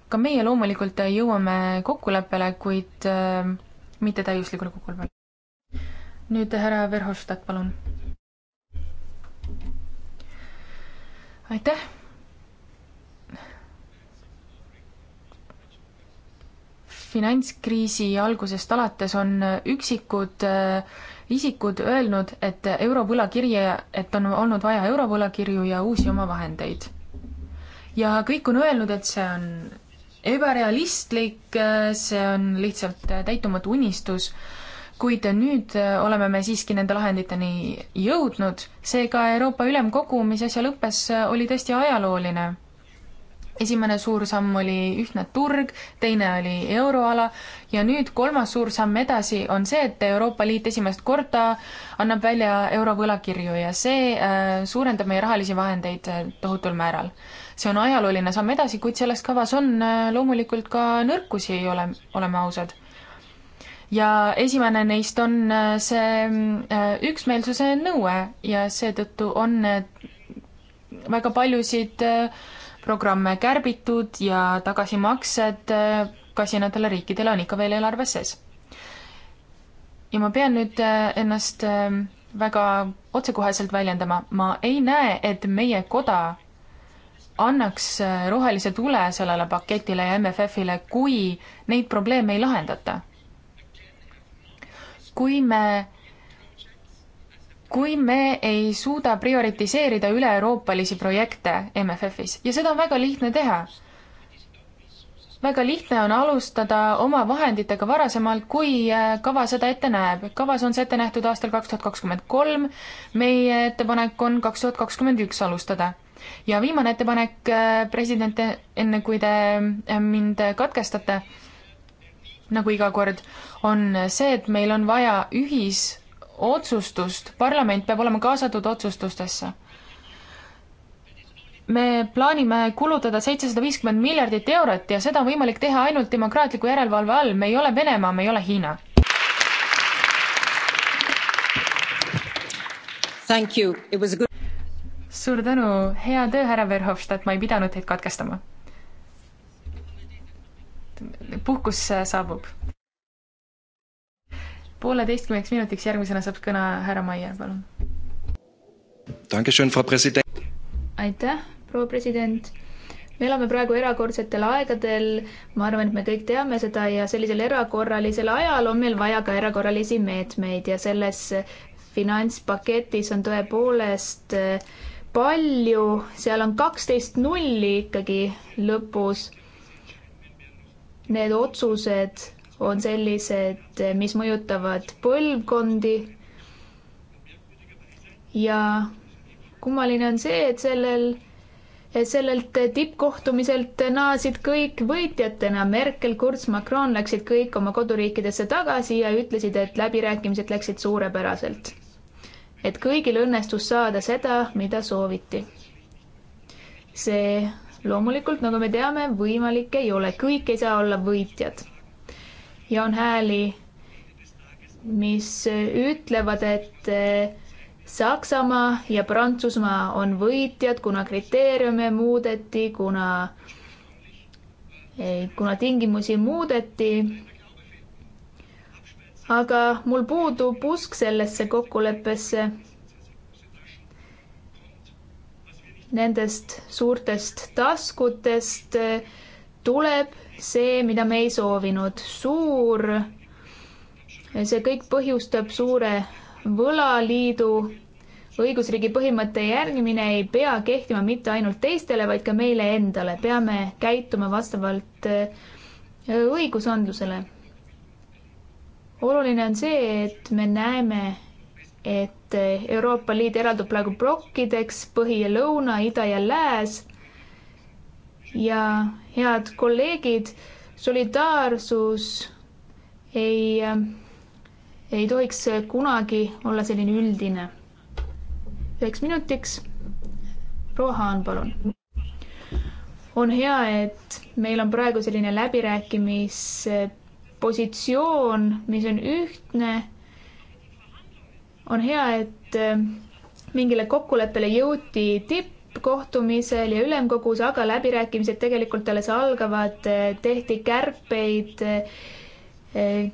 ka meie loomulikult jõuame kokkuleppele, kuid ähm, mitte täiuslikule kokkuleppele. nüüd härra Verhofstadt, palun. aitäh. finantskriisi algusest alates on üksikud äh, isikud öelnud, et eurovõlakirje, et on olnud vaja eurovõlakirju ja uusi omavahendeid. ja kõik on öelnud, et see on ebarealistlik, see on lihtsalt täitumatu unistus, kuid nüüd oleme me siiski nende lahenditeni jõudnud, seega Euroopa Ülemkogu, mis äsja lõppes, oli tõesti ajalooline esimene suur samm oli ühtne turg, teine oli euroala ja nüüd kolmas suur samm edasi on see, et Euroopa Liit esimest korda annab välja eurovõlakirju ja see äh, suurendab meie rahalisi vahendeid äh, tohutul määral. see on ajalooline samm edasi, kuid selles kavas on äh, loomulikult ka nõrkusi, ole, oleme ausad. ja esimene neist on äh, see äh, üksmeelsuse nõue ja seetõttu on äh, väga paljusid äh, programme kärbitud ja tagasimaksed äh, kasinatele riikidele on ikka veel eelarves sees. ja ma pean nüüd äh, ennast äh, väga otsekoheselt väljendama, ma ei näe, et meie koda annaks rohelise tule sellele paketile ja MFF-ile, kui neid probleeme ei lahendata. kui me kui me ei suuda prioritiseerida üle-euroopalisi projekte MFF-is ja seda on väga lihtne teha. väga lihtne on alustada oma vahenditega varasemalt, kui äh, kava seda ette näeb. kavas on see ette nähtud aastal kaks tuhat kakskümmend kolm, meie ettepanek on kaks tuhat kakskümmend üks alustada. ja viimane ettepanek, äh, president, enne kui te äh, mind katkestate, nagu iga kord, on see, et meil on vaja ühis otsustust, parlament peab olema kaasatud otsustustesse. me plaanime kulutada seitsesada viiskümmend miljardit eurot ja seda on võimalik teha ainult demokraatliku järelevalve all, me ei ole Venemaa, me ei ole Hiina. Good... suur tänu, hea töö, härra Verhofstadt, ma ei pidanud teid katkestama. puhkus saabub pooleteistkümneks minutiks, järgmisena saab kõne härra Maier, palun. aitäh, proua president me elame praegu erakordsetel aegadel, ma arvan, et me kõik teame seda ja sellisel erakorralisel ajal on meil vaja ka erakorralisi meetmeid ja selles finantspaketis on tõepoolest eh, palju, seal on kaksteist nulli ikkagi lõpus. Need otsused on sellised, mis mõjutavad põlvkondi. ja kummaline on see, et sellel, sellelt tippkohtumiselt naasid kõik võitjatena. Merkel, Kurz, Macron läksid kõik oma koduriikidesse tagasi ja ütlesid, et läbirääkimised läksid suurepäraselt. et kõigil õnnestus saada seda, mida sooviti. see loomulikult, nagu me teame, võimalik ei ole, kõik ei saa olla võitjad ja on hääli, mis ütlevad, et eh, Saksamaa ja Prantsusmaa on võitjad, kuna kriteeriume muudeti, kuna, eh, kuna tingimusi muudeti. aga mul puudub usk sellesse kokkuleppesse. Nendest suurtest taskutest eh, tuleb see, mida me ei soovinud. suur, see kõik põhjustab suure võlaliidu õigusriigi põhimõtte järgimine ei pea kehtima mitte ainult teistele, vaid ka meile endale. peame käituma vastavalt äh, õigusandlusele. oluline on see, et me näeme, et Euroopa Liit eraldub praegu plokkideks, põhi ja lõuna, ida ja lääs ja head kolleegid, solidaarsus ei, ei tohiks kunagi olla selline üldine. üheks minutiks. proua Haan, palun. on hea, et meil on praegu selline läbirääkimispositsioon, mis on ühtne. on hea, et mingile kokkuleppele jõuti tipp tippkohtumisel ja ülemkogus, aga läbirääkimised tegelikult alles algavad, tehti kärpeid eh,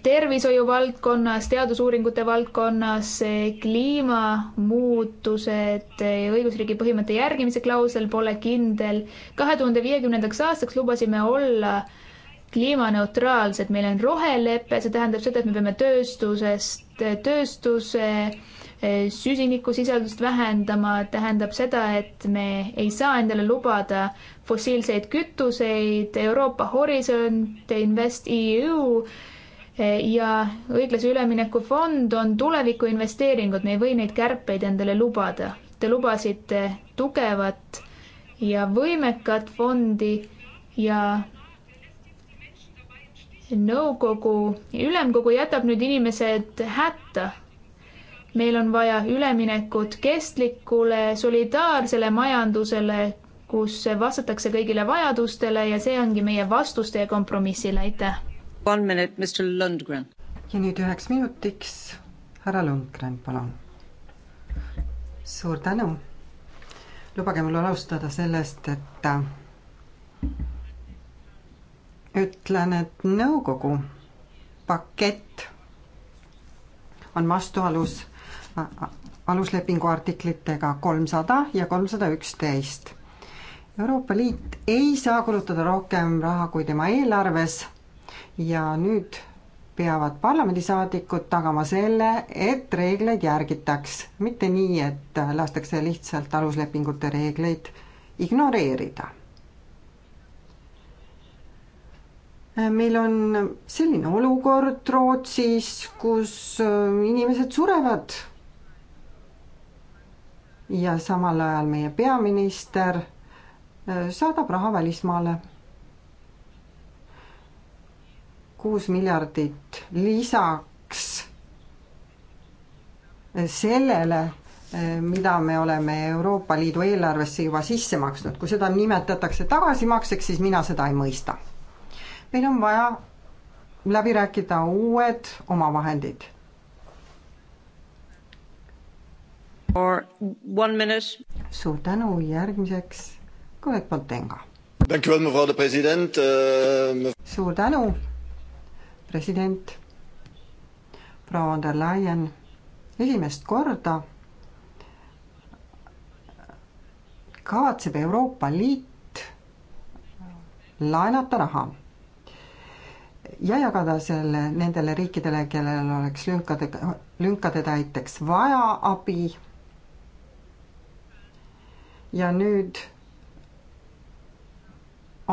tervishoiu valdkonnas, teadusuuringute valdkonnas, eh, kliimamuutused, eh, õigusriigi põhimõtte järgimise klausel pole kindel. kahe tuhande viiekümnendaks aastaks lubasime olla kliimaneutraalsed, meil on rohelepe, see tähendab seda, et me peame tööstusest, tööstuse Äh, süsinikusisaldust vähendama, tähendab seda, et me ei saa endale lubada fossiilseid kütuseid, Euroopa Horisont, Invest EU äh, ja õiglase ülemineku fond on tuleviku investeeringud, me ei või neid kärpeid endale lubada. Te lubasite tugevat ja võimekat fondi ja nõukogu, ülemkogu jätab nüüd inimesed hätta meil on vaja üleminekut kestlikule solidaarsele majandusele, kus vastatakse kõigile vajadustele ja see ongi meie vastus teie kompromissile, aitäh. One minute, Mr Lundgren. ja nüüd üheks minutiks härra Lundgren, palun. suur tänu. lubage mul alustada sellest, et äh, ütlen, et nõukogu pakett on vastuolus aluslepingu artiklitega kolmsada ja kolmsada üksteist. Euroopa Liit ei saa kulutada rohkem raha kui tema eelarves ja nüüd peavad parlamendisaadikud tagama selle, et reegleid järgitaks, mitte nii, et lastakse lihtsalt aluslepingute reegleid ignoreerida. meil on selline olukord Rootsis, kus inimesed surevad ja samal ajal meie peaminister äh, saadab raha välismaale. kuus miljardit lisaks sellele, äh, mida me oleme Euroopa Liidu eelarvesse juba sisse maksnud, kui seda nimetatakse tagasimakseks, siis mina seda ei mõista. meil on vaja läbi rääkida uued omavahendid suur tänu, järgmiseks kolleeg Poltenga. Eh, suur tänu, president, proua von der Leyen, esimest korda kavatseb Euroopa Liit laenata raha ja jagada selle nendele riikidele, kellel oleks lünkade, lünkade täiteks vaja abi ja nüüd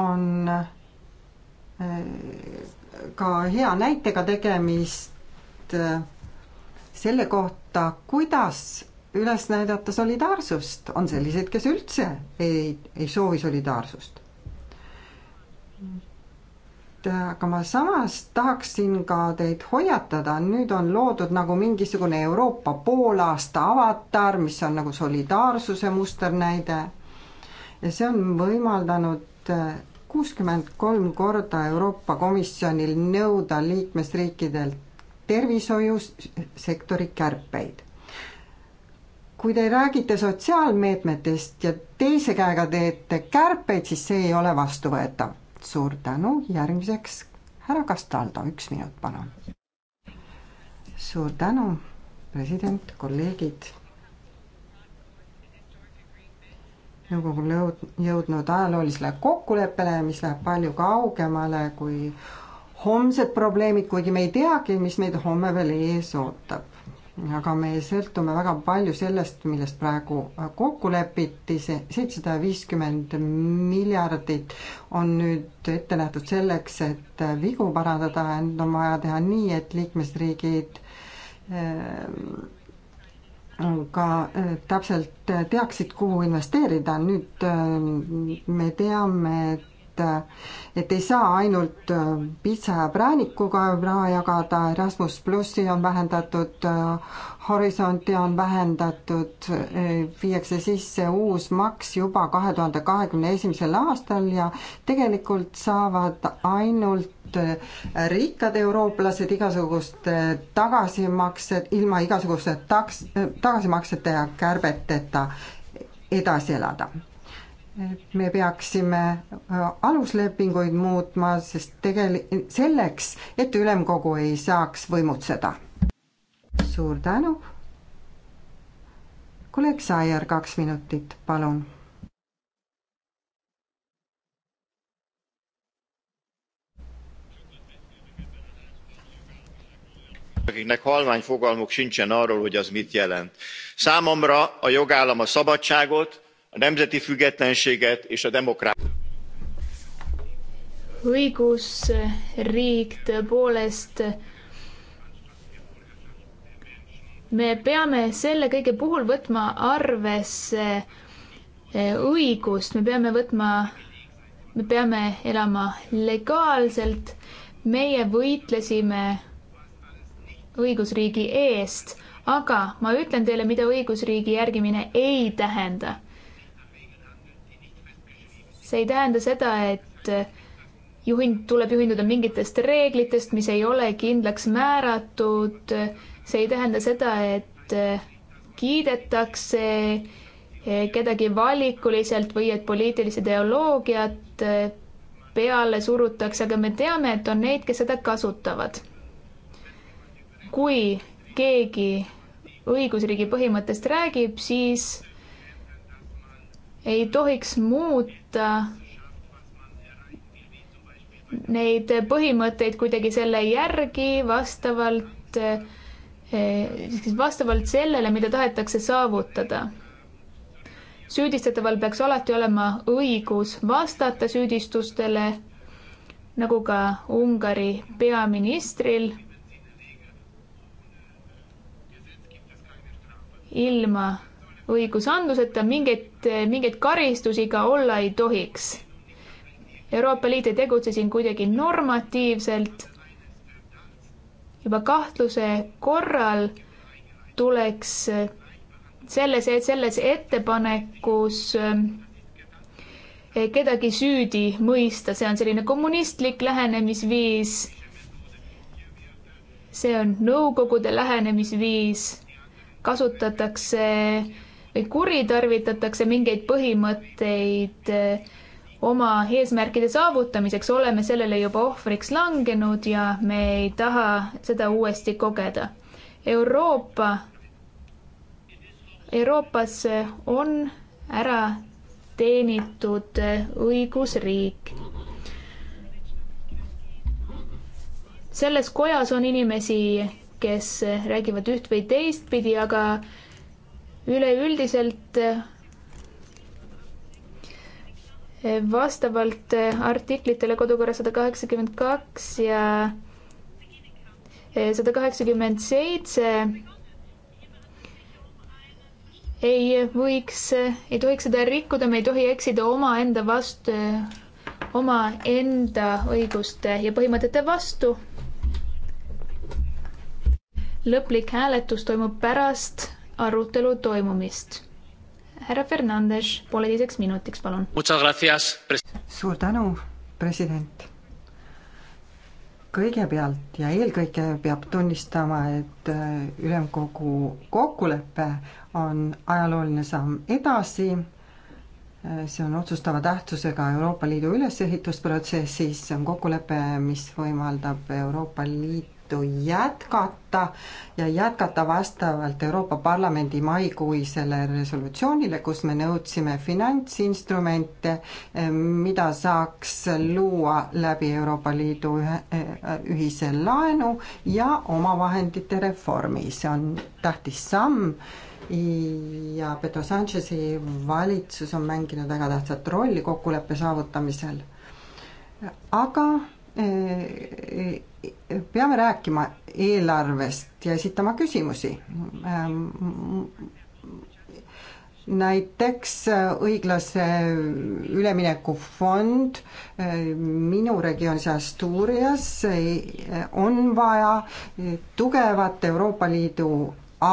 on äh, ka hea näitega tegemist äh, selle kohta, kuidas üles näidata solidaarsust, on selliseid, kes üldse ei, ei soovi solidaarsust. Äh, aga ma samas tahaksin ka teid hoiatada, nüüd on loodud nagu mingisugune Euroopa poolaasta avatar, mis on nagu solidaarsuse musternäide. ja see on võimaldanud äh, kuuskümmend kolm korda Euroopa Komisjonil nõuda liikmesriikidelt tervishoiusektori kärpeid kui te räägite sotsiaalmeetmetest ja teise käega teete kärpeid, siis see ei ole vastuvõetav suur tänu, järgmiseks härra Castaldo, üks minut, palun. suur tänu, president, kolleegid nõukogule jõud-, jõudnud ajaloolisele kokkuleppele, mis läheb palju kaugemale kui homsed probleemid, kuigi me ei teagi, mis meid homme veel ees ootab aga me sõltume väga palju sellest, millest praegu äh, kokku lepiti, see seitsesada viiskümmend miljardit on nüüd ette nähtud selleks, et äh, vigu parandada ja nüüd on vaja teha nii, et liikmesriigid äh, ka täpselt teaksid, kuhu investeerida, nüüd me teame, et et, et ei saa ainult äh, pitsa ja präänikuga raha jagada, Erasmus plussi on vähendatud, äh, horisonti on vähendatud, äh, viiakse sisse uus maks juba kahe tuhande kahekümne esimesel aastal ja tegelikult saavad ainult rikkad eurooplased igasugust tagasimaksed, ilma igasuguste taks-, tagasimaksete ja kärbeteta edasi elada et me peaksime äh, aluslepinguid muutma, sest tegel-, selleks, et ülemkogu ei saaks võimutseda. suur tänu. kolleeg Saier, kaks minutit, palun. akiknek halvány fogalmuk sincsen arról, hogy az mit jelent. Számomra a jogállam a szabadságot, a nemzeti függetlenséget és a demokráciát. õigusriik tõepoolest me peame selle kõige puhul võtma arvesse eh, õigust, me peame võtma, me peame elama legaalselt. meie võitlesime õigusriigi eest, aga ma ütlen teile, mida õigusriigi järgimine ei tähenda see ei tähenda seda, et äh, juhind, tuleb juhinduda mingitest reeglitest, mis ei ole kindlaks määratud. see ei tähenda seda, et äh, kiidetakse äh, kedagi valikuliselt või et poliitilist ideoloogiat peale surutakse, aga me teame, et on neid, kes seda kasutavad. kui keegi õigusriigi põhimõttest räägib, siis ei tohiks muud et äh, neid põhimõtteid kuidagi selle järgi vastavalt, äh, vastavalt sellele, mida tahetakse saavutada. süüdistataval peaks alati olema õigus vastata süüdistustele, nagu ka Ungari peaministril. ilma õigusandluseta mingeid et eh, mingeid karistusi ka olla ei tohiks. Euroopa Liit ei tegutse siin kuidagi normatiivselt. juba kahtluse korral tuleks eh, selles, selles ettepanekus eh, kedagi süüdi mõista, see on selline kommunistlik lähenemisviis. see on nõukogude lähenemisviis, kasutatakse või kuritarvitatakse mingeid põhimõtteid eh, oma eesmärkide saavutamiseks, oleme sellele juba ohvriks langenud ja me ei taha seda uuesti kogeda. Euroopa, Euroopas on ära teenitud õigusriik. selles kojas on inimesi, kes räägivad üht või teistpidi, aga üleüldiselt eh, vastavalt eh, artiklitele kodukorra sada kaheksakümmend kaks ja eh, sada kaheksakümmend seitse ei võiks, ei tohiks seda rikkuda, me ei tohi eksida omaenda vastu, omaenda õiguste ja põhimõtete vastu. lõplik hääletus toimub pärast arutelu toimumist. härra Fernandes, pooleteiseks minutiks, palun. suur tänu, president. kõigepealt ja eelkõige peab tunnistama, et äh, ülemkogu kokkulepe on ajalooline samm edasi äh, see on otsustava tähtsusega Euroopa Liidu ülesehitusprotsessis, see on kokkulepe, mis võimaldab Euroopa Liit Liitu jätkata ja jätkata vastavalt Euroopa Parlamendi maikuisele resolutsioonile, kus me nõudsime finantsinstrumente, eh, mida saaks luua läbi Euroopa Liidu eh, ühise laenu ja omavahendite reformi, see on tähtis samm ja Pedro Sanchez'i valitsus on mänginud väga tähtsat rolli kokkuleppe saavutamisel. aga eh, peame rääkima eelarvest ja esitama küsimusi. Ähm, näiteks äh, õiglase ülemineku fond äh, minu regioonis Asturias äh, on vaja tugevat Euroopa Liidu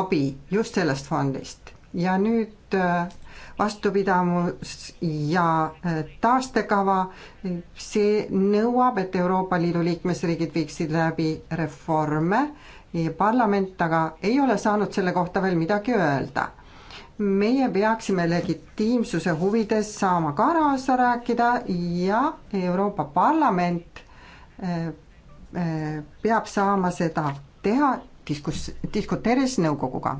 abi just sellest fondist ja nüüd äh, vastupidamus ja äh, taastekava, see nõuab, et Euroopa Liidu liikmesriigid viiksid läbi reforme ja parlament aga ei ole saanud selle kohta veel midagi öelda meie peaksime legitiimsuse huvides saama kaasa rääkida ja Euroopa Parlament äh, äh, peab saama seda teha diskus-, diskuteerides nõukoguga.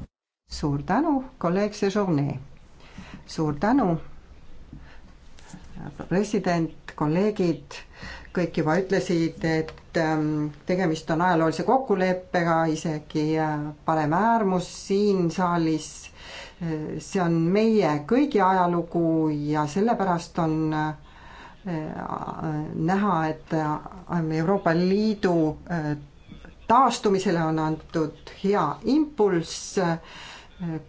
suur tänu, kolleeg Sejourne suur tänu, president, kolleegid, kõik juba ütlesid, et ähm, tegemist on ajaloolise kokkuleppega, isegi äh, parem äärmus siin saalis, äh, see on meie kõigi ajalugu ja sellepärast on äh, näha, et Euroopa Liidu taastumisele on antud hea impulss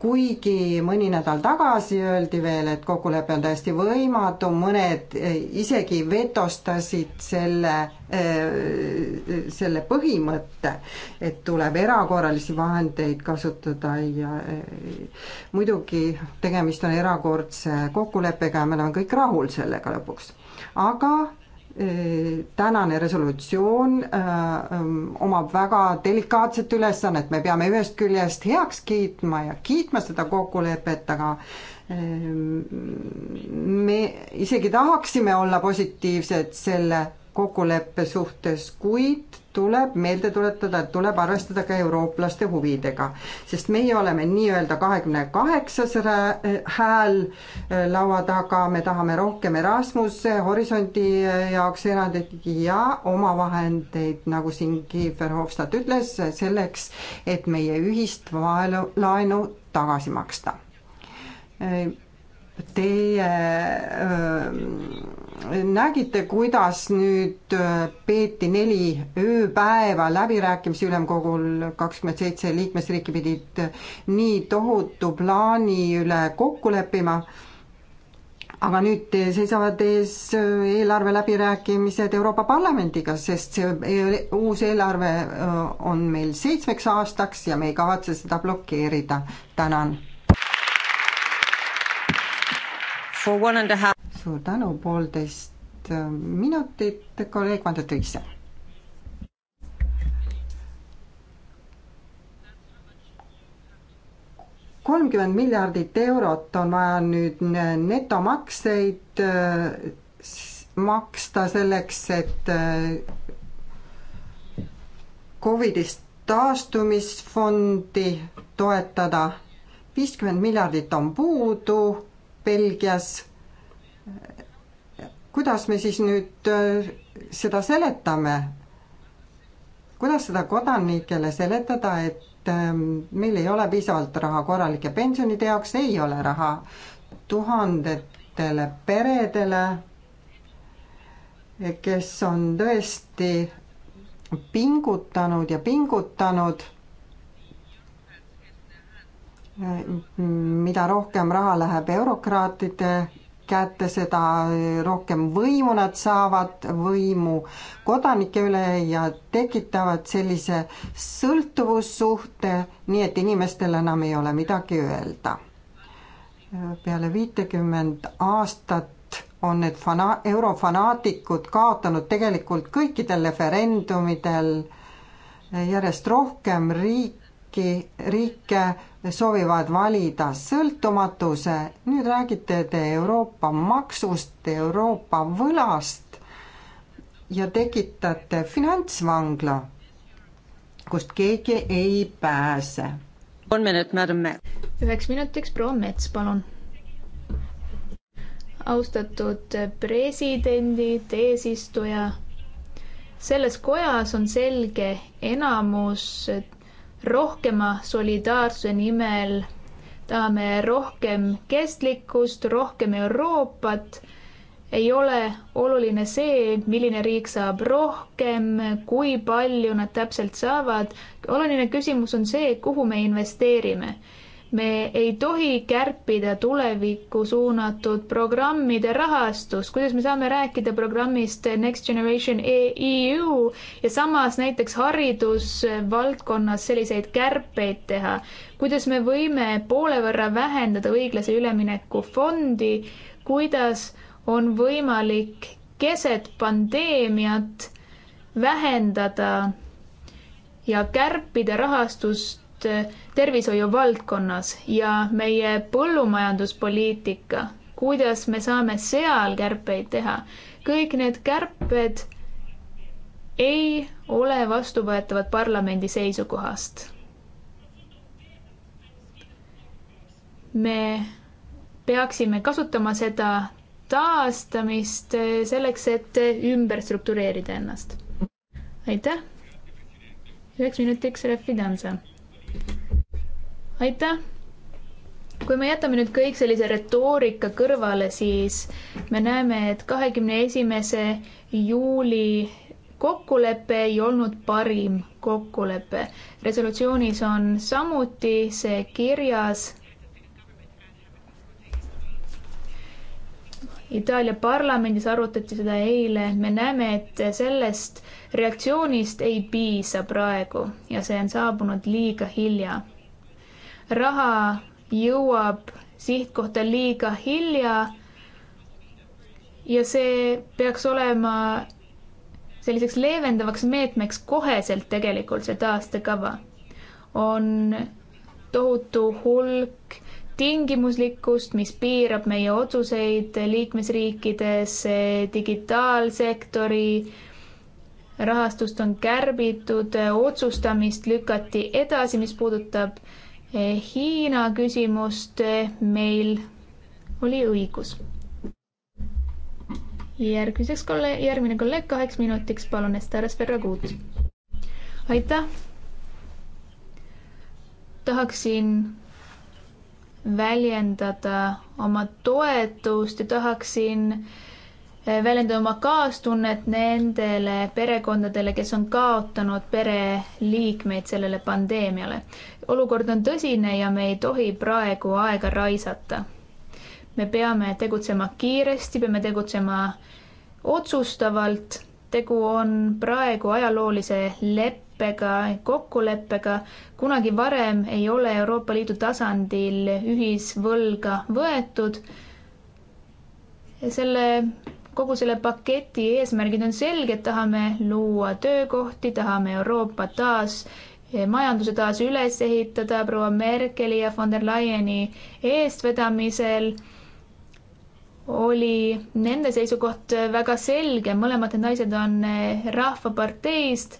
kuigi mõni nädal tagasi öeldi veel, et kokkulepe on täiesti võimatu, mõned eh, isegi vetostasid selle, eh, selle põhimõtte, et tuleb erakorralisi vahendeid kasutada ja eh, muidugi tegemist on erakordse kokkuleppega ja me oleme kõik rahul sellega lõpuks. aga tänane resolutsioon äh, ähm, omab väga delikaatset ülesannet, me peame ühest küljest heaks kiitma ja kiitma seda kokkulepet, aga ähm, me isegi tahaksime olla positiivsed selle kokkuleppe suhtes, kuid tuleb meelde tuletada, et tuleb arvestada ka eurooplaste huvidega, sest meie oleme nii-öelda kahekümne kaheksas eh, hääl eh, laua taga, me tahame rohkem Erasmuse horisondi eh, jaoks erandeid ja omavahendeid, nagu siin Kiefer Hofstad ütles, selleks, et meie ühist vaelu, laenu tagasi maksta teie nägite, kuidas nüüd peeti neli ööpäeva läbirääkimisi ülemkogul, kakskümmend seitse liikmesriiki pidid nii tohutu plaani üle kokku leppima, aga nüüd seisavad ees eelarve läbirääkimised Euroopa Parlamendiga, sest see uus eelarve on meil seitsmeks aastaks ja me ei kavatse seda blokeerida. tänan suur tänu, poolteist äh, minutit, kolleeg Vande Tõisse. kolmkümmend miljardit eurot on vaja nüüd netomakseid äh, maksta selleks, et äh, Covidist taastumisfondi toetada. viiskümmend miljardit on puudu Belgias. kuidas me siis nüüd äh, seda seletame? kuidas seda kodanikele seletada, et ähm, meil ei ole piisavalt raha korralike pensionide jaoks, ei ole raha tuhandetele peredele, kes on tõesti pingutanud ja pingutanud mida rohkem raha läheb eurokraatide kätte, seda rohkem võimu nad saavad, võimu kodanike üle ja tekitavad sellise sõltuvussuhte, nii et inimestel enam ei ole midagi öelda. peale viitekümmend aastat on need fana-, eurofanaatikud kaotanud tegelikult kõikidel referendumidel järjest rohkem riiki, riike soovivad valida sõltumatuse, nüüd räägite te Euroopa maksust, Euroopa võlast ja tekitate finantsvangla, kust keegi ei pääse. One minute, madam Mets. üheks minutiks proua Mets, palun austatud presidendid, eesistuja. selles kojas on selge enamus rohkema solidaarsuse nimel, tahame rohkem kestlikkust, rohkem Euroopat. ei ole oluline see, milline riik saab rohkem, kui palju nad täpselt saavad. oluline küsimus on see, kuhu me investeerime me ei tohi kärpida tulevikku suunatud programmide rahastust, kuidas me saame rääkida programmist Next Generation EU e ja samas näiteks haridusvaldkonnas selliseid kärpeid teha. kuidas me võime poole võrra vähendada õiglase ülemineku fondi, kuidas on võimalik keset pandeemiat vähendada ja kärpida rahastust Äh, tervishoiu valdkonnas ja meie põllumajanduspoliitika, kuidas me saame seal kärpeid teha. kõik need kärped ei ole vastuvõetavad parlamendi seisukohast. me peaksime kasutama seda taastamist äh, selleks, et äh, ümber struktureerida ennast. aitäh! üheks minutiks Refi Danza aitäh! kui me jätame nüüd kõik sellise retoorika kõrvale, siis me näeme, et kahekümne esimese juuli kokkulepe ei olnud parim kokkulepe. resolutsioonis on samuti see kirjas. Itaalia parlamendis arutati seda eile, me näeme, et sellest reaktsioonist ei piisa praegu ja see on saabunud liiga hilja raha jõuab sihtkohta liiga hilja. ja see peaks olema selliseks leevendavaks meetmeks koheselt tegelikult see taastekava on tohutu hulk tingimuslikkust, mis piirab meie otsuseid liikmesriikides, digitaalsektori rahastust on kärbitud, otsustamist lükati edasi, mis puudutab äh, Eh, Hiina küsimust eh, meil oli õigus. järgmiseks kolle-, järgmine kolleeg kaheks minutiks, palun, Esteras Ferragut. aitäh. tahaksin väljendada oma toetust ja tahaksin eh, väljendada oma kaastunnet nendele perekondadele, kes on kaotanud pereliikmeid sellele pandeemiale olukord on tõsine ja me ei tohi praegu aega raisata. me peame tegutsema kiiresti, peame tegutsema otsustavalt. tegu on praegu ajaloolise leppega, kokkuleppega. kunagi varem ei ole Euroopa Liidu tasandil ühisvõlga võetud. selle kogu selle paketi eesmärgid on selged, tahame luua töökohti, tahame Euroopa taas majanduse taas üles ehitada proua Merkeli ja von der Leyeni eestvedamisel oli nende seisukoht väga selge, mõlemad need naised on eh, Rahvaparteist.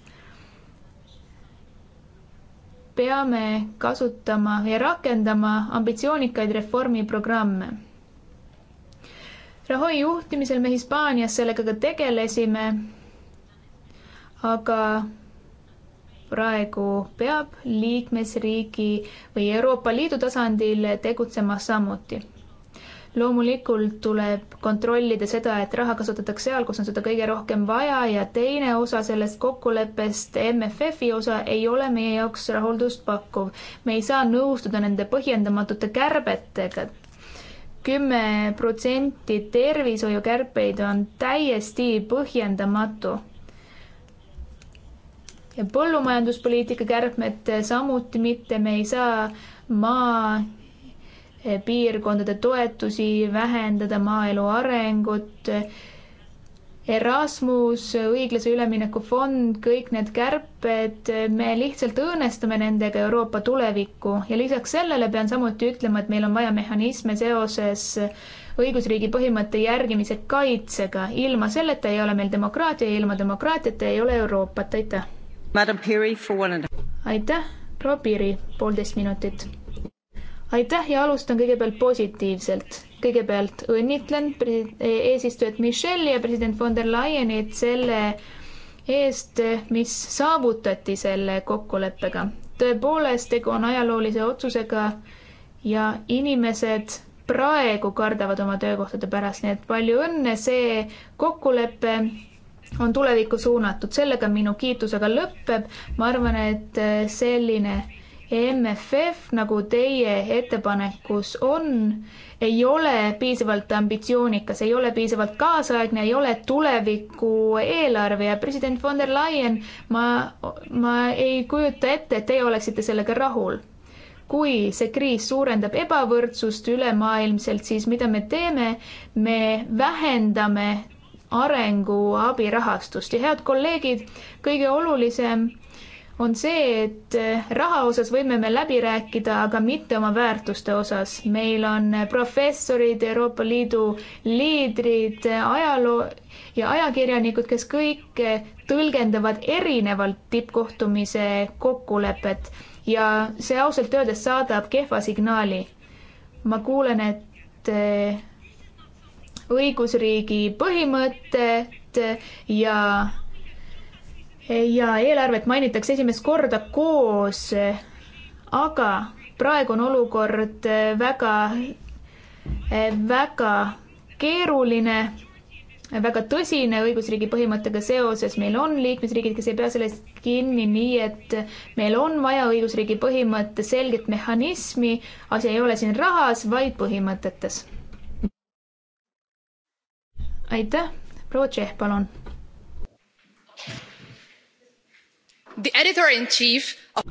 peame kasutama ja rakendama ambitsioonikaid reformiprogramme. Rahoi juhtimisel me Hispaanias sellega ka tegelesime. aga praegu peab liikmesriigi või Euroopa Liidu tasandil tegutsema samuti. loomulikult tuleb kontrollida seda, et raha kasutatakse seal, kus on seda kõige rohkem vaja ja teine osa sellest kokkuleppest, MFF-i osa, ei ole meie jaoks rahuldust pakkuv. me ei saa nõustuda nende põhjendamatute kärbetega kümme protsenti tervishoiukärpeid on täiesti põhjendamatu põllumajanduspoliitika kärpmed samuti mitte, me ei saa maapiirkondade toetusi vähendada, maaelu arengut. Erasmus, õiglase ülemineku fond, kõik need kärped, me lihtsalt õõnestame nendega Euroopa tulevikku ja lisaks sellele pean samuti ütlema, et meil on vaja mehhanisme seoses õigusriigi põhimõtte järgimise kaitsega. ilma selleta ei ole meil demokraatia ja ilma demokraatiata ei ole Euroopat, aitäh! aitäh, proua Piri, poolteist minutit. aitäh ja alustan kõigepealt positiivselt. kõigepealt õnnitlen e-, eesistujat Michelle'i ja president von der Leyenit selle eest, mis saavutati selle kokkuleppega. tõepoolest, tegu on ajaloolise otsusega ja inimesed praegu kardavad oma töökohtade pärast, nii et palju õnne, see kokkulepe on tulevikku suunatud. sellega minu kiitus aga lõpeb. ma arvan, et eh, selline MFF, nagu teie ettepanekus on, ei ole piisavalt ambitsioonikas, ei ole piisavalt kaasaegne, ei ole tuleviku eelarve ja president von der Leyen, ma, ma ei kujuta ette, et teie oleksite sellega rahul. kui see kriis suurendab ebavõrdsust ülemaailmselt, siis mida me teeme? me vähendame arenguabi rahastust ja head kolleegid, kõige olulisem on see, et eh, raha osas võime me läbi rääkida, aga mitte oma väärtuste osas. meil on professorid, Euroopa Liidu liidrid, ajaloo ja ajakirjanikud, kes kõik eh, tõlgendavad erinevalt tippkohtumise kokkulepet ja see ausalt öeldes saadab kehva signaali. ma kuulen, et eh, õigusriigi põhimõtet ja ja eelarvet mainitakse esimest korda koos, aga praegu on olukord väga, väga keeruline, väga tõsine õigusriigi põhimõttega seoses. meil on liikmesriigid, kes ei pea sellest kinni, nii et meil on vaja õigusriigi põhimõtte selget mehhanismi. asi ei ole siin rahas, vaid põhimõtetes aitäh, proua Tšehh, palun. The editor in chief of...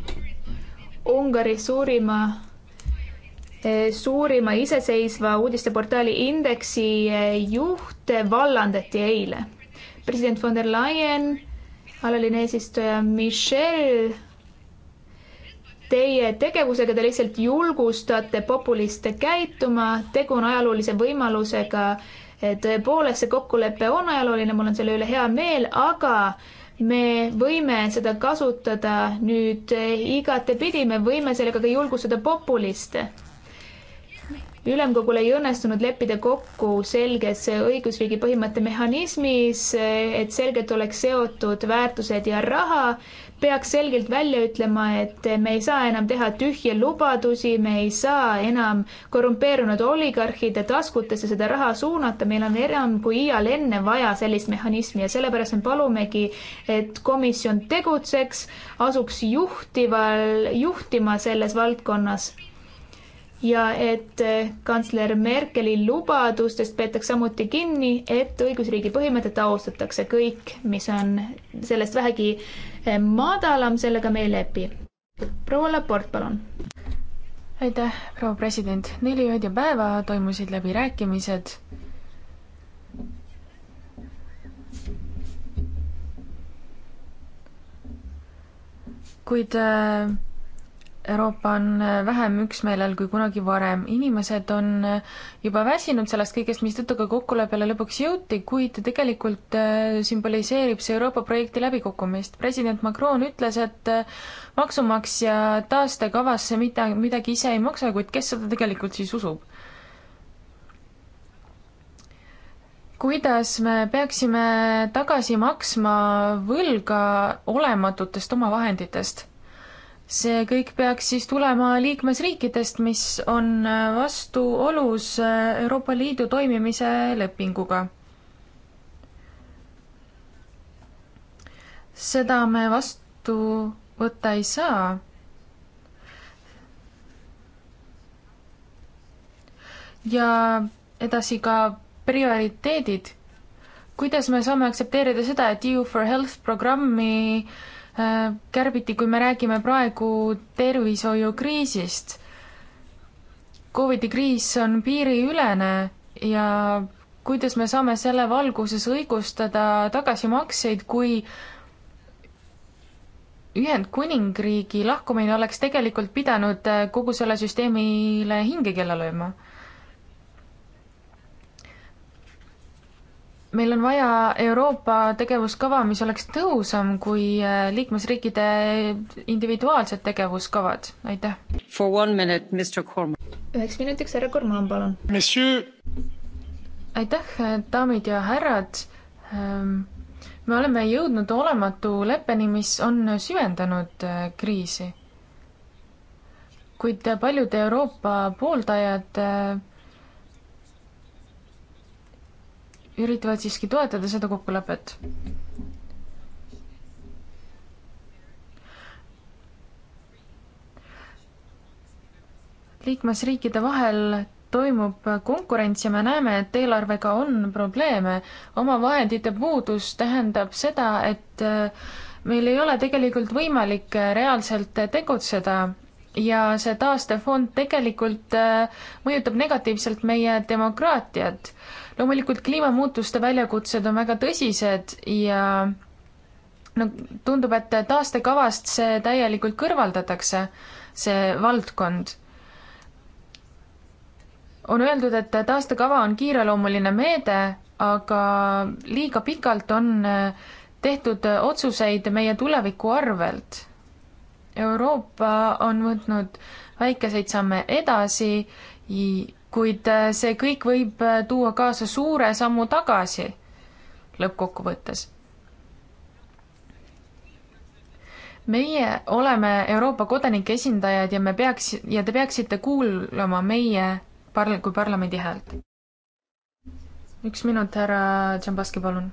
Ungari suurima eh, suurima iseseisva uudisteportaali Indeksi eh, juht vallandati eile. president von der Leyen, alaline eesistuja Michel, teie tegevusega te lihtsalt julgustate populiste käituma, tegu on ajaloolise võimalusega tõepoolest see kokkulepe on ajalooline, mul on selle üle hea meel, aga me võime seda kasutada nüüd igatepidi, me võime sellega ka julgustada populiste. ülemkogul ei õnnestunud leppida kokku selges õigusriigi põhimõtte mehhanismis, et selgelt oleks seotud väärtused ja raha peaks selgelt välja ütlema, et me ei saa enam teha tühje lubadusi, me ei saa enam korrumpeerunud oligarhide taskutesse seda raha suunata, meil on enam kui iial enne vaja sellist mehhanismi ja sellepärast me palumegi, et komisjon tegutseks, asuks juhtival, juhtima selles valdkonnas ja et eh, kantsler Merkeli lubadustest peetakse samuti kinni, et õigusriigi põhimõtet austatakse kõik, mis on sellest vähegi äh, Eh, madalam, sellega me ei lepi. proua Laport, palun. aitäh, proua president. neli ööd ja päeva toimusid läbirääkimised. kuid äh, Euroopa on äh, vähem üksmeelel kui kunagi varem. inimesed on äh, juba väsinud sellest kõigest, mistõttu ka kokkuleppele lõpuks jõuti, kuid tegelikult äh, sümboliseerib see Euroopa projekti läbikukkumist. president Macron ütles, et maksumaksja taastekavasse mida, midagi ise ei maksa, kuid kes seda tegelikult siis usub? kuidas me peaksime tagasi maksma võlga olematutest omavahenditest? see kõik peaks siis tulema liikmesriikidest, mis on äh, vastuolus äh, Euroopa Liidu toimimise lepinguga. seda me vastu võtta ei saa. ja edasi ka prioriteedid. kuidas me saame aktsepteerida seda, et EU for Health programmi äh, kärbiti, kui me räägime praegu tervishoiukriisist. Covidi kriis on piiriülene ja kuidas me saame selle valguses õigustada tagasimakseid, kui Ühendkuningriigi lahkumine oleks tegelikult pidanud kogu selle süsteemile hinge kella lööma meil on vaja Euroopa tegevuskava, mis oleks tõhusam kui äh, liikmesriikide individuaalsed tegevuskavad, aitäh. üheks minutiks härra Korman, palun. aitäh, daamid ja härrad. Ähm, me oleme jõudnud olematu leppeni, mis on süvendanud äh, kriisi. kuid paljud Euroopa pooldajad äh, üritavad siiski toetada seda kokkulepet. liikmesriikide vahel toimub konkurents ja me näeme, et eelarvega on probleeme. omavahendite puudus tähendab seda, et äh, meil ei ole tegelikult võimalik äh, reaalselt tegutseda ja see taastefond tegelikult äh, mõjutab negatiivselt meie demokraatiat loomulikult kliimamuutuste väljakutsed on väga tõsised ja no tundub, et taastekavast see täielikult kõrvaldatakse, see valdkond. on öeldud, et taastekava on kiireloomuline meede, aga liiga pikalt on tehtud otsuseid meie tuleviku arvelt. Euroopa on võtnud väikeseid samme edasi kuid äh, see kõik võib äh, tuua kaasa suure sammu tagasi lõppkokkuvõttes. meie oleme Euroopa kodanike esindajad ja me peaks ja te peaksite kuulama meie parl-, kui parlamendi häält. üks minut, härra Tšambaski, palun.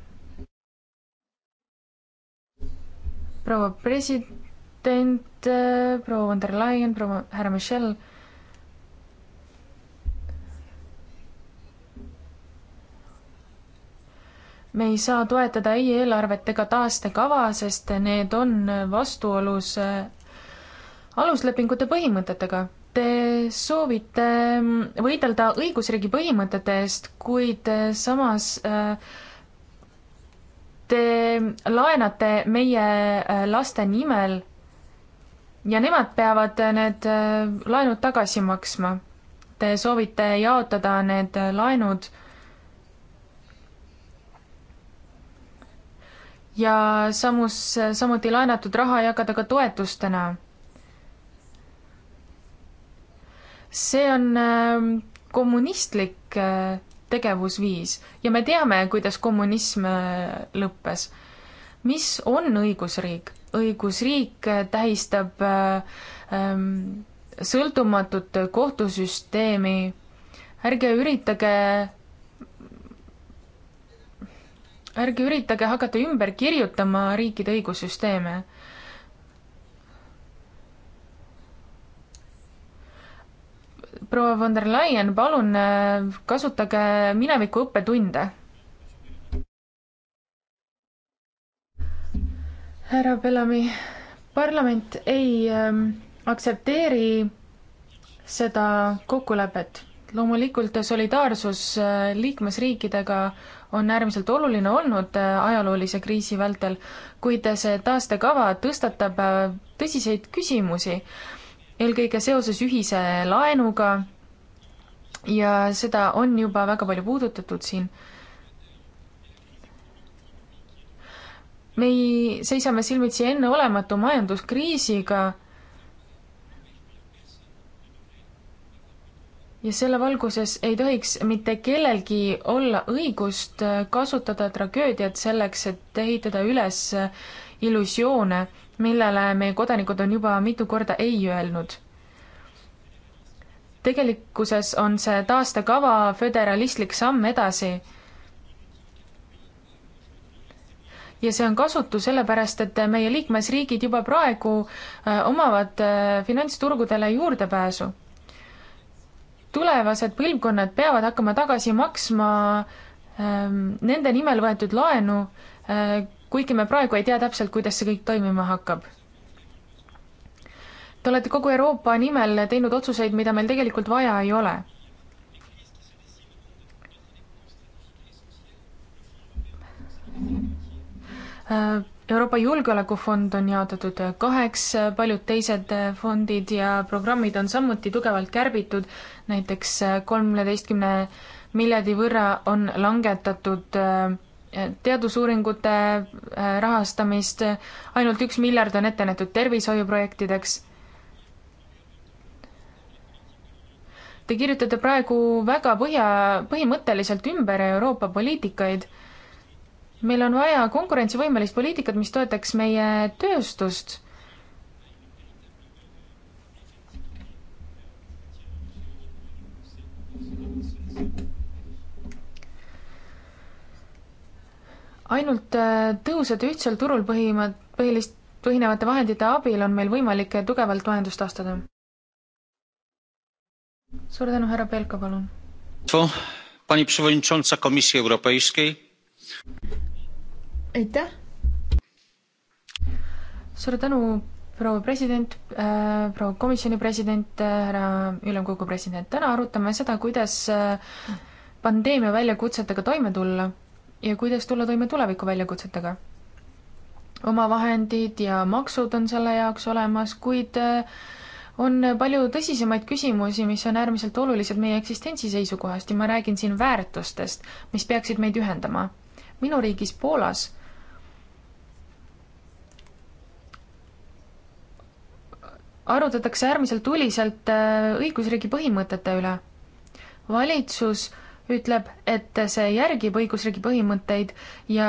proua president, äh, proua von der Leyen, proua härra Michel me ei saa toetada ei eelarvet ega taastekava, sest need on vastuolus äh, aluslepingute põhimõtetega. Te soovite mm, võidelda õigusriigi põhimõtete eest, kuid äh, samas äh, te laenate meie laste nimel ja nemad peavad need laenud tagasi maksma. Te soovite jaotada need laenud ja samus, samuti laenatud raha jagada ka toetustena. see on ähm, kommunistlik äh, tegevusviis ja me teame, kuidas kommunism äh, lõppes. mis on õigusriik? õigusriik äh, tähistab ähm, sõltumatut kohtusüsteemi. ärge üritage ärge üritage hakata ümber kirjutama riikide õigussüsteeme. proua von der Leyen, palun äh, kasutage mineviku õppetunde. härra Bellami, parlament ei ähm, aktsepteeri seda kokkulepet. loomulikult solidaarsus äh, liikmesriikidega äh, on äärmiselt oluline olnud äh, ajaloolise kriisi vältel, kuid see taastekava tõstatab äh, tõsiseid küsimusi, eelkõige seoses ühise laenuga ja seda on juba väga palju puudutatud siin me seisame silmitsi enneolematu majanduskriisiga ja selle valguses ei tohiks mitte kellelgi olla õigust äh, kasutada tragöödiat selleks, et ehitada üles äh, illusioone, millele meie kodanikud on juba mitu korda ei öelnud. tegelikkuses on see taastekava föderalistlik samm edasi ja see on kasutu sellepärast, et meie liikmesriigid juba praegu äh, omavad finantsturgudele juurdepääsu tulevased põlvkonnad peavad hakkama tagasi maksma ähm, nende nimel võetud laenu äh,, kuigi me praegu ei tea täpselt, kuidas see kõik toimima hakkab. Te olete kogu Euroopa nimel teinud otsuseid, mida meil tegelikult vaja ei ole. Uh, äh, Euroopa Julgeolekufond on jaotatud kaheks, paljud teised fondid ja programmid on samuti tugevalt kärbitud, näiteks kolmeteistkümne miljardi võrra on langetatud eh, teadusuuringute eh, rahastamist, ainult üks miljard on ette nähtud tervishoiuprojektideks Te kirjutate praegu väga põhja, põhimõtteliselt ümber Euroopa poliitikaid meil on vaja konkurentsivõimelist poliitikat, mis toetaks meie tööstust. ainult äh, tõhusalt ja ühtsel turul põhimõ-, põhilist, põhinevate vahendite abil on meil võimalik äh, tugevalt majandust taastada. suur tänu, härra Pelko, palun. Pani Przewodnicząca Komisji Europejskiej aitäh! suur tänu, proua president, äh, proua komisjoni president, äh, härra ülemkogu president, täna arutame seda, kuidas äh, pandeemia väljakutsetega toime tulla ja kuidas tulla toime tuleviku väljakutsetega. omavahendid ja maksud on selle jaoks olemas, kuid on palju tõsisemaid küsimusi, mis on äärmiselt olulised meie eksistentsi seisukohast ja ma räägin siin väärtustest, mis peaksid meid ühendama. minu riigis Poolas arutatakse äärmiselt tuliselt äh, õigusriigi põhimõtete üle. valitsus ütleb, et see järgib õigusriigi põhimõtteid ja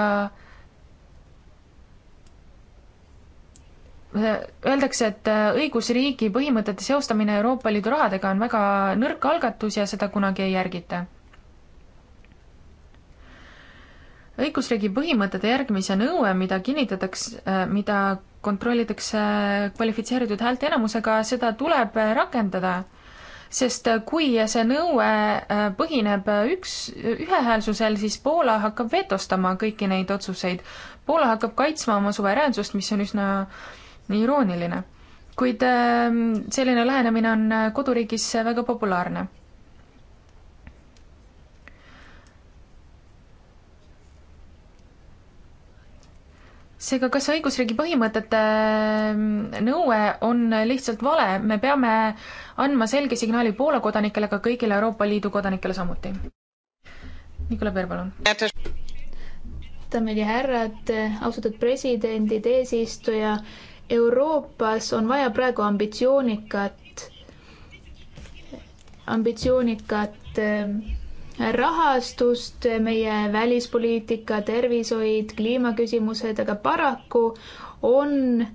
äh, Öeldakse, et äh, õigusriigi põhimõtete seostamine Euroopa Liidu rahadega on väga nõrk algatus ja seda kunagi ei järgita. õigusriigi põhimõtete järgimise nõue, mida kinnitatakse, mida kontrollitakse kvalifitseeritud häälteenamusega, seda tuleb rakendada. sest kui see nõue äh, põhineb üks, ühehäälsusel, siis Poola hakkab vetostama kõiki neid otsuseid. Poola hakkab kaitsma oma suveräänsust, mis on üsna irooniline. kuid ähm, selline lähenemine on äh, koduriigis väga populaarne seega, kas õigusriigi põhimõtete mm, nõue on lihtsalt vale, me peame andma selge signaali Poola kodanikele, aga kõigile Euroopa Liidu kodanikele samuti. Nikolai Peer, palun. daamid ja härrad, austatud presidendid, eesistuja, Euroopas on vaja praegu ambitsioonikat, ambitsioonikat mm, rahastust, meie välispoliitika, tervishoid, kliimaküsimused, aga paraku on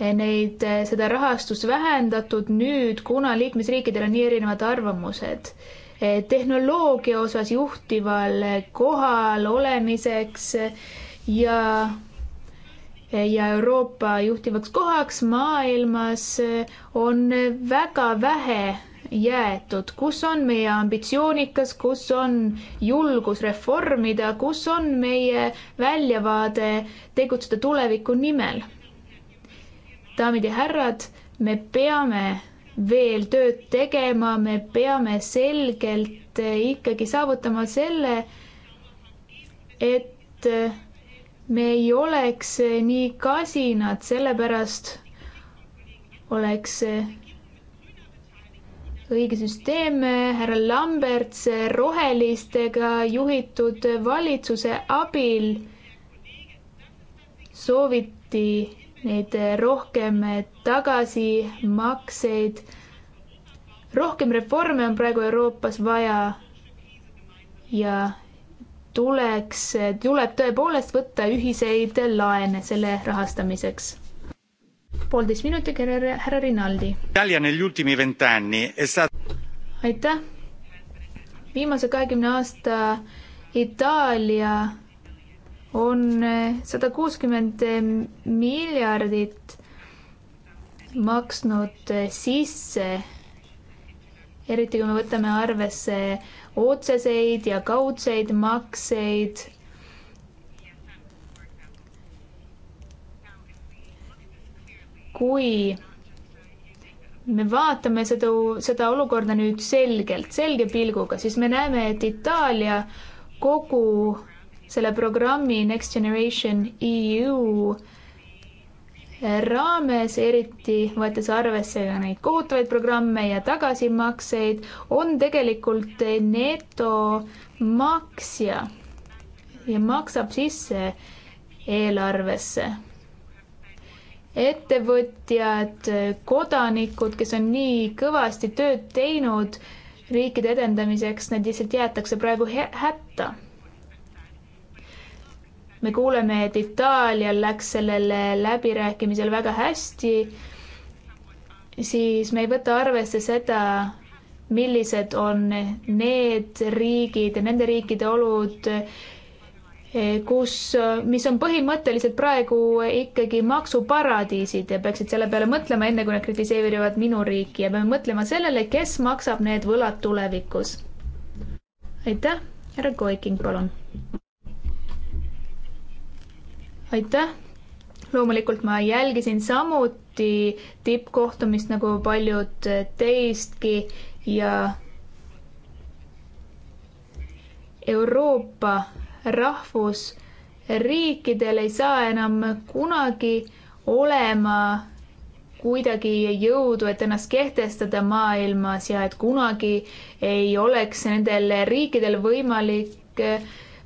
neid, seda rahastust vähendatud nüüd, kuna liikmesriikidel on nii erinevad arvamused. tehnoloogia osas juhtival kohal olemiseks ja ja Euroopa juhtivaks kohaks maailmas on väga vähe jäetud, kus on meie ambitsioonikas, kus on julgus reformida, kus on meie väljavaade tegutseda tuleviku nimel? daamid ja härrad, me peame veel tööd tegema, me peame selgelt ikkagi saavutama selle, et me ei oleks nii kasinad, sellepärast oleks õige süsteem, härra Lamberts rohelistega juhitud valitsuse abil sooviti neid rohkem tagasimakseid. rohkem reforme on praegu Euroopas vaja ja tuleks, tuleb tõepoolest võtta ühiseid laene selle rahastamiseks poolteist minutit, härra Rinaldi. aitäh. viimase kahekümne aasta Itaalia on eh, sada kuuskümmend miljardit maksnud eh, sisse, eriti kui me võtame arvesse otseseid ja kaudseid makseid kui me vaatame seda, seda olukorda nüüd selgelt, selge pilguga, siis me näeme, et Itaalia kogu selle programmi Next Generation EU raames, eriti võttes arvesse ka neid kohutavaid programme ja tagasimakseid, on tegelikult netomaksja ja maksab sisse eelarvesse ettevõtjad, kodanikud, kes on nii kõvasti tööd teinud riikide edendamiseks, need lihtsalt jäetakse praegu hätta. me kuuleme, et Itaalial läks sellele läbirääkimisel väga hästi, siis me ei võta arvesse seda, millised on need riigid ja nende riikide olud, Eh, kus, eh, mis on põhimõtteliselt praegu ikkagi maksuparadiisid ja peaksid selle peale mõtlema, enne kui nad kritiseerivad minu riiki ja peame mõtlema sellele, kes maksab need võlad tulevikus. aitäh, härra Koiking, palun. aitäh. loomulikult ma jälgisin samuti tippkohtumist nagu paljud teistki ja Euroopa rahvusriikidel ei saa enam kunagi olema kuidagi jõudu, et ennast kehtestada maailmas ja et kunagi ei oleks nendel riikidel võimalik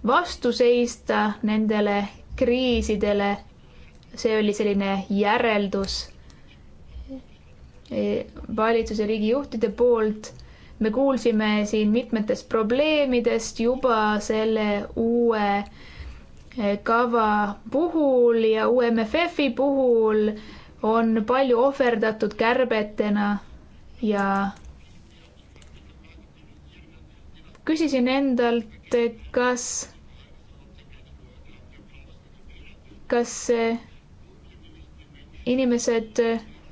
vastu seista nendele kriisidele. see oli selline järeldus eh, valitsuse riigijuhtide poolt me kuulsime siin mitmetest probleemidest juba selle uue eh, kava puhul ja uue MFF-i puhul on palju ohverdatud kärbetena ja küsisin endalt, eh, kas, kas eh, inimesed,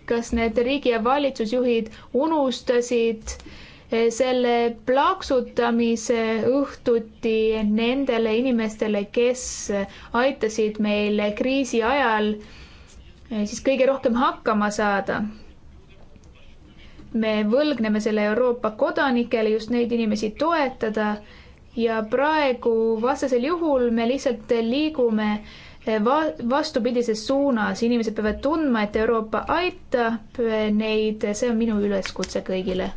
kas need riigi ja valitsusjuhid unustasid äh, selle plaksutamise õhtuti nendele inimestele, kes aitasid meil kriisi ajal eh, siis kõige rohkem hakkama saada. me võlgneme selle Euroopa kodanikele just neid inimesi toetada ja praegu vastasel juhul me lihtsalt liigume eh, va-, vastupidises suunas, inimesed peavad tundma, et Euroopa aitab neid, see on minu üleskutse kõigile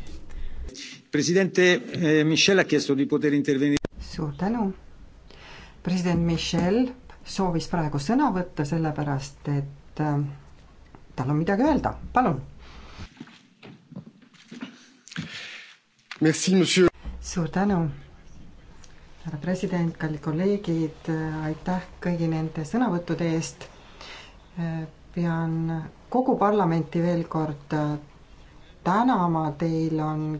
presidente eh, Michel ha chiesto di poter intervenire. suur tänu. president Michel soovis praegu sõna võtta, sellepärast et äh, tal on midagi öelda, palun. suur tänu, härra president, kallid kolleegid, aitäh kõigi nende sõnavõttude eest. pean kogu parlamenti veel kord tänama, teil on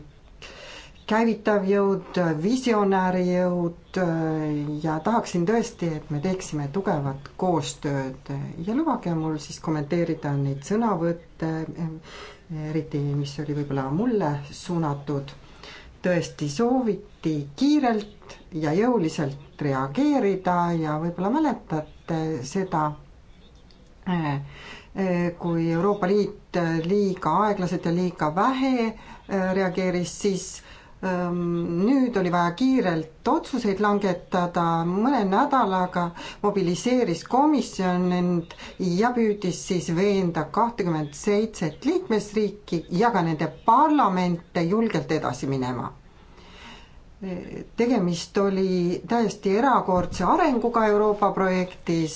käivitav jõud, visionääri jõud äh, ja tahaksin tõesti, et me teeksime tugevat koostööd ja lubage mul siis kommenteerida neid sõnavõtte, äh, eriti mis oli võib-olla mulle suunatud. tõesti sooviti kiirelt ja jõuliselt reageerida ja võib-olla mäletate seda äh, kui Euroopa Liit liiga aeglaselt ja liiga vähe reageeris, siis Ehm, nüüd oli vaja kiirelt otsuseid langetada, mõne nädalaga mobiliseeris komisjon end ja püüdis siis veenda kahtekümmet seitset liikmesriiki ja ka nende parlamente julgelt edasi minema. tegemist oli täiesti erakordse arenguga Euroopa projektis,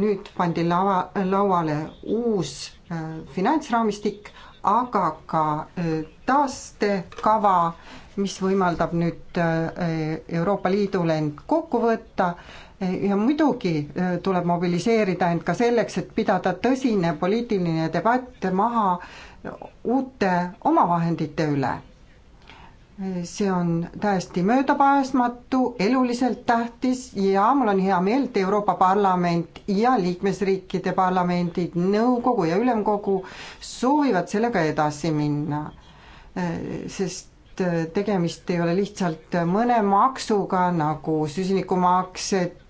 nüüd pandi lava, lauale uus äh, finantsraamistik, aga ka äh, taastekava, mis võimaldab nüüd äh, Euroopa Liidul end kokku võtta äh, ja muidugi tuleb mobiliseerida end ka selleks, et pidada tõsine poliitiline debatt maha uute omavahendite üle see on täiesti möödapääsmatu, eluliselt tähtis ja mul on hea meel, et Euroopa Parlament ja liikmesriikide parlamendid, nõukogu ja ülemkogu soovivad sellega edasi minna. sest tegemist ei ole lihtsalt mõne maksuga nagu süsinikumaks,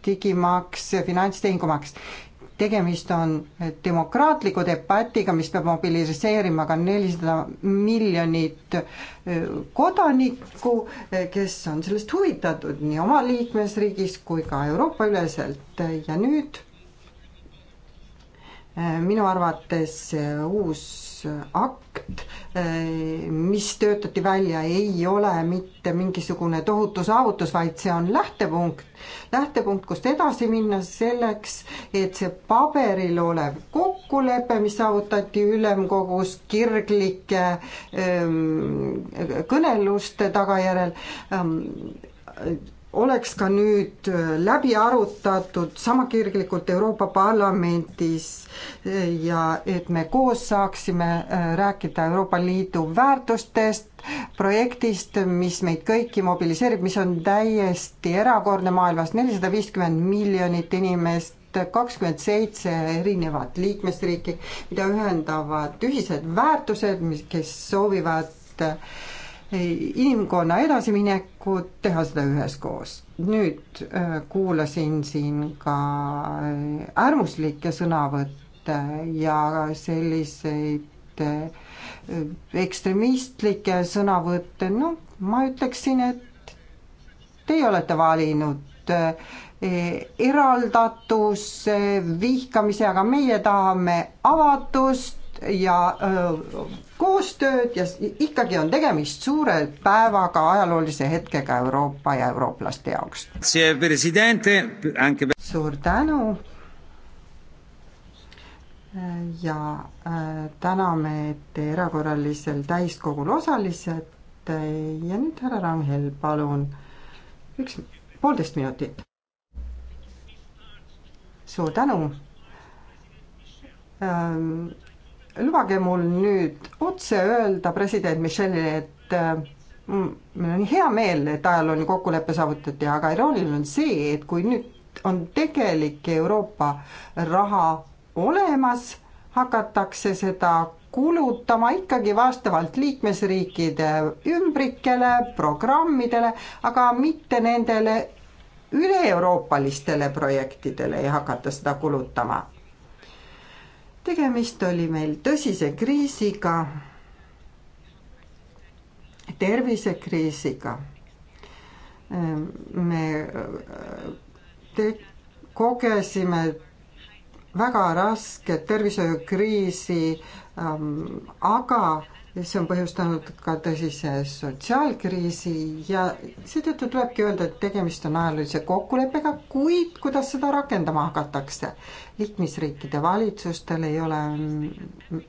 digimaks, finantstehingumaks tegemist on demokraatliku debatiga, mis peab mobiliseerima ka nelisada miljonit äh, kodanikku, äh, kes on sellest huvitatud nii oma liikmesriigis kui ka Euroopa üleselt ja nüüd äh, minu arvates uus õigusakt, eh, mis töötati välja, ei ole mitte mingisugune tohutu saavutus, vaid see on lähtepunkt, lähtepunkt, kust edasi minna selleks, et see paberil olev kokkulepe, mis saavutati ülemkogus kirglike ehm, kõneluste tagajärjel, ehm, oleks ka nüüd äh, läbi arutatud samakirglikult Euroopa Parlamendis äh, ja et me koos saaksime äh, rääkida Euroopa Liidu väärtustest, projektist, mis meid kõiki mobiliseerib, mis on täiesti erakordne maailmas, nelisada viiskümmend miljonit inimest, kakskümmend seitse erinevat liikmesriiki, mida ühendavad ühised väärtused, mis, kes soovivad äh, inimkonna edasiminekut, teha seda üheskoos. nüüd äh, kuulasin siin ka äh, äärmuslikke sõnavõtte ja selliseid äh, ekstremistlikke sõnavõtte, noh, ma ütleksin, et teie olete valinud eraldatuse, vihkamise, aga meie tahame avatust ja öö, koostööd ja ikkagi on tegemist suure päevaga, ajaloolise hetkega Euroopa ja eurooplaste jaoks. suur tänu ja äh, täname, et te erakorralisel täiskogul osalesite ja nüüd härra Rangel, palun üks, poolteist minutit. suur tänu ähm, lubage mul nüüd otse öelda president Michelile, et äh, meil on hea meel, et ajalooline kokkulepe saavutati, aga irooniline on see, et kui nüüd on tegelik Euroopa raha olemas, hakatakse seda kulutama ikkagi vastavalt liikmesriikide ümbrikele, programmidele, aga mitte nendele üle-euroopalistele projektidele ei hakata seda kulutama tegemist oli meil tõsise kriisiga, tervisekriisiga. me te-, kogesime väga rasket tervishoiukriisi, ähm, aga see on põhjustanud ka tõsise sotsiaalkriisi ja seetõttu tulebki öelda, et tegemist on ajaloolise kokkuleppega, kuid kuidas seda rakendama hakatakse liikmesriikide valitsustel ei ole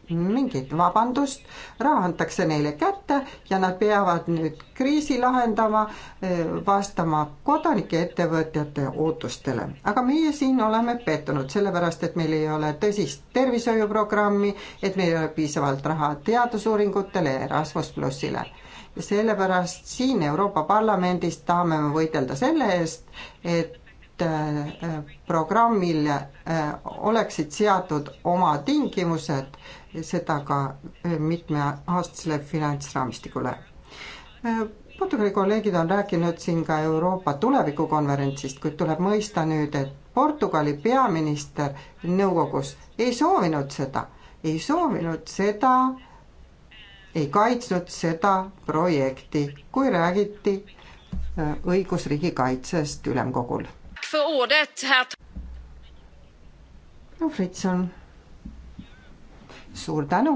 mingit vabandust, raha antakse neile kätte ja nad peavad nüüd kriisi lahendama, eh, vastama kodanike ettevõtjate ootustele. aga meie siin oleme pettunud, sellepärast et meil ei ole tõsist tervishoiuprogrammi, et meil ei ole piisavalt raha teadusuuringutele ja Erasmus plussile ja sellepärast siin Euroopa Parlamendis tahame me võidelda selle eest, et Äh, programmil äh, oleksid seatud oma tingimused, seda ka äh, mitmeaastasele finantsraamistikule. Portugali kolleegid on rääkinud siin ka Euroopa tulevikukonverentsist, kuid tuleb mõista nüüd, et Portugali peaminister nõukogus ei soovinud seda, ei soovinud seda, ei kaitsnud seda projekti, kui räägiti õigusriigi kaitsest ülemkogul för ordet, herr no Fritson, suur tänu,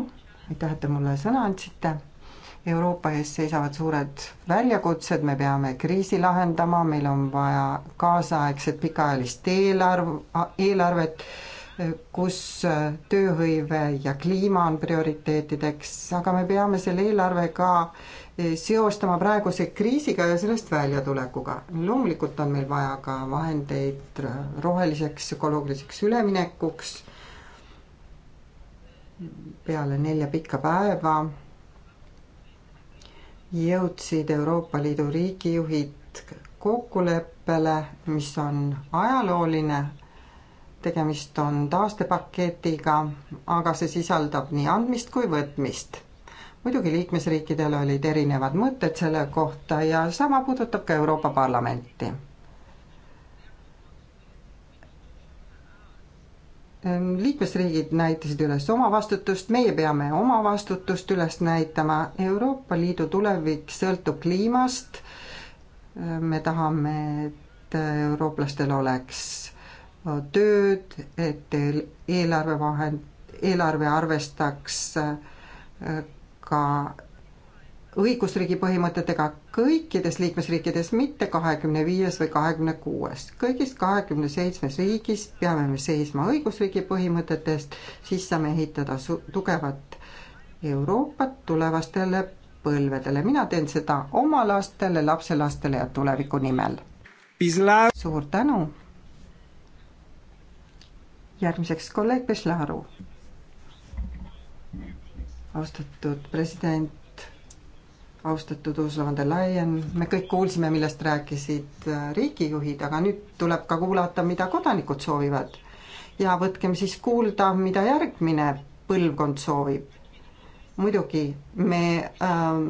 aitäh, et te mulle sõna andsite. Euroopa ees seisavad suured väljakutsed, me peame kriisi lahendama, meil on vaja kaasaegset pikaajalist eelarv, eelarvet, kus äh, tööhõive ja kliima on prioriteetideks, aga me peame selle eelarvega äh, seostama praeguse kriisiga ja sellest väljatulekuga. loomulikult on meil vaja ka vahendeid roheliseks ökoloogiliseks üleminekuks peale nelja pikka päeva jõudsid Euroopa Liidu riigijuhid kokkuleppele, mis on ajalooline, tegemist on taastepaketiga, aga see sisaldab nii andmist kui võtmist muidugi liikmesriikidel olid erinevad mõtted selle kohta ja sama puudutab ka Euroopa Parlamenti. Ehm, liikmesriigid näitasid üles oma vastutust, meie peame oma vastutust üles näitama, Euroopa Liidu tulevik sõltub kliimast, ehm, me tahame, et eurooplastel oleks tööd, et eelarvevahend, eelarve arvestaks ehm, ka õigusriigi põhimõtetega kõikides liikmesriikides, mitte kahekümne viies või kahekümne kuues. kõigis kahekümne seitsmes riigis peame me seisma õigusriigi põhimõtetest, siis saame ehitada su-, tugevat Euroopat tulevastele põlvedele. mina teen seda oma lastele, lapselastele ja tuleviku nimel. suur tänu! järgmiseks kolleeg Beslaru austatud president, austatud Ursula von der Leyen, me kõik kuulsime, millest rääkisid äh, riigijuhid, aga nüüd tuleb ka kuulata, mida kodanikud soovivad. ja võtkem siis kuulda, mida järgmine põlvkond soovib. muidugi me ähm,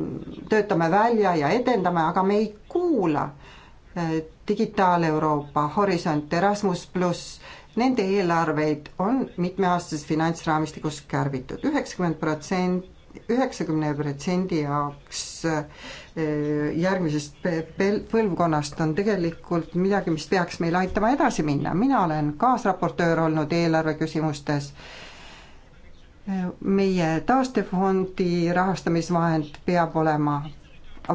töötame välja ja edendame, aga me ei kuula äh, Digitaal-Euroopa, Horisont, Erasmus pluss Nende eelarveid on mitmeaastases finantsraamistikus kärbitud üheksakümmend protsenti üheksakümne protsendi jaoks äh, järgmisest põlvkonnast on tegelikult midagi, mis peaks meil aitama edasi minna, mina olen kaasraportöör olnud eelarve küsimustes, äh, meie taastefondi rahastamisvahend peab olema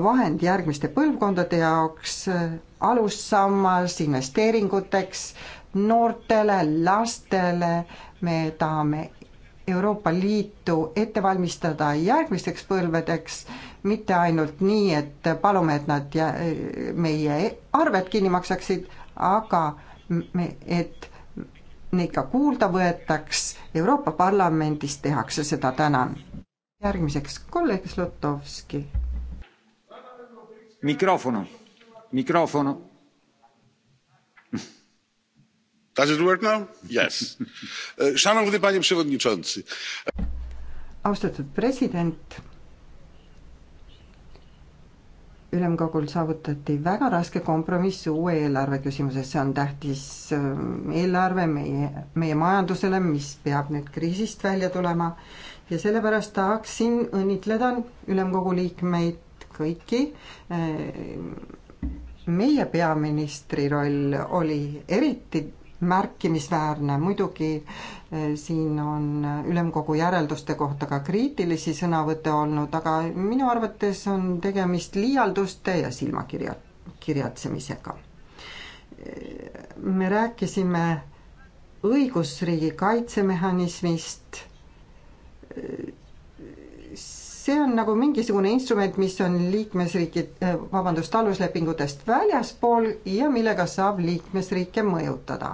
vahend järgmiste põlvkondade jaoks, äh, alussammas investeeringuteks, noortele, lastele, me tahame Euroopa Liitu ette valmistada järgmisteks põlvedeks, mitte ainult nii, et palume, et nad jä, meie arved kinni maksaksid, aga me, et neid ka kuulda võetaks, Euroopa Parlamendis tehakse seda, tänan. järgmiseks kolleeg Zlotovski. mikrofon, mikrofon Yes. E, austatud president ülemkogul saavutati väga raske kompromiss uue eelarve küsimuses, see on tähtis e, eelarve meie, meie majandusele, mis peab nüüd kriisist välja tulema ja sellepärast tahaksin õnnitleda ülemkogu liikmeid kõiki. E, meie peaministri roll oli eriti märkimisväärne, muidugi eh, siin on eh, ülemkogu järelduste kohta ka kriitilisi sõnavõtte olnud, aga minu arvates on tegemist liialduste ja silmakirja, kirjatsemisega. me rääkisime õigusriigi kaitsemehhanismist, eh, see on nagu mingisugune instrument, mis on liikmesriigid, äh, vabandust, aluslepingutest väljaspool ja millega saab liikmesriike mõjutada.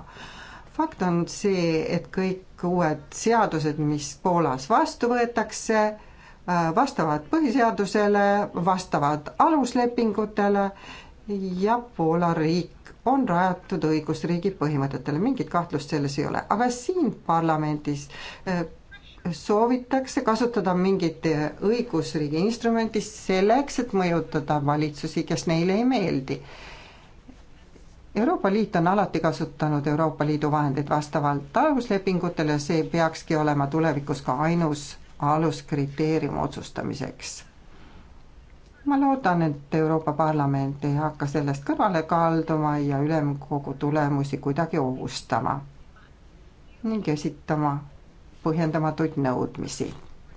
fakt on see, et kõik uued seadused, mis Poolas vastu võetakse, äh, vastavad põhiseadusele, vastavad aluslepingutele ja Poola riik on rajatud õigusriigi põhimõtetele, mingit kahtlust selles ei ole, aga siin parlamendis äh, soovitakse kasutada mingit õigusriigi instrumenti selleks, et mõjutada valitsusi, kes neile ei meeldi. Euroopa Liit on alati kasutanud Euroopa Liidu vahendeid vastavalt aluslepingutele, see peakski olema tulevikus ka ainus aluskriteerium otsustamiseks. ma loodan, et Euroopa Parlament ei hakka sellest kõrvale kalduma ja ülemkogu tulemusi kuidagi ohustama ning esitama põhjendamatuid nõudmisi.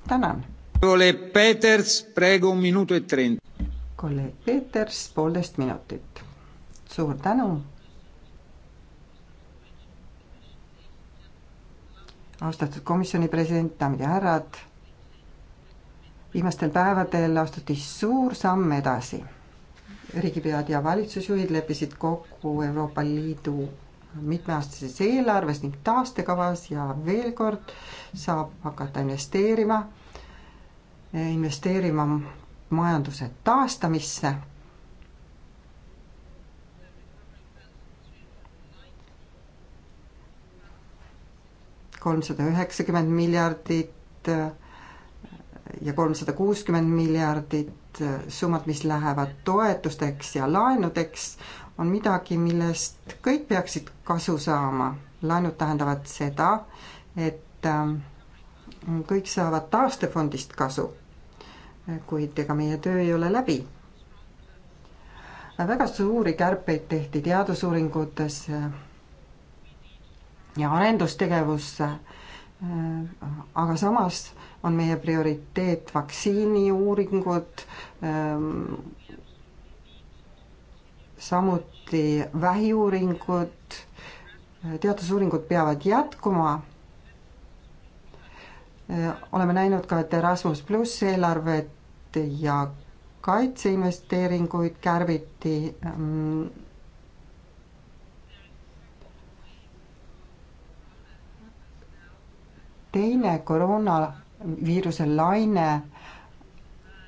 tänan. kolleeg Peeters, praegu minut ja trend. kolleeg Peeters, poolteist minutit. suur tänu. austatud komisjoni president, daamid ja härrad. viimastel päevadel astuti suur samm edasi riigipead ja valitsusjuhid leppisid kokku Euroopa Liidu mitmeaastases eelarves ning taastekavas ja veel kord saab hakata investeerima, investeerima majanduse taastamisse. kolmsada üheksakümmend miljardit ja kolmsada kuuskümmend miljardit summad, mis lähevad toetusteks ja laenudeks, on midagi, millest kõik peaksid kasu saama. laenud tähendavad seda, et ähm, kõik saavad taastefondist kasu. kuid ega meie töö ei ole läbi. väga suuri kärpeid tehti teadusuuringutes äh, ja arendustegevusse. Äh, aga samas on meie prioriteet vaktsiiniuuringud, ähm, samuti vähiuuringud, teadusuuringud peavad jätkuma. oleme näinud ka, et Erasmus pluss eelarvet ja kaitseinvesteeringuid kärbiti. teine koroonaviiruse laine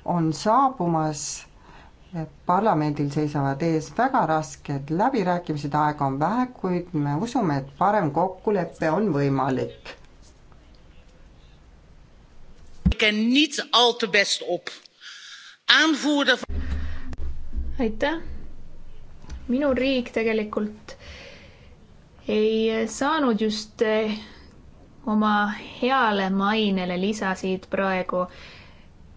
on saabumas parlamendil seisavad ees väga rasked läbirääkimised, aega on vähe, kuid me usume, et parem kokkulepe on võimalik. aitäh. minu riik tegelikult ei saanud just eh, oma heale mainele lisasid praegu.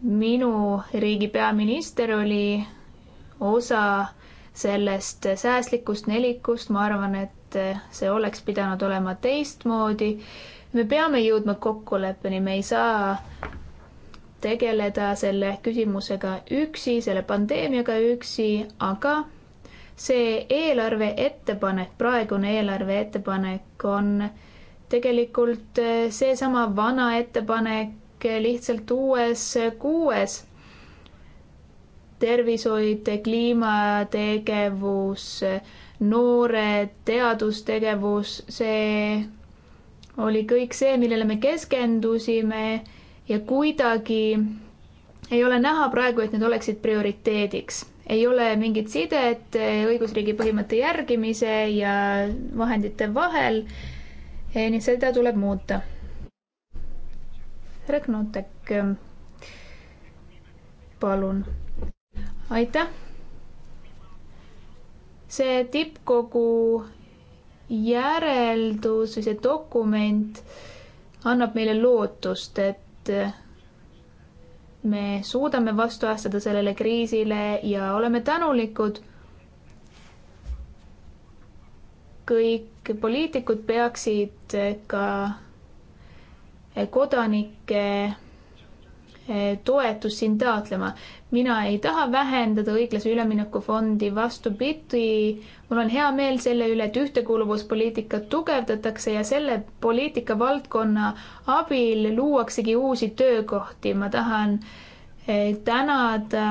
minu riigi peaminister oli osa sellest säästlikust nelikust, ma arvan, et see oleks pidanud olema teistmoodi. me peame jõudma kokkuleppeni, me ei saa tegeleda selle küsimusega üksi, selle pandeemiaga üksi, aga see eelarve ettepanek, praegune eelarve ettepanek on tegelikult seesama vana ettepanek lihtsalt uues kuues tervishoid, kliimategevus, noored, teadustegevus, see oli kõik see, millele me keskendusime ja kuidagi ei ole näha praegu, et need oleksid prioriteediks. ei ole mingit sidet õigusriigi põhimõtte järgimise ja vahendite vahel. Eh, nii et seda tuleb muuta. Reknotek, palun aitäh. see tippkogu järeldus või see dokument annab meile lootust, et me suudame vastu astuda sellele kriisile ja oleme tänulikud. kõik poliitikud peaksid ka kodanike Eh, toetust siin taotlema. mina ei taha vähendada õiglase ülemineku fondi, vastupidi, mul on hea meel selle üle, et ühtekuuluvuspoliitikat tugevdatakse ja selle poliitika valdkonna abil luuaksegi uusi töökohti. ma tahan eh, tänada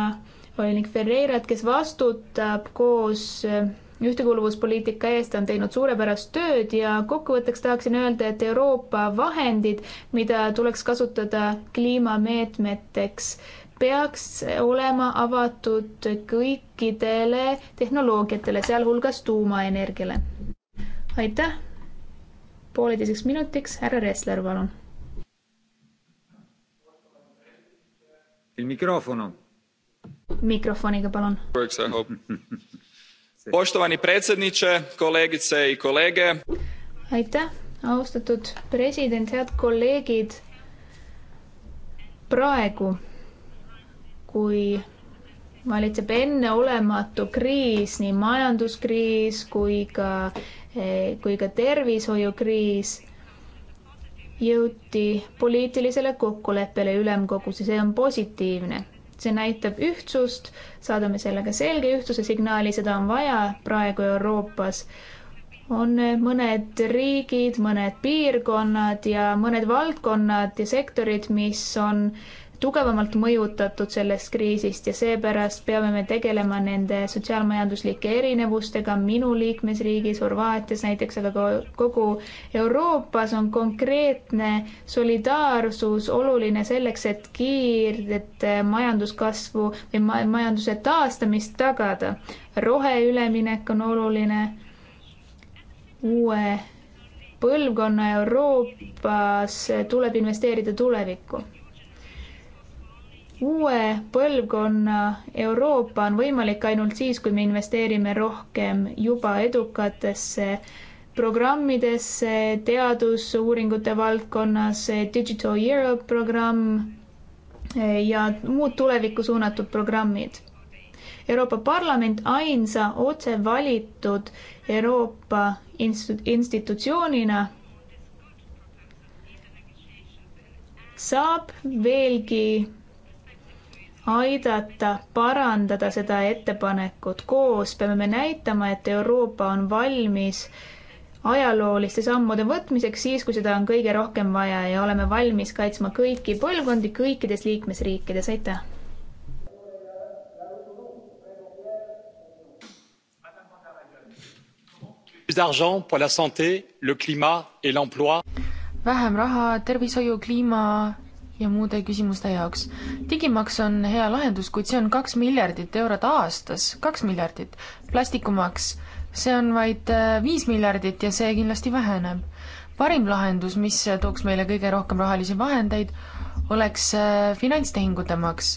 volinik Ferreirat, kes vastutab koos eh, ühtekuuluvuspoliitika eest on teinud suurepärast tööd ja kokkuvõtteks tahaksin öelda, et Euroopa vahendid, mida tuleks kasutada kliimameetmeteks, peaks olema avatud kõikidele tehnoloogiatele, sealhulgas tuumaenergiale. aitäh. pooleteiseks minutiks härra Ressler, palun. mikrofon. mikrofoniga, palun. poštovani predsjedniče kolegice i kolege aitäh austatud president head kolleegid praegu kui valitseb enneolematu kriis nii majanduskriis kui ka eh, kui ka tervishoiukriis jõuti poliitilisele kokkuleppele ülemkogus ja see on positiivne see näitab ühtsust, saadame sellega selge ühtsuse signaali, seda on vaja praegu Euroopas. on mõned riigid, mõned piirkonnad ja mõned valdkonnad ja sektorid, mis on tugevamalt mõjutatud sellest kriisist ja seepärast peame me tegelema nende sotsiaalmajanduslike erinevustega minu liikmesriigis, Horvaatias näiteks, aga ka kogu Euroopas on konkreetne solidaarsus oluline selleks, et kiiret majanduskasvu või majanduse taastamist tagada. roheüleminek on oluline, uue põlvkonna Euroopas tuleb investeerida tulevikku uue põlvkonna Euroopa on võimalik ainult siis, kui me investeerime rohkem juba edukatesse programmidesse teadusuuringute valdkonnas, Digital Europe programm eh, ja muud tulevikku suunatud programmid. Euroopa Parlament ainsa otse valitud Euroopa institutsioonina saab veelgi aidata parandada seda ettepanekut koos, peame me näitama, et Euroopa on valmis ajalooliste sammude võtmiseks siis, kui seda on kõige rohkem vaja ja oleme valmis kaitsma kõiki põlvkondi kõikides liikmesriikides, aitäh! vähem raha tervishoiu, kliima ja muude küsimuste jaoks. digimaks on hea lahendus, kuid see on kaks miljardit eurot aastas, kaks miljardit. plastikumaks, see on vaid äh, viis miljardit ja see kindlasti väheneb. parim lahendus, mis äh, tooks meile kõige rohkem rahalisi vahendeid, oleks äh, finantstehingute maks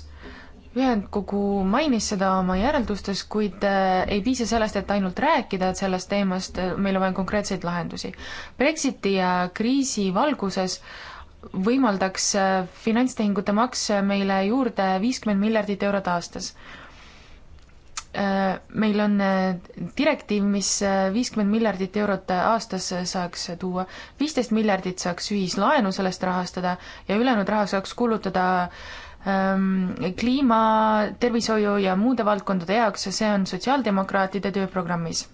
ühendkogu mainis seda oma järeldustes, kuid ei piisa sellest, et ainult rääkida et sellest teemast, meil on vaja konkreetseid lahendusi. Brexiti ja kriisi valguses äh, võimaldaks äh, finantstehingute maks äh, meile juurde viiskümmend miljardit eurot aastas. Äh, meil on direktiiv, mis viiskümmend miljardit eurot aastas saaks tuua, viisteist miljardit saaks ühislaenu sellest rahastada ja ülejäänud raha saaks kulutada ähm, kliima, tervishoiu ja muude valdkondade jaoks ja see on sotsiaaldemokraatide tööprogrammis.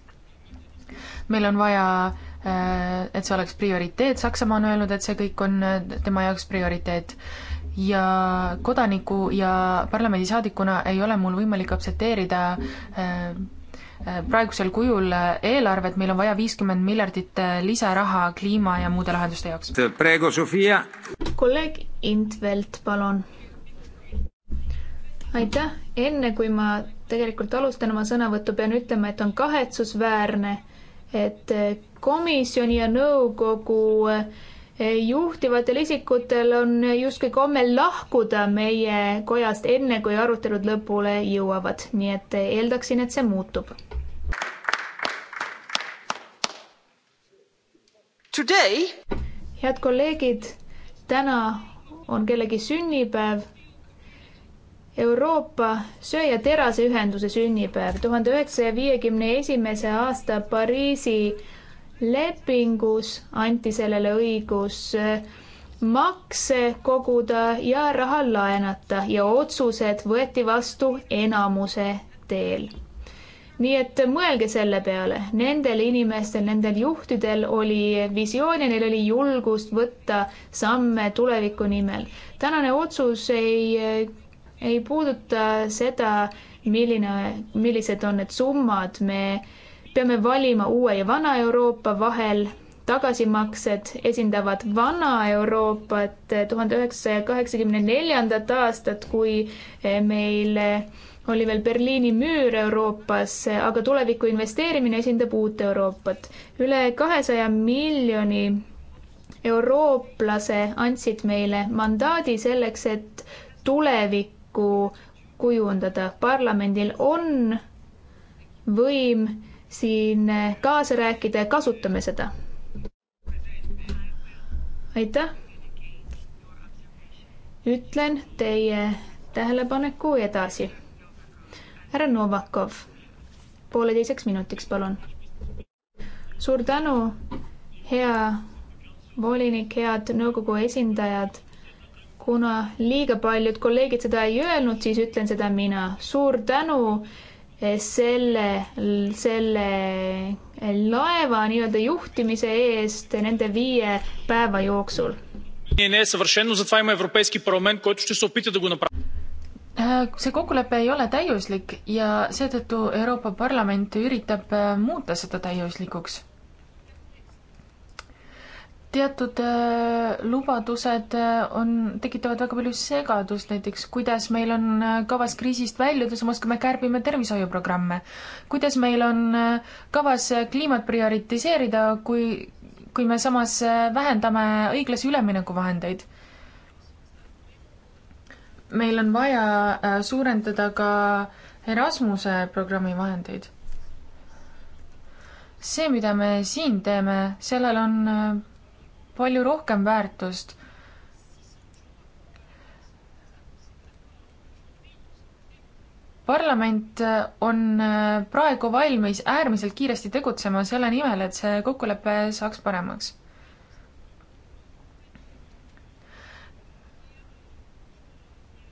meil on vaja äh, Äh, et see oleks prioriteet, Saksamaa on öelnud, et see kõik on äh, tema jaoks prioriteet. ja kodaniku ja parlamendisaadikuna ei ole mul võimalik aktsepteerida äh, praegusel kujul eelarvet, meil on vaja viiskümmend miljardit lisaraha kliima ja muude lahenduste jaoks. praegu Sofia. kolleeg Intvelt, palun. aitäh, enne kui ma tegelikult alustan oma sõnavõttu, pean ütlema, et on kahetsusväärne et komisjoni ja nõukogu eh, juhtivatel isikutel on justkui komme lahkuda meie kojast enne, kui arutelud lõpule jõuavad, nii et eeldaksin, et see muutub. head kolleegid, täna on kellegi sünnipäev Euroopa söe- ja teraseühenduse sünnipäev, tuhande üheksasaja viiekümne esimese aasta Pariisi lepingus anti sellele õigus eh, makse koguda ja raha laenata ja otsused võeti vastu enamuse teel. nii et mõelge selle peale, nendel inimestel, nendel juhtidel oli visioon ja neil oli julgust võtta samme tuleviku nimel. tänane otsus ei eh, ei puuduta seda, milline, millised on need summad, me peame valima uue ja vana Euroopa vahel, tagasimaksed esindavad vana Euroopat eh, tuhande üheksasaja kaheksakümne neljandat aastat, kui eh, meil eh, oli veel Berliini müür Euroopas, aga tuleviku investeerimine esindab uut Euroopat. üle kahesaja miljoni eurooplase andsid meile mandaadi selleks, et tulevik tulevikku kujundada. parlamendil on võim siin kaasa rääkida ja kasutame seda. aitäh. ütlen teie tähelepaneku edasi. härra Novakov, pooleteiseks minutiks, palun. suur tänu, hea volinik, head nõukogu esindajad kuna liiga paljud kolleegid seda ei öelnud, siis ütlen seda mina. suur tänu eh, selle, selle eh, laeva nii-öelda juhtimise eest nende viie päeva jooksul. Äh, see kokkulepe ei ole täiuslik ja seetõttu Euroopa Parlament üritab äh, muuta seda täiuslikuks teatud äh, lubadused äh, on, tekitavad väga palju segadust, näiteks kuidas meil on äh, kavas kriisist väljuda, samas kui me kärbime tervishoiuprogramme. kuidas meil on kavas kliimat prioritiseerida, kui, kui me samas vähendame õiglase ülemineku vahendeid? meil on vaja suurendada ka Erasmuse programmi vahendeid. see, mida me siin teeme, sellel on palju rohkem väärtust. parlament on praegu valmis äärmiselt kiiresti tegutsema selle nimel, et see kokkulepe saaks paremaks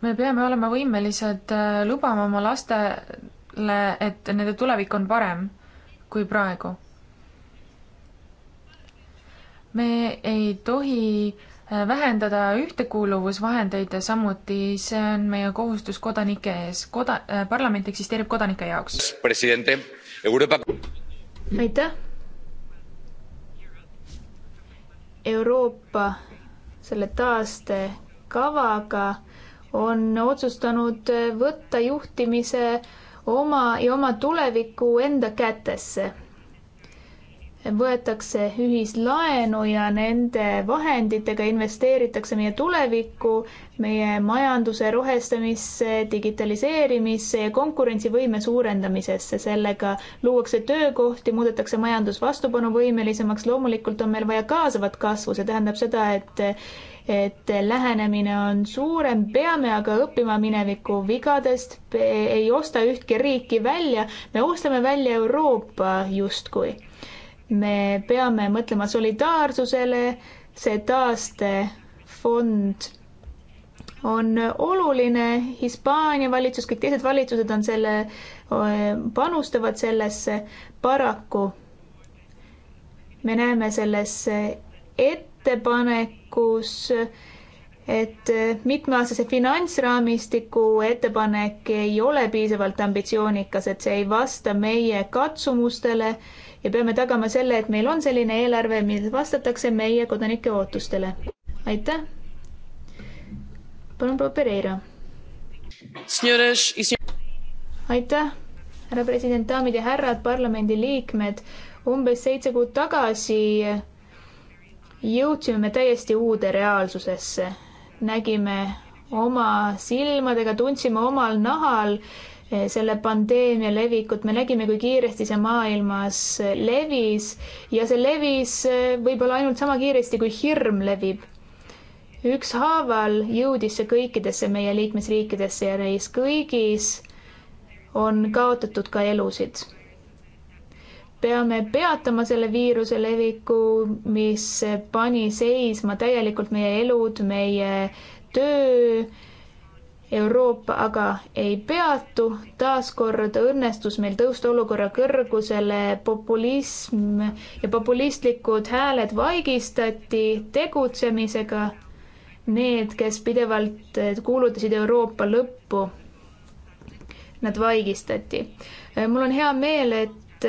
me peame olema võimelised lubama oma lastele, et nende tulevik on parem kui praegu me ei tohi äh, vähendada ühtekuuluvusvahendeid, samuti see on meie kohustus kodanike ees. Koda- äh,, parlament eksisteerib kodanike jaoks. Europa... aitäh. Euroopa selle taastekavaga on otsustanud võtta juhtimise oma ja oma tuleviku enda kätesse võetakse ühislaenu ja nende vahenditega investeeritakse meie tulevikku, meie majanduse rohestamisse, digitaliseerimisse ja konkurentsivõime suurendamisesse. sellega luuakse töökohti, muudetakse majandus vastupanuvõimelisemaks, loomulikult on meil vaja kaasavat kasvu, see tähendab seda, et et lähenemine on suurem, peame aga õppima mineviku vigadest, ei osta ühtki riiki välja, me ostame välja Euroopa justkui me peame mõtlema solidaarsusele, see taastefond on oluline, Hispaania valitsus, kõik teised valitsused on selle, panustavad sellesse, paraku me näeme selles ettepanekus, et mitmeaastase finantsraamistiku ettepanek ei ole piisavalt ambitsioonikas, et see ei vasta meie katsumustele ja peame tagama selle, et meil on selline eelarve, milles vastatakse meie kodanike ootustele. aitäh. palun, proua Pereira. aitäh, härra president, daamid ja härrad, parlamendiliikmed. umbes seitse kuud tagasi jõudsime me täiesti uude reaalsusesse. nägime oma silmadega, tundsime omal nahal Eh, selle pandeemia levikut, me nägime, kui kiiresti see maailmas levis ja see levis eh, võib-olla ainult sama kiiresti, kui hirm levib. ükshaaval jõudis see kõikidesse meie liikmesriikidesse ja neis kõigis on kaotatud ka elusid. peame peatama selle viiruse leviku, mis pani seisma täielikult meie elud, meie töö Euroopa aga ei peatu, taaskord õnnestus meil tõusta olukorra kõrgusele, populism ja populistlikud hääled vaigistati tegutsemisega. Need, kes pidevalt kuulutasid Euroopa lõppu, nad vaigistati. mul on hea meel, et,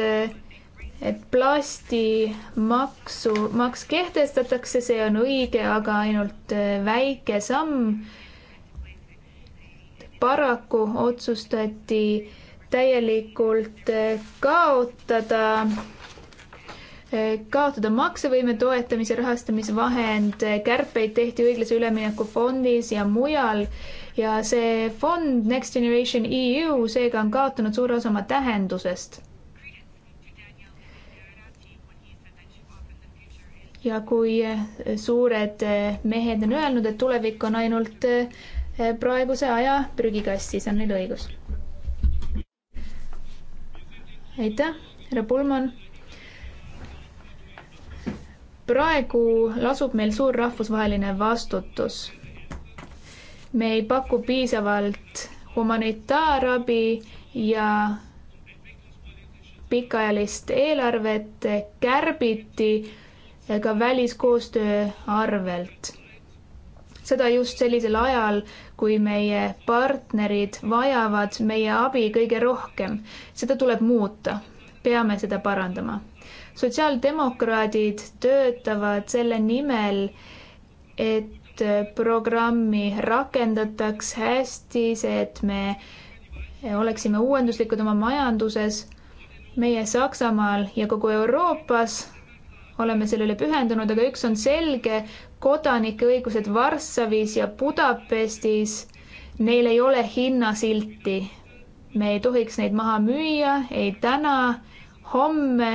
et plastimaksu, maks kehtestatakse, see on õige, aga ainult väike samm paraku otsustati täielikult eh, kaotada, eh, kaotada maksevõime toetamise rahastamisvahend, eh, kärpeid tehti õiglase ülemineku fondis ja mujal ja see fond Next Generation EU seega on kaotanud suure osa oma tähendusest. ja kui suured mehed on öelnud, et tulevik on ainult Eh, praeguse aja prügikasti, see on neil õigus. aitäh, härra Pulman. praegu lasub meil suur rahvusvaheline vastutus. me ei paku piisavalt humanitaarabi ja pikaajalist eelarvet kärbiti ka väliskoostöö arvelt seda just sellisel ajal, kui meie partnerid vajavad meie abi kõige rohkem. seda tuleb muuta, peame seda parandama. sotsiaaldemokraadid töötavad selle nimel, et programmi rakendataks hästi, see, et me oleksime uuenduslikud oma majanduses. meie Saksamaal ja kogu Euroopas oleme sellele pühendunud, aga üks on selge, kodanike õigused Varssavis ja Budapestis, neil ei ole hinnasilti. me ei tohiks neid maha müüa ei täna, homme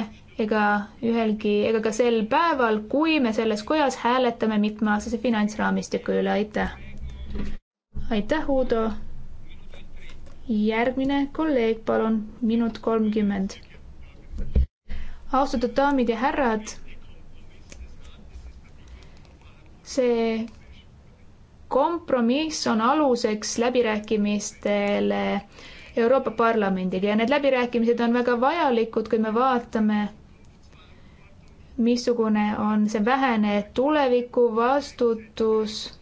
ega ühelgi, ega ka sel päeval, kui me selles kojas hääletame mitmeaastase finantsraamistiku üle, aitäh. aitäh, Uudo. järgmine kolleeg, palun, minut kolmkümmend. austatud daamid ja härrad see kompromiss on aluseks läbirääkimistele Euroopa Parlamendiga ja need läbirääkimised on väga vajalikud, kui me vaatame, missugune on see vähene tuleviku vastutus,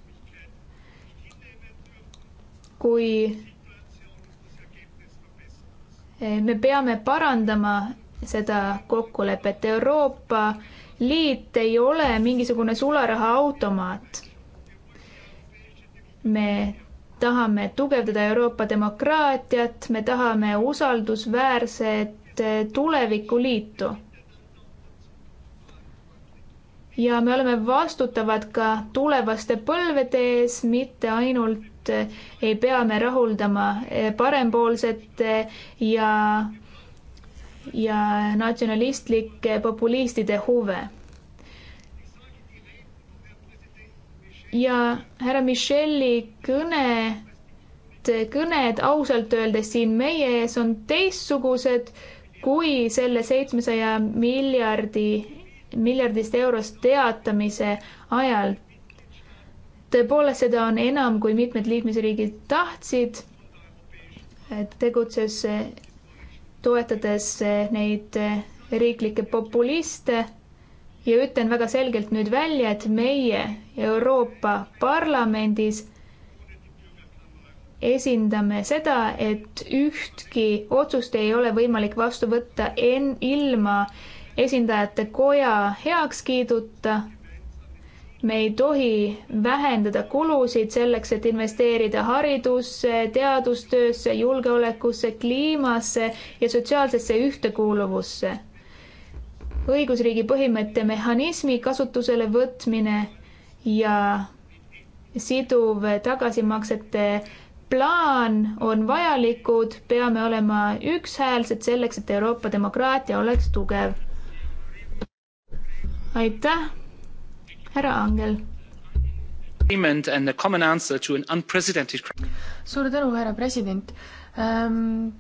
kui me peame parandama seda kokkulepet Euroopa liit ei ole mingisugune sularahaautomaat. me tahame tugevdada Euroopa demokraatiat, me tahame usaldusväärset eh, tulevikuliitu. ja me oleme vastutavad ka tulevaste põlvede ees, mitte ainult eh, ei pea me rahuldama eh, parempoolsete ja ja natsionalistlike populistide huve. ja härra Michelli kõne, kõned ausalt öeldes siin meie ees on teistsugused kui selle seitsmesaja miljardi, miljardist eurost teatamise ajal. tõepoolest, seda on enam, kui mitmed liikmesriigid tahtsid tegutses toetades neid riiklikke populiste ja ütlen väga selgelt nüüd välja, et meie Euroopa Parlamendis esindame seda, et ühtki otsust ei ole võimalik vastu võtta en-, ilma esindajate koja heakskiiduta me ei tohi vähendada kulusid selleks, et investeerida haridusse, teadustöösse, julgeolekusse, kliimasse ja sotsiaalsesse ühtekuuluvusse. õigusriigi põhimõtte mehhanismi kasutusele võtmine ja siduv tagasimaksete plaan on vajalikud, peame olema ükshäälsed selleks, et Euroopa demokraatia oleks tugev. aitäh härra Angel. suur tänu, härra president ähm,.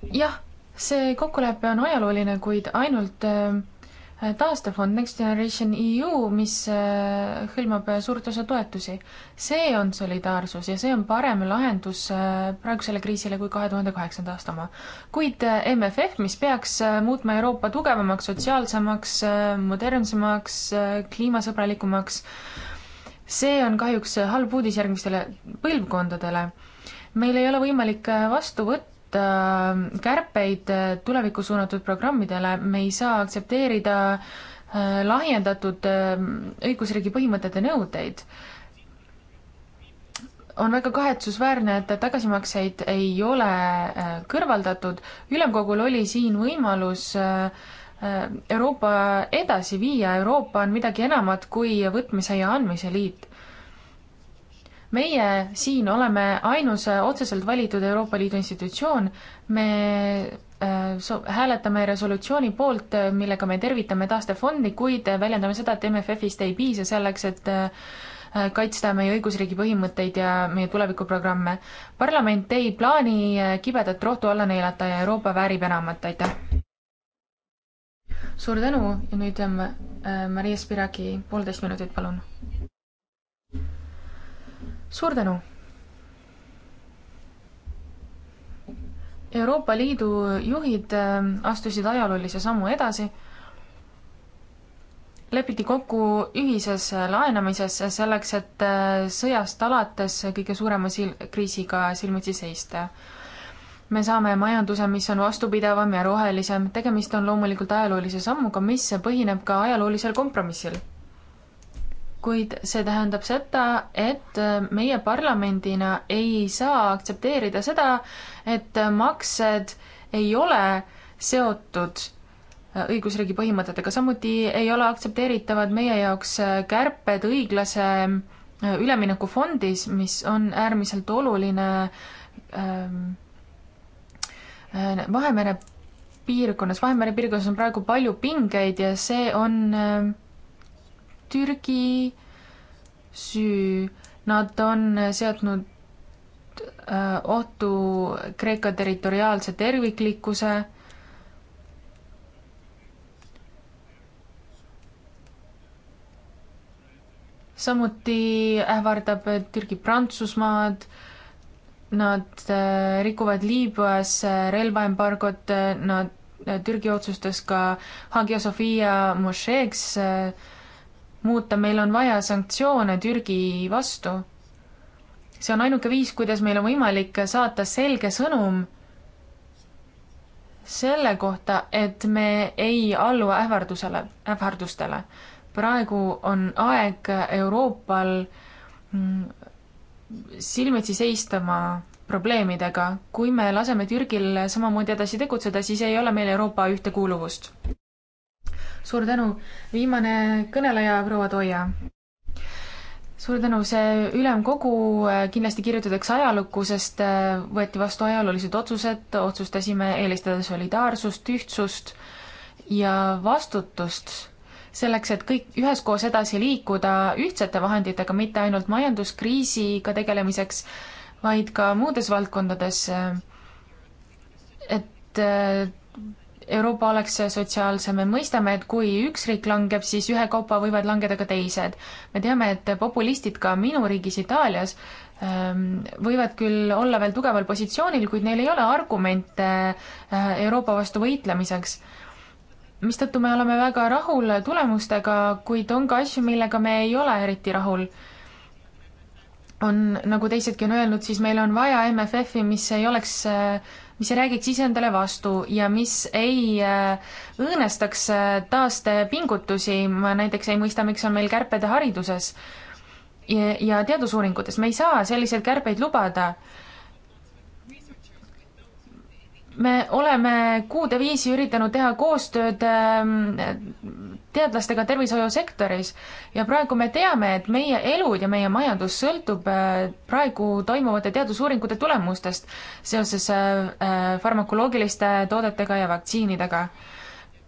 jah, see kokkulepe on ajalooline, kuid ainult ähm, taastefond Next Generation EU, mis äh, hõlmab äh, suurt osa toetusi. see on solidaarsus ja see on parem lahendus äh, praegusele kriisile kui kahe tuhande kaheksanda aasta oma. kuid MFF, mis peaks muutma Euroopa tugevamaks, sotsiaalsemaks, modernsemaks, kliimasõbralikumaks, see on kahjuks halb uudis järgmistele põlvkondadele meil ei ole võimalik vastu võtta Äh, kärpeid äh, tulevikku suunatud programmidele, me ei saa aktsepteerida äh, lahjendatud õigusriigi põhimõtete nõudeid. on väga kahetsusväärne, et tagasimakseid ei ole kõrvaldatud, ülemkogul oli siin võimalus Euroopa edasi viia, Euroopa on midagi enamat kui võtmise ja andmise liit meie siin oleme ainus otseselt valitud Euroopa Liidu institutsioon, me äh, so-, hääletame resolutsiooni poolt, äh, millega me tervitame taastefondi, kuid väljendame seda, et MFF-ist ei piisa selleks, et äh, kaitsta meie õigusriigi põhimõtteid ja meie tulevikuprogramme. parlament ei plaani kibedat rohtu alla neelata ja Euroopa väärib enamat, aitäh! suur tänu ja nüüd ähm, Maria Spiraki poolteist minutit, palun! suur tänu! Euroopa Liidu juhid äh, astusid ajaloolise sammu edasi, lepiti kokku ühises äh, laenamises selleks, et äh, sõjast alates kõige suurema sil-, kriisiga silmitsi seista. me saame majanduse, mis on vastupidavam ja rohelisem, tegemist on loomulikult ajaloolise sammuga, mis põhineb ka ajaloolisel kompromissil kuid see tähendab seda, et meie parlamendina ei saa aktsepteerida seda, et maksed ei ole seotud õigusriigi põhimõtetega, samuti ei ole aktsepteeritavad meie jaoks kärped õiglase üleminekufondis, mis on äärmiselt oluline ähm, Vahemere piirkonnas, Vahemere piirkonnas on praegu palju pingeid ja see on ähm, Türgi süü. Nad on seadnud äh, ohtu Kreeka territoriaalse terviklikkuse. samuti ähvardab Türgi Prantsusmaad. Nad äh, rikuvad Liibüas äh, relvaembargot, nad, Türgi otsustas ka Hagia Sophia mošeeks äh, muuta, meil on vaja sanktsioone Türgi vastu. see on ainuke viis, kuidas meil on võimalik saata selge sõnum selle kohta, et me ei allu ähvardusele, ähvardustele. praegu on aeg Euroopal mm, silmitsi seista oma probleemidega. kui me laseme Türgil samamoodi edasi tegutseda, siis ei ole meil Euroopa ühtekuuluvust suur tänu, viimane kõneleja, proua Toia suur tänu, see ülemkogu äh, kindlasti kirjutatakse ajalukku, sest äh, võeti vastu ajaloolised otsused, otsustasime eelistada solidaarsust, ühtsust ja vastutust selleks, et kõik üheskoos edasi liikuda ühtsete vahenditega, mitte ainult majanduskriisiga tegelemiseks, vaid ka muudes valdkondades. Äh, et Euroopa oleks sotsiaalsem, me mõistame, et kui üks riik langeb, siis ühekaupa võivad langeda ka teised. me teame, et populistid ka minu riigis Itaalias ähm, võivad küll olla veel tugeval positsioonil, kuid neil ei ole argumente äh, Euroopa vastu võitlemiseks. mistõttu me oleme väga rahul tulemustega, kuid on ka asju, millega me ei ole eriti rahul on, nagu teisedki on öelnud, siis meil on vaja MFF-i, mis ei oleks äh, mis ei räägiks iseendale vastu ja mis ei äh, õõnestaks äh, taastepingutusi, ma näiteks ei mõista, miks on meil kärped hariduses ja, ja teadusuuringutes, me ei saa selliseid kärbeid lubada. me oleme kuude viisi üritanud teha koostööd ähm, teadlastega tervishoiusektoris ja praegu me teame, et meie elud ja meie majandus sõltub äh, praegu toimuvate teadusuuringute tulemustest seoses äh, äh, farmakoloogiliste toodetega ja vaktsiinidega.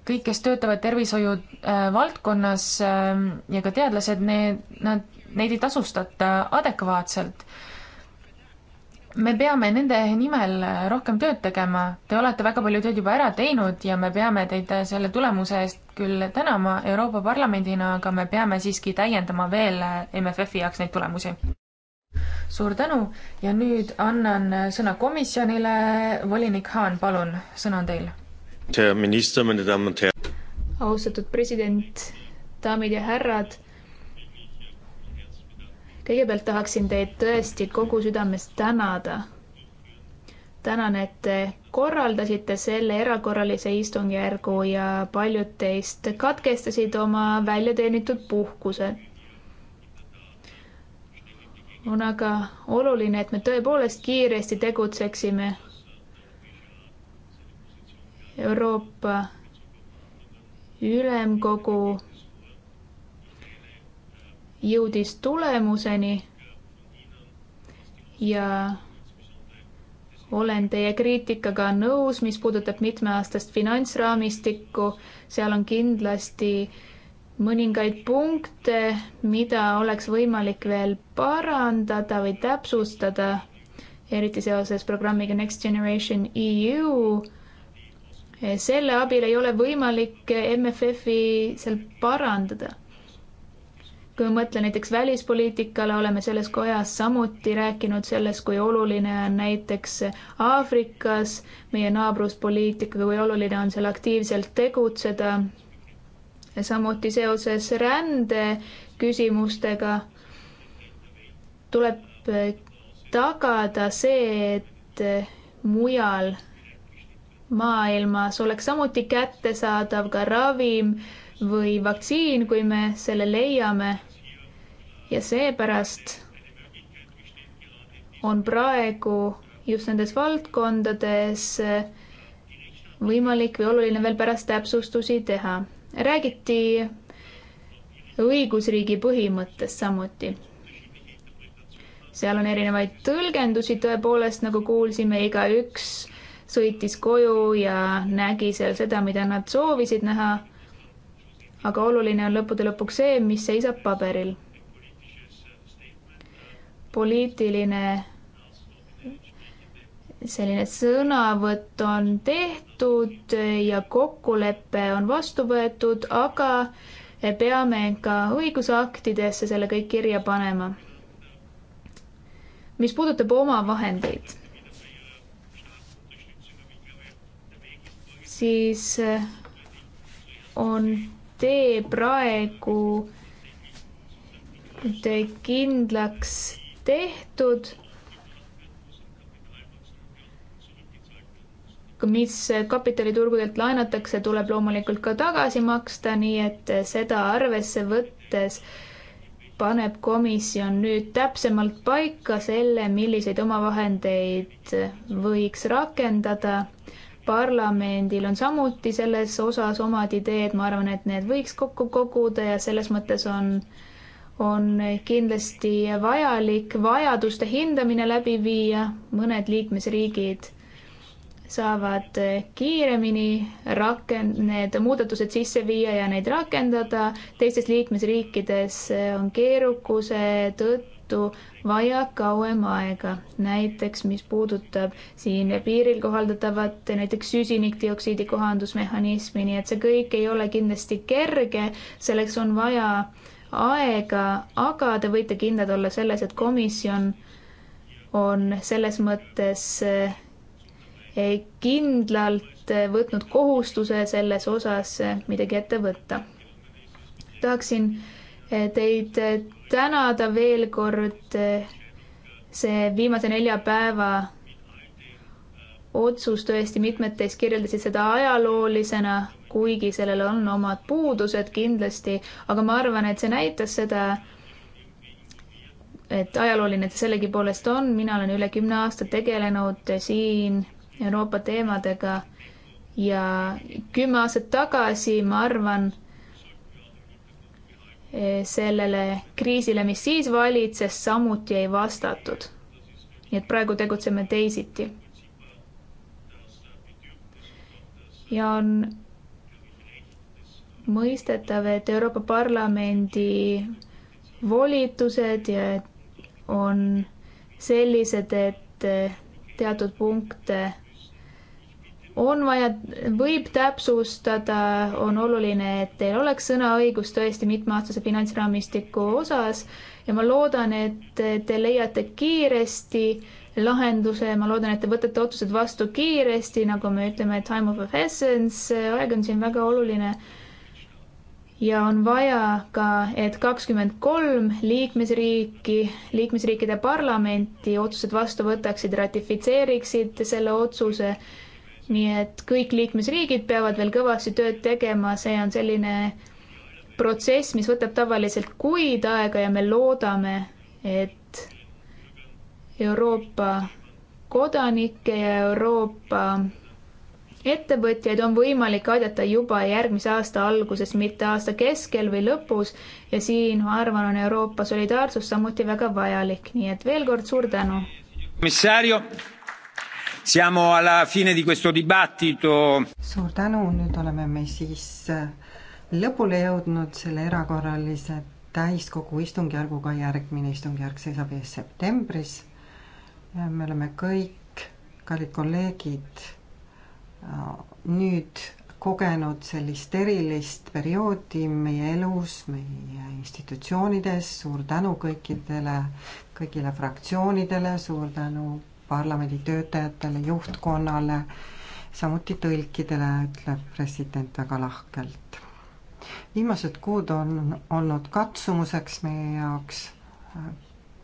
kõik, kes töötavad tervishoiu valdkonnas ja ka teadlased, need, nad, neid ei tasustata adekvaatselt me peame nende nimel rohkem tööd tegema, te olete väga palju tööd juba ära teinud ja me peame teid selle tulemuse eest küll tänama Euroopa Parlamendina, aga me peame siiski täiendama veel MFF-i jaoks neid tulemusi. suur tänu ja nüüd annan sõna komisjonile, volinik Haan, palun, sõna on teil. minister, meine damen und herren. austatud president, daamid ja härrad kõigepealt tahaksin teid tõesti kogu südamest tänada. tänan, et te korraldasite selle erakorralise istungjärgu ja paljud teist katkestasid oma väljateenitud puhkuse on aga oluline, et me tõepoolest kiiresti tegutseksime. Euroopa Ülemkogu jõudis tulemuseni ja olen teie kriitikaga nõus, mis puudutab mitmeaastast finantsraamistikku, seal on kindlasti mõningaid punkte, mida oleks võimalik veel parandada või täpsustada, eriti seoses programmiga Next Generation EU. selle abil ei ole võimalik MFF-i seal parandada kui ma mõtlen näiteks välispoliitikale, oleme selles kojas samuti rääkinud sellest, kui oluline on näiteks Aafrikas meie naabruspoliitika, kui oluline on seal aktiivselt tegutseda. samuti seoses rände küsimustega tuleb tagada see, et mujal maailmas oleks samuti kättesaadav ka ravim või vaktsiin, kui me selle leiame. ja seepärast on praegu just nendes valdkondades võimalik või oluline veel pärast täpsustusi teha. räägiti õigusriigi põhimõttest samuti. seal on erinevaid tõlgendusi tõepoolest, nagu kuulsime, igaüks sõitis koju ja nägi seal seda, mida nad soovisid näha aga oluline on lõppude lõpuks see, mis seisab paberil. poliitiline selline sõnavõtt on tehtud ja kokkulepe on vastu võetud, aga peame ka õigusaktidesse selle kõik kirja panema. mis puudutab omavahendeid, siis on tee praegu te kindlaks tehtud, mis kapitaliturgudelt laenatakse, tuleb loomulikult ka tagasi maksta, nii et seda arvesse võttes paneb komisjon nüüd täpsemalt paika selle, milliseid omavahendeid võiks rakendada parlamendil on samuti selles osas omad ideed, ma arvan, et need võiks kokku koguda ja selles mõttes on, on kindlasti vajalik vajaduste hindamine läbi viia, mõned liikmesriigid saavad kiiremini rakend-, need muudatused sisse viia ja neid rakendada, teistes liikmesriikides on keerukuse tõttu tõttu vajab kauem aega, näiteks mis puudutab siin piiril kohaldatavat näiteks süsinikdioksiidi kohandusmehhanismi, nii et see kõik ei ole kindlasti kerge, selleks on vaja aega, aga te võite kindlad olla selles, et komisjon on selles mõttes eh, kindlalt võtnud kohustuse selles osas midagi ette võtta. tahaksin teid tänada veel kord see viimase nelja päeva otsus tõesti mitmed teist kirjeldasid seda ajaloolisena, kuigi sellel on omad puudused kindlasti, aga ma arvan, et see näitas seda, et ajalooline ta sellegipoolest on, mina olen üle kümne aasta tegelenud siin Euroopa teemadega ja kümme aastat tagasi, ma arvan, sellele kriisile, mis siis valitses, samuti ei vastatud. nii et praegu tegutseme teisiti. ja on mõistetav, et Euroopa Parlamendi volitused ja on sellised, et teatud punkte on vaja, võib täpsustada, on oluline, et teil oleks sõnaõigus tõesti mitmeaastase finantsraamistiku osas ja ma loodan, et te leiate kiiresti lahenduse, ma loodan, et te võtate otsused vastu kiiresti, nagu me ütleme, time of essence, aeg on siin väga oluline. ja on vaja ka, et kakskümmend kolm liikmesriiki, liikmesriikide parlamenti otsused vastu võtaksid, ratifitseeriksid selle otsuse nii et kõik liikmesriigid peavad veel kõvasti tööd tegema, see on selline protsess, mis võtab tavaliselt kuid aega ja me loodame, et Euroopa kodanikke ja Euroopa ettevõtjaid on võimalik aidata juba järgmise aasta alguses, mitte aasta keskel või lõpus ja siin, ma arvan, on Euroopa solidaarsus samuti väga vajalik, nii et veel kord suur tänu. mis säärio? Siamo alla fine di questo dibattito. suur tänu, nüüd oleme me siis äh, lõpule jõudnud selle erakorralise täiskogu istungjärguga, järgmine istungjärk seisab ees septembris. Äh, me oleme kõik, kallid kolleegid, äh, nüüd kogenud sellist erilist perioodi meie elus, meie institutsioonides, suur tänu kõikidele, kõigile fraktsioonidele, suur tänu parlamendi töötajatele, juhtkonnale, samuti tõlkidele, ütleb president väga lahkelt. viimased kuud on olnud katsumuseks meie jaoks,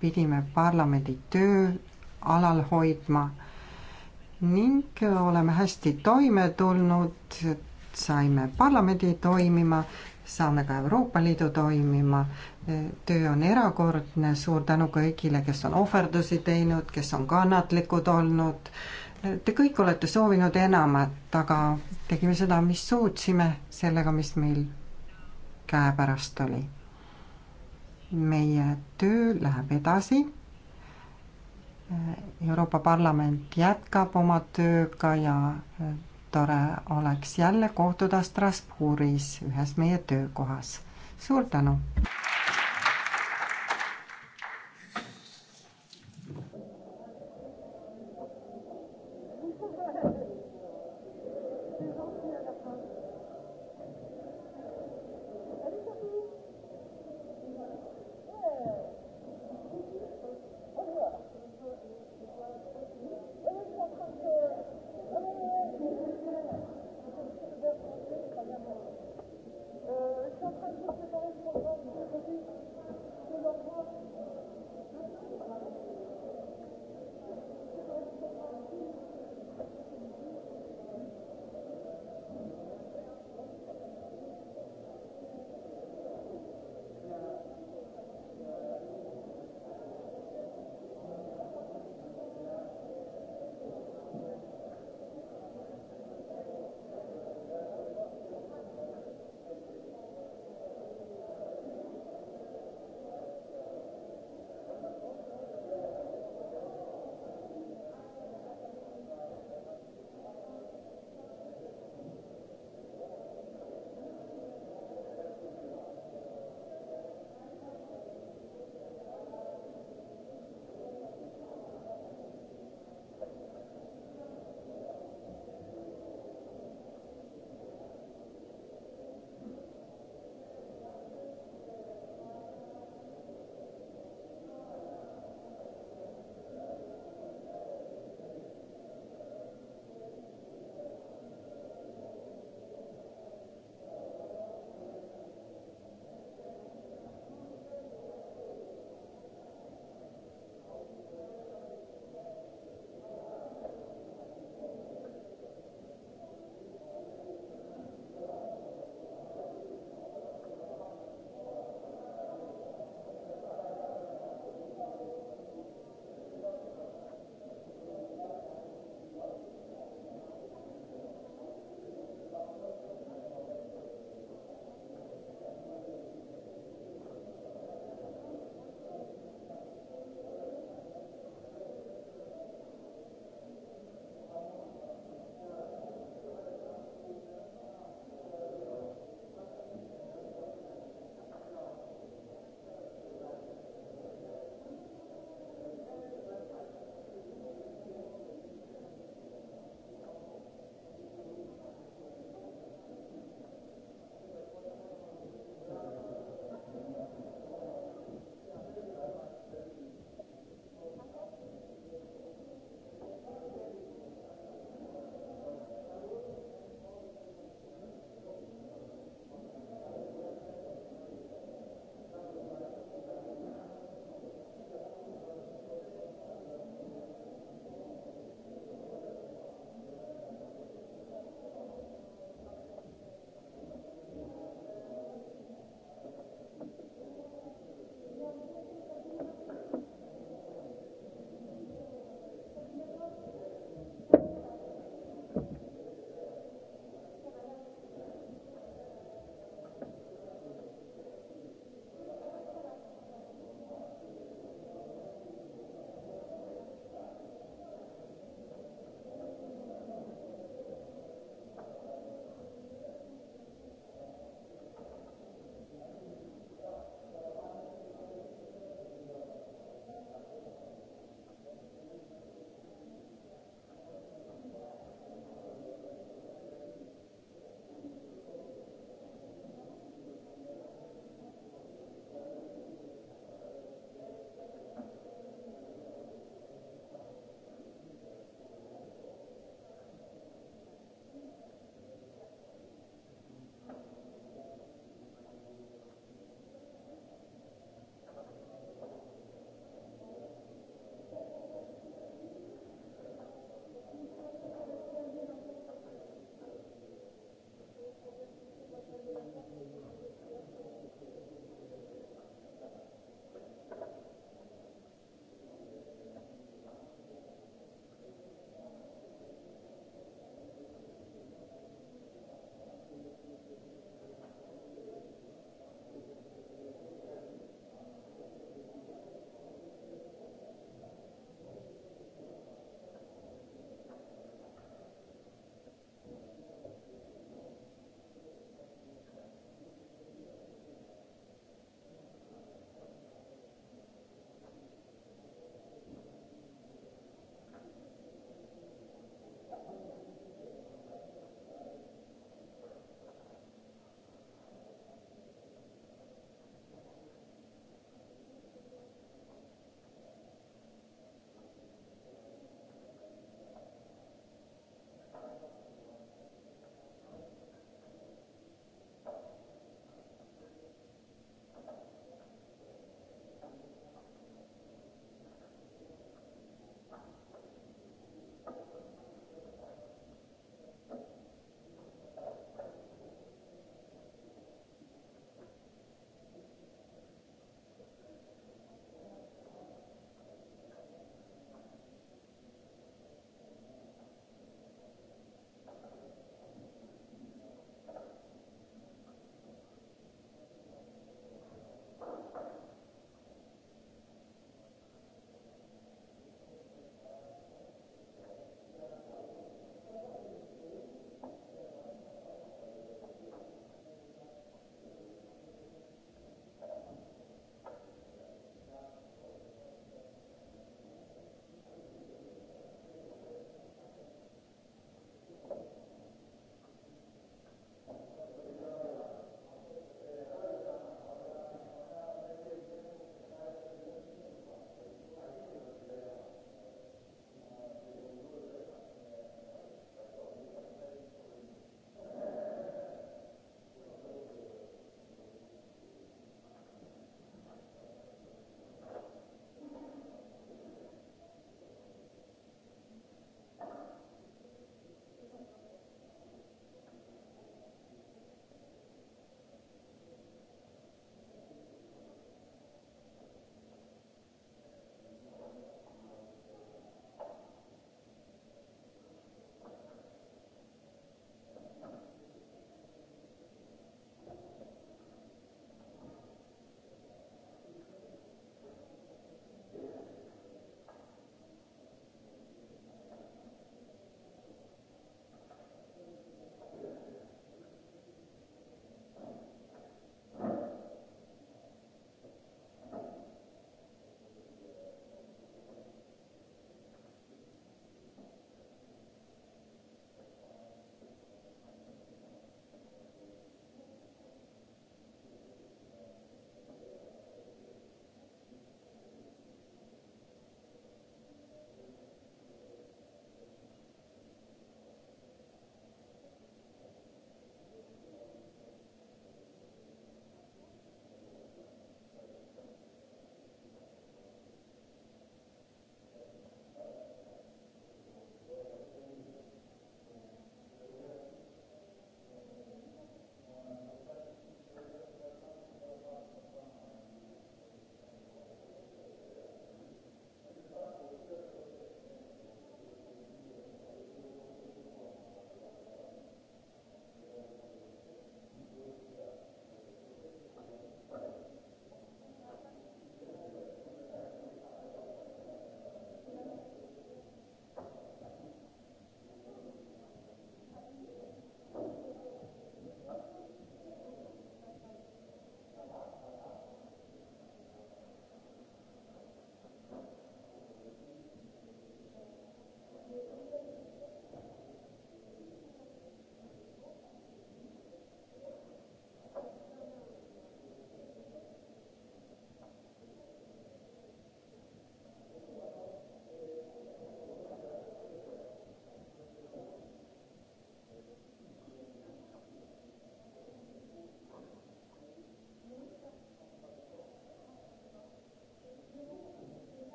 pidime parlamendi töö alal hoidma ning oleme hästi toime tulnud, saime parlamendi toimima, saame ka Euroopa Liidu toimima, töö on erakordne, suur tänu kõigile, kes on ohverdusi teinud, kes on kannatlikud olnud. Te kõik olete soovinud enamat, aga tegime seda, mis suutsime, sellega, mis meil käepärast oli. meie töö läheb edasi. Euroopa Parlament jätkab oma tööga ja eh, tore oleks jälle kohtuda Strasbourgis ühes meie töökohas suur tänu. Thank you. Euh, je suis en train de préparer le programme, je vais leur voir.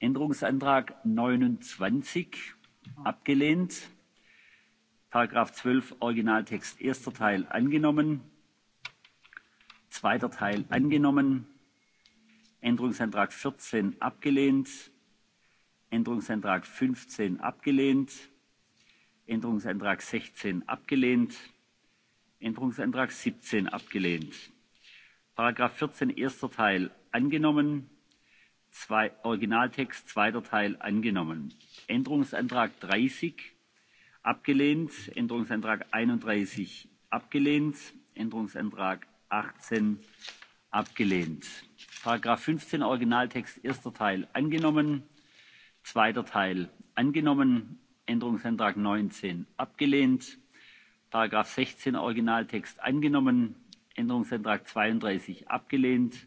änderungsantrag neunundzwanzig abgelehnt; paragraph zwölf originaltext erster teil angenommen; zweiter teil angenommen; änderungsantrag vierzehn abgelehnt; änderungsantrag fünfzehn abgelehnt; änderungsantrag sechzehn abgelehnt; änderungsantrag siebzehn abgelehnt; paragraph vierzehn erster teil angenommen; zwei, Originaltext zweiter Teil angenommen. Änderungsantrag 30 abgelehnt, Änderungsantrag 31 abgelehnt, Änderungsantrag 18 abgelehnt. Paragraph 15 Originaltext erster Teil angenommen, zweiter Teil angenommen, Änderungsantrag 19 abgelehnt, Paragraph 16 Originaltext angenommen, Änderungsantrag 32 abgelehnt,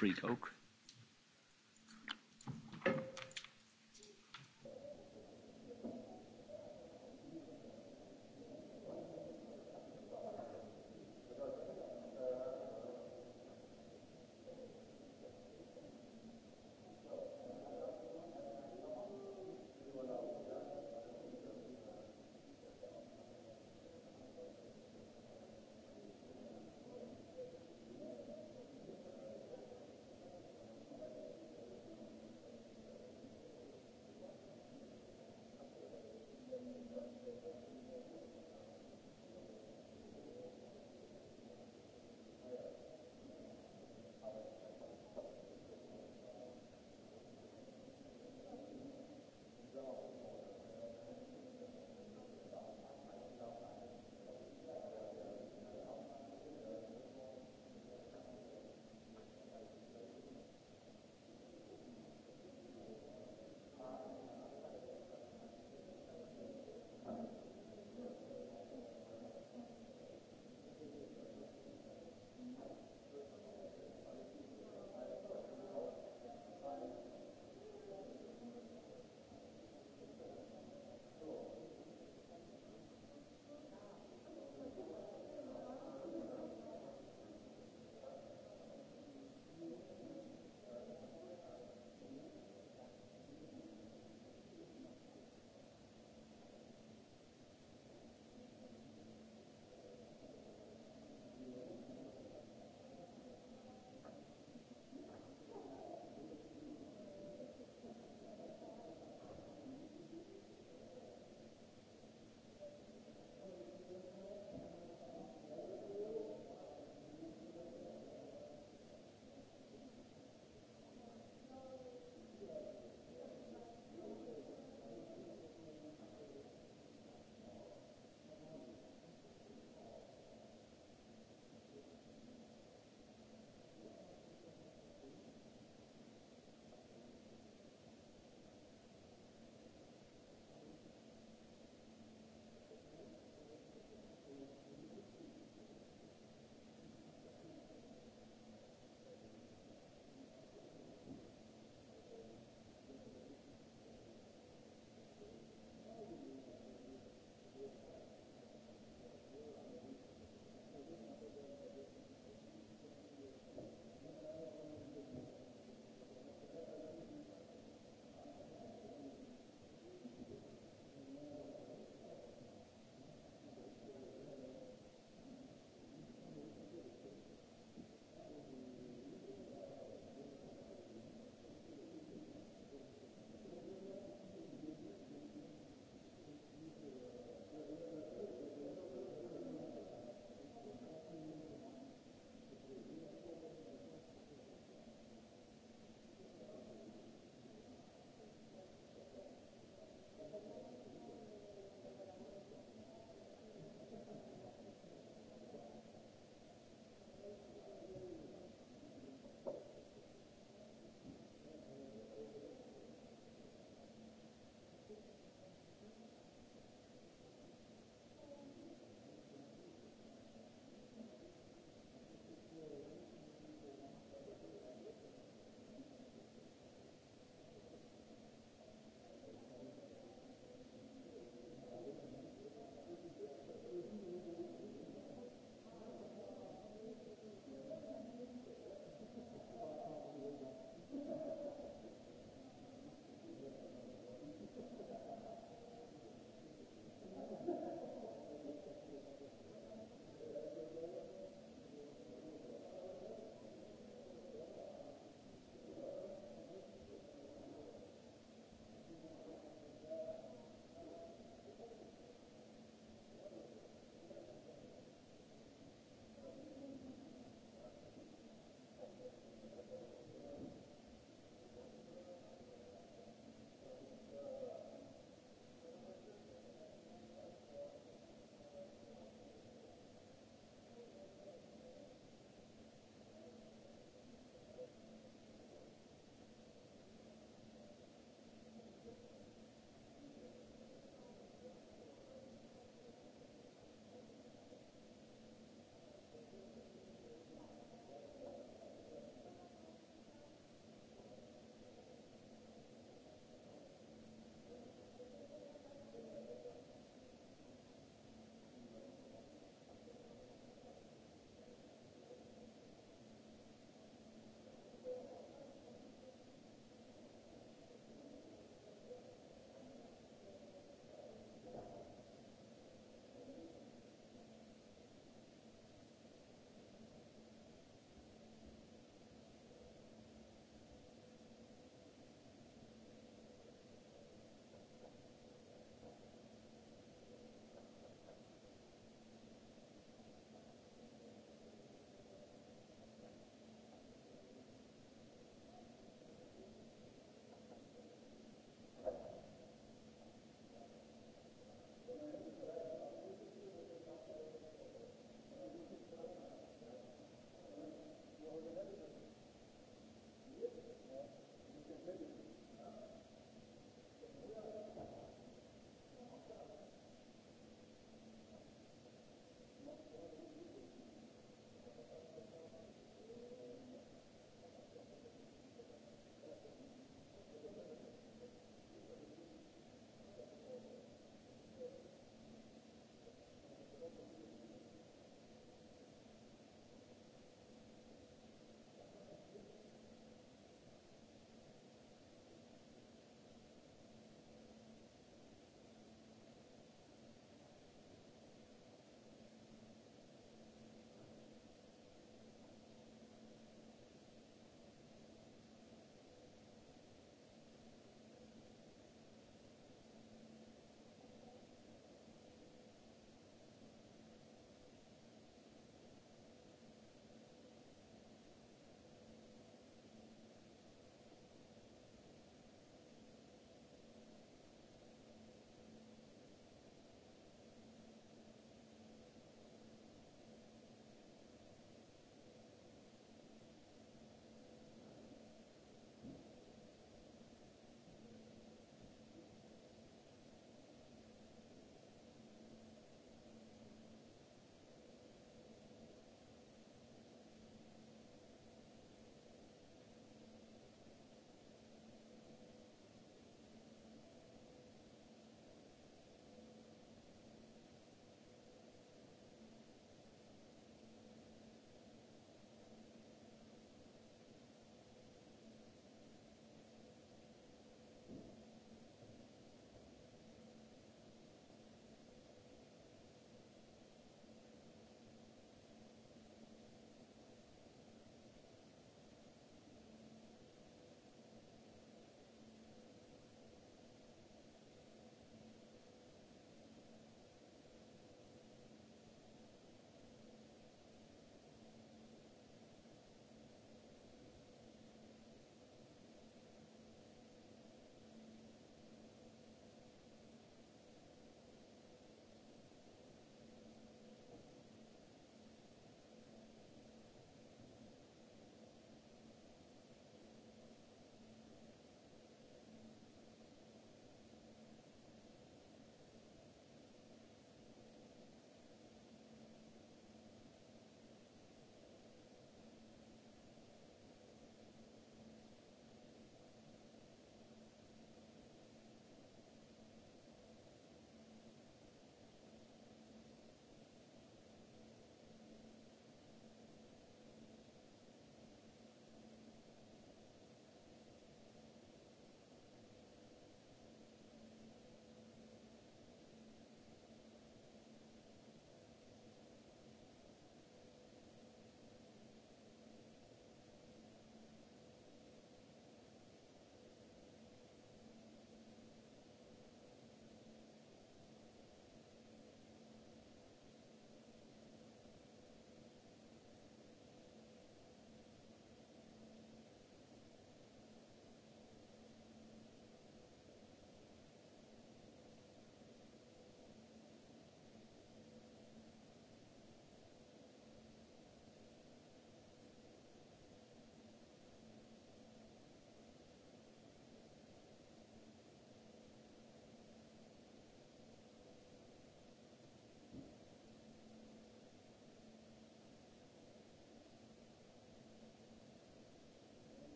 freak ook.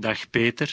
dag peter.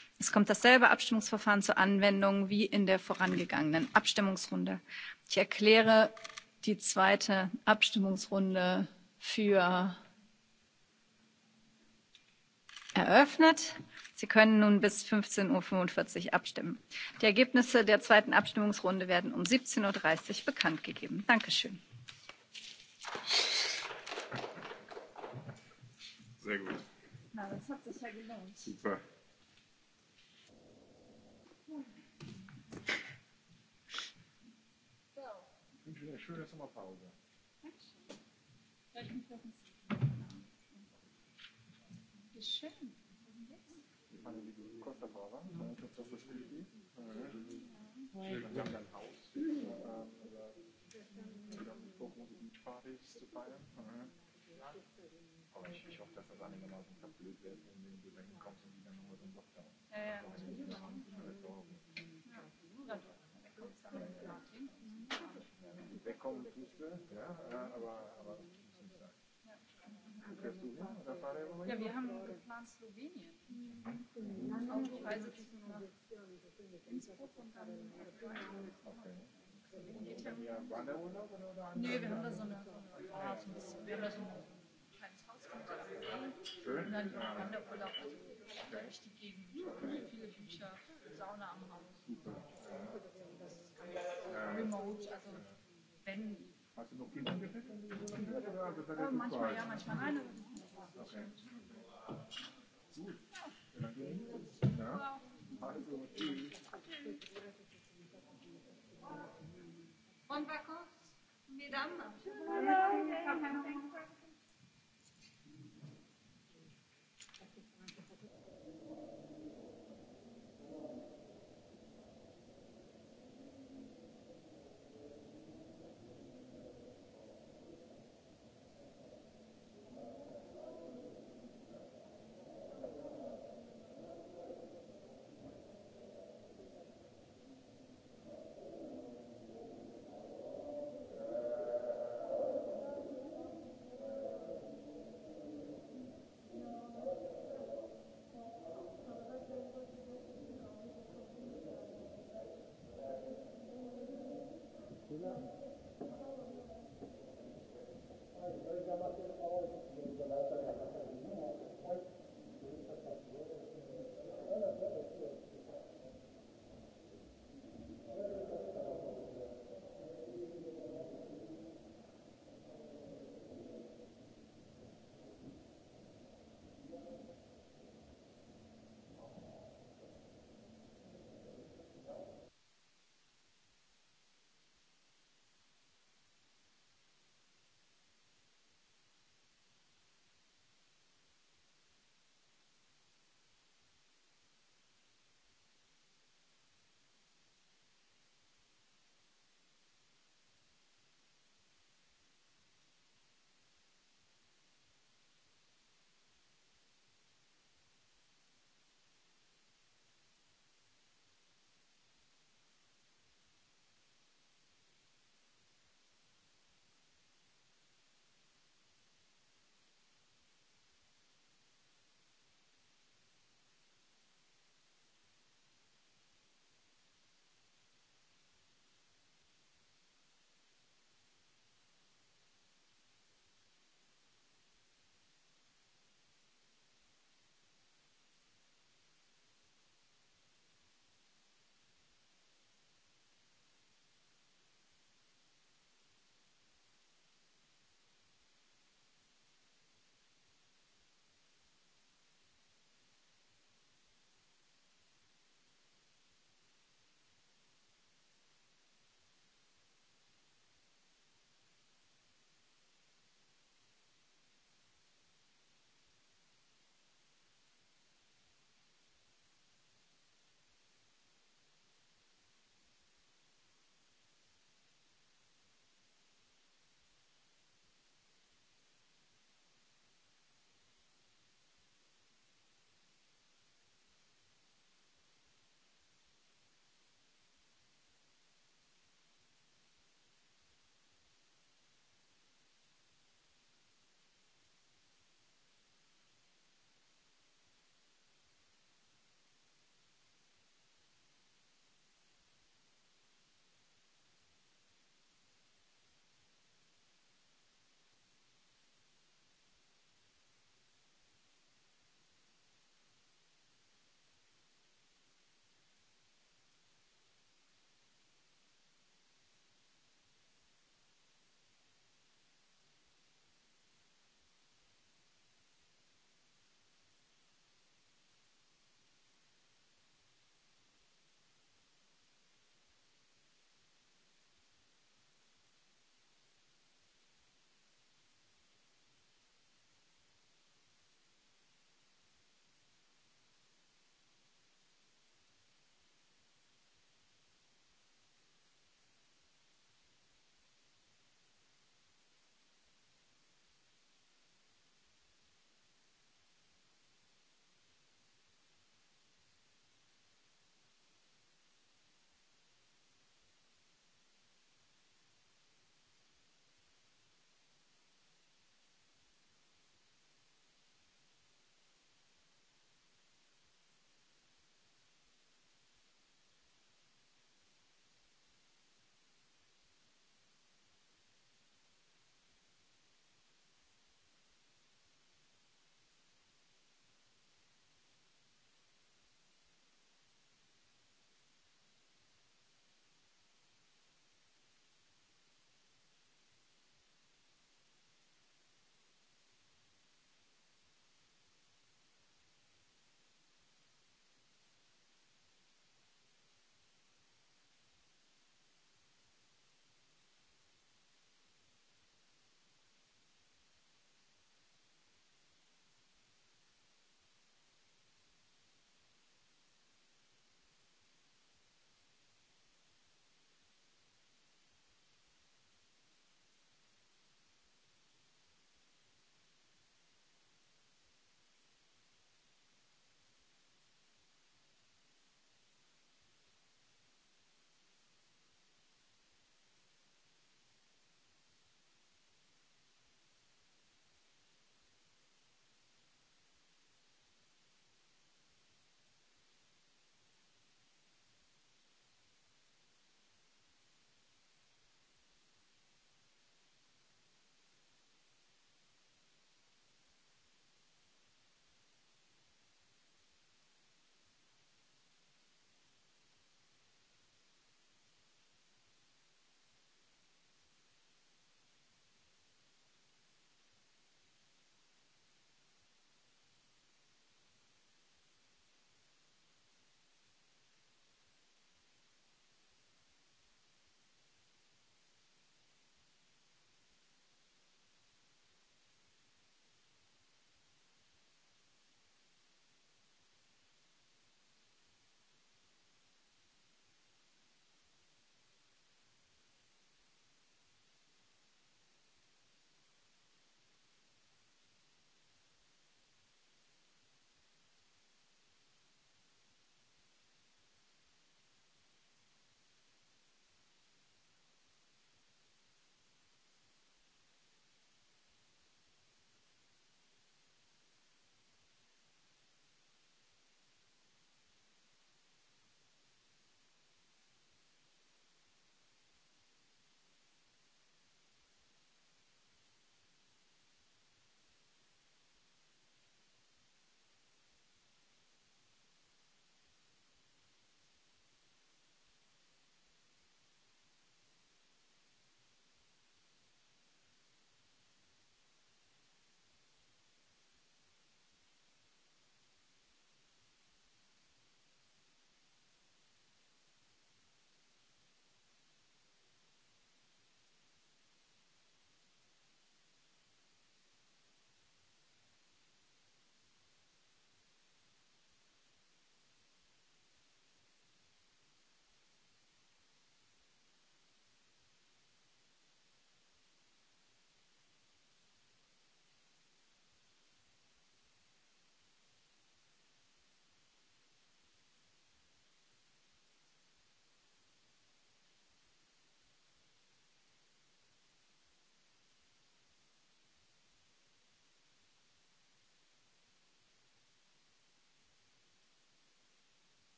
Es kommt dasselbe Abstimmungsverfahren zur Anwendung wie in der vorangegangenen Abstimmungsrunde. Ich erkläre die zweite Abstimmungsrunde für eröffnet. Sie können nun bis 15.45 Uhr abstimmen. Die Ergebnisse der zweiten Abstimmungsrunde werden um 17.30 Uhr bekannt gegeben. Dankeschön. Sehr gut. Na, das hat sich ja gelohnt. Super. eine schöne Sommerpause. Dankeschön. Soll ich mich noch Wie schön. Ich meine, die Costa Brava, meine Tochter ist das Spiel. Wir haben ein Haus, wir haben große Beachpartys zu feiern. Aber ich, ich hoffe, dass das einigermaßen verblöd wird, wenn du dahin kommst und die dann nochmal so einen Lockdown. Ja, ja. Ja, ja wegkommen müsste. Ja, aber, aber das muss nicht sein. Ja. Fährst du hin? Das war der Moment? Ja, wir haben geplant Slowenien. Mhm. Auf die Reise zwischen nach Innsbruck und dann Okay. Geht ja. Wanderurlaub oder, oder Nee, wir haben da so eine, ja, so ein bisschen, wir haben da so ein kleines Haus mit Schön. Und dann ja. Wanderurlaub okay. durch die Gegend. Okay. Viele Bücher, Sauna am Haus. Super. Ja. Remote, also. Ja wenn. Hast du noch Kinder gefüttert? Äh, manchmal ja, manchmal nein. Okay. Gut. Ja. Also, tschüss. Bon vacances, mesdames. Hello. Hello.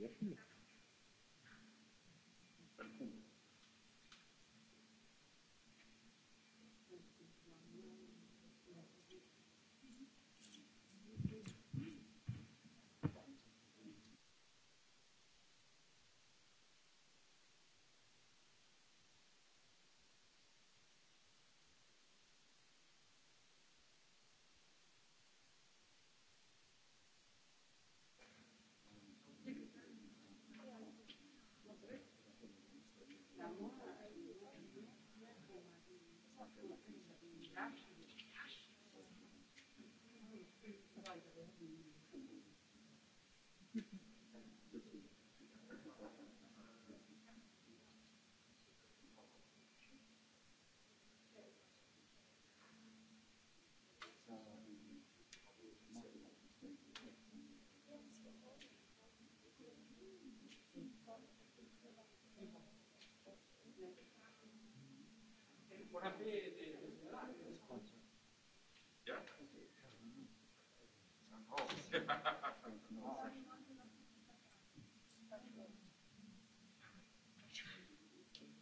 Yes, please.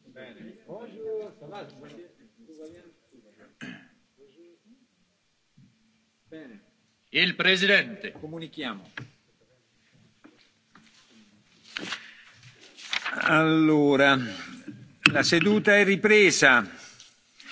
Bene. Bonjour, ça va? Tout va bien? Tout va bien? Tout va bien. Bonjour. Bene. Il Presidente. Comunichiamo. Allora, la seduta è ripresa.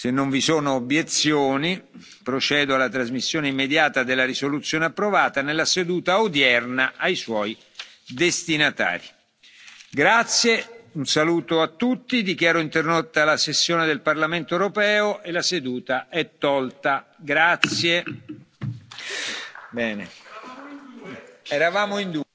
se non vi sono obiezioni procedo alla trasmissione immediata della risoluzione approvata nella seduta odierna ai suoi destinatari. un saluto a tutti dichiaro interrotta la sessione del parlamento europeo e la seduta è tolta. eravamo in.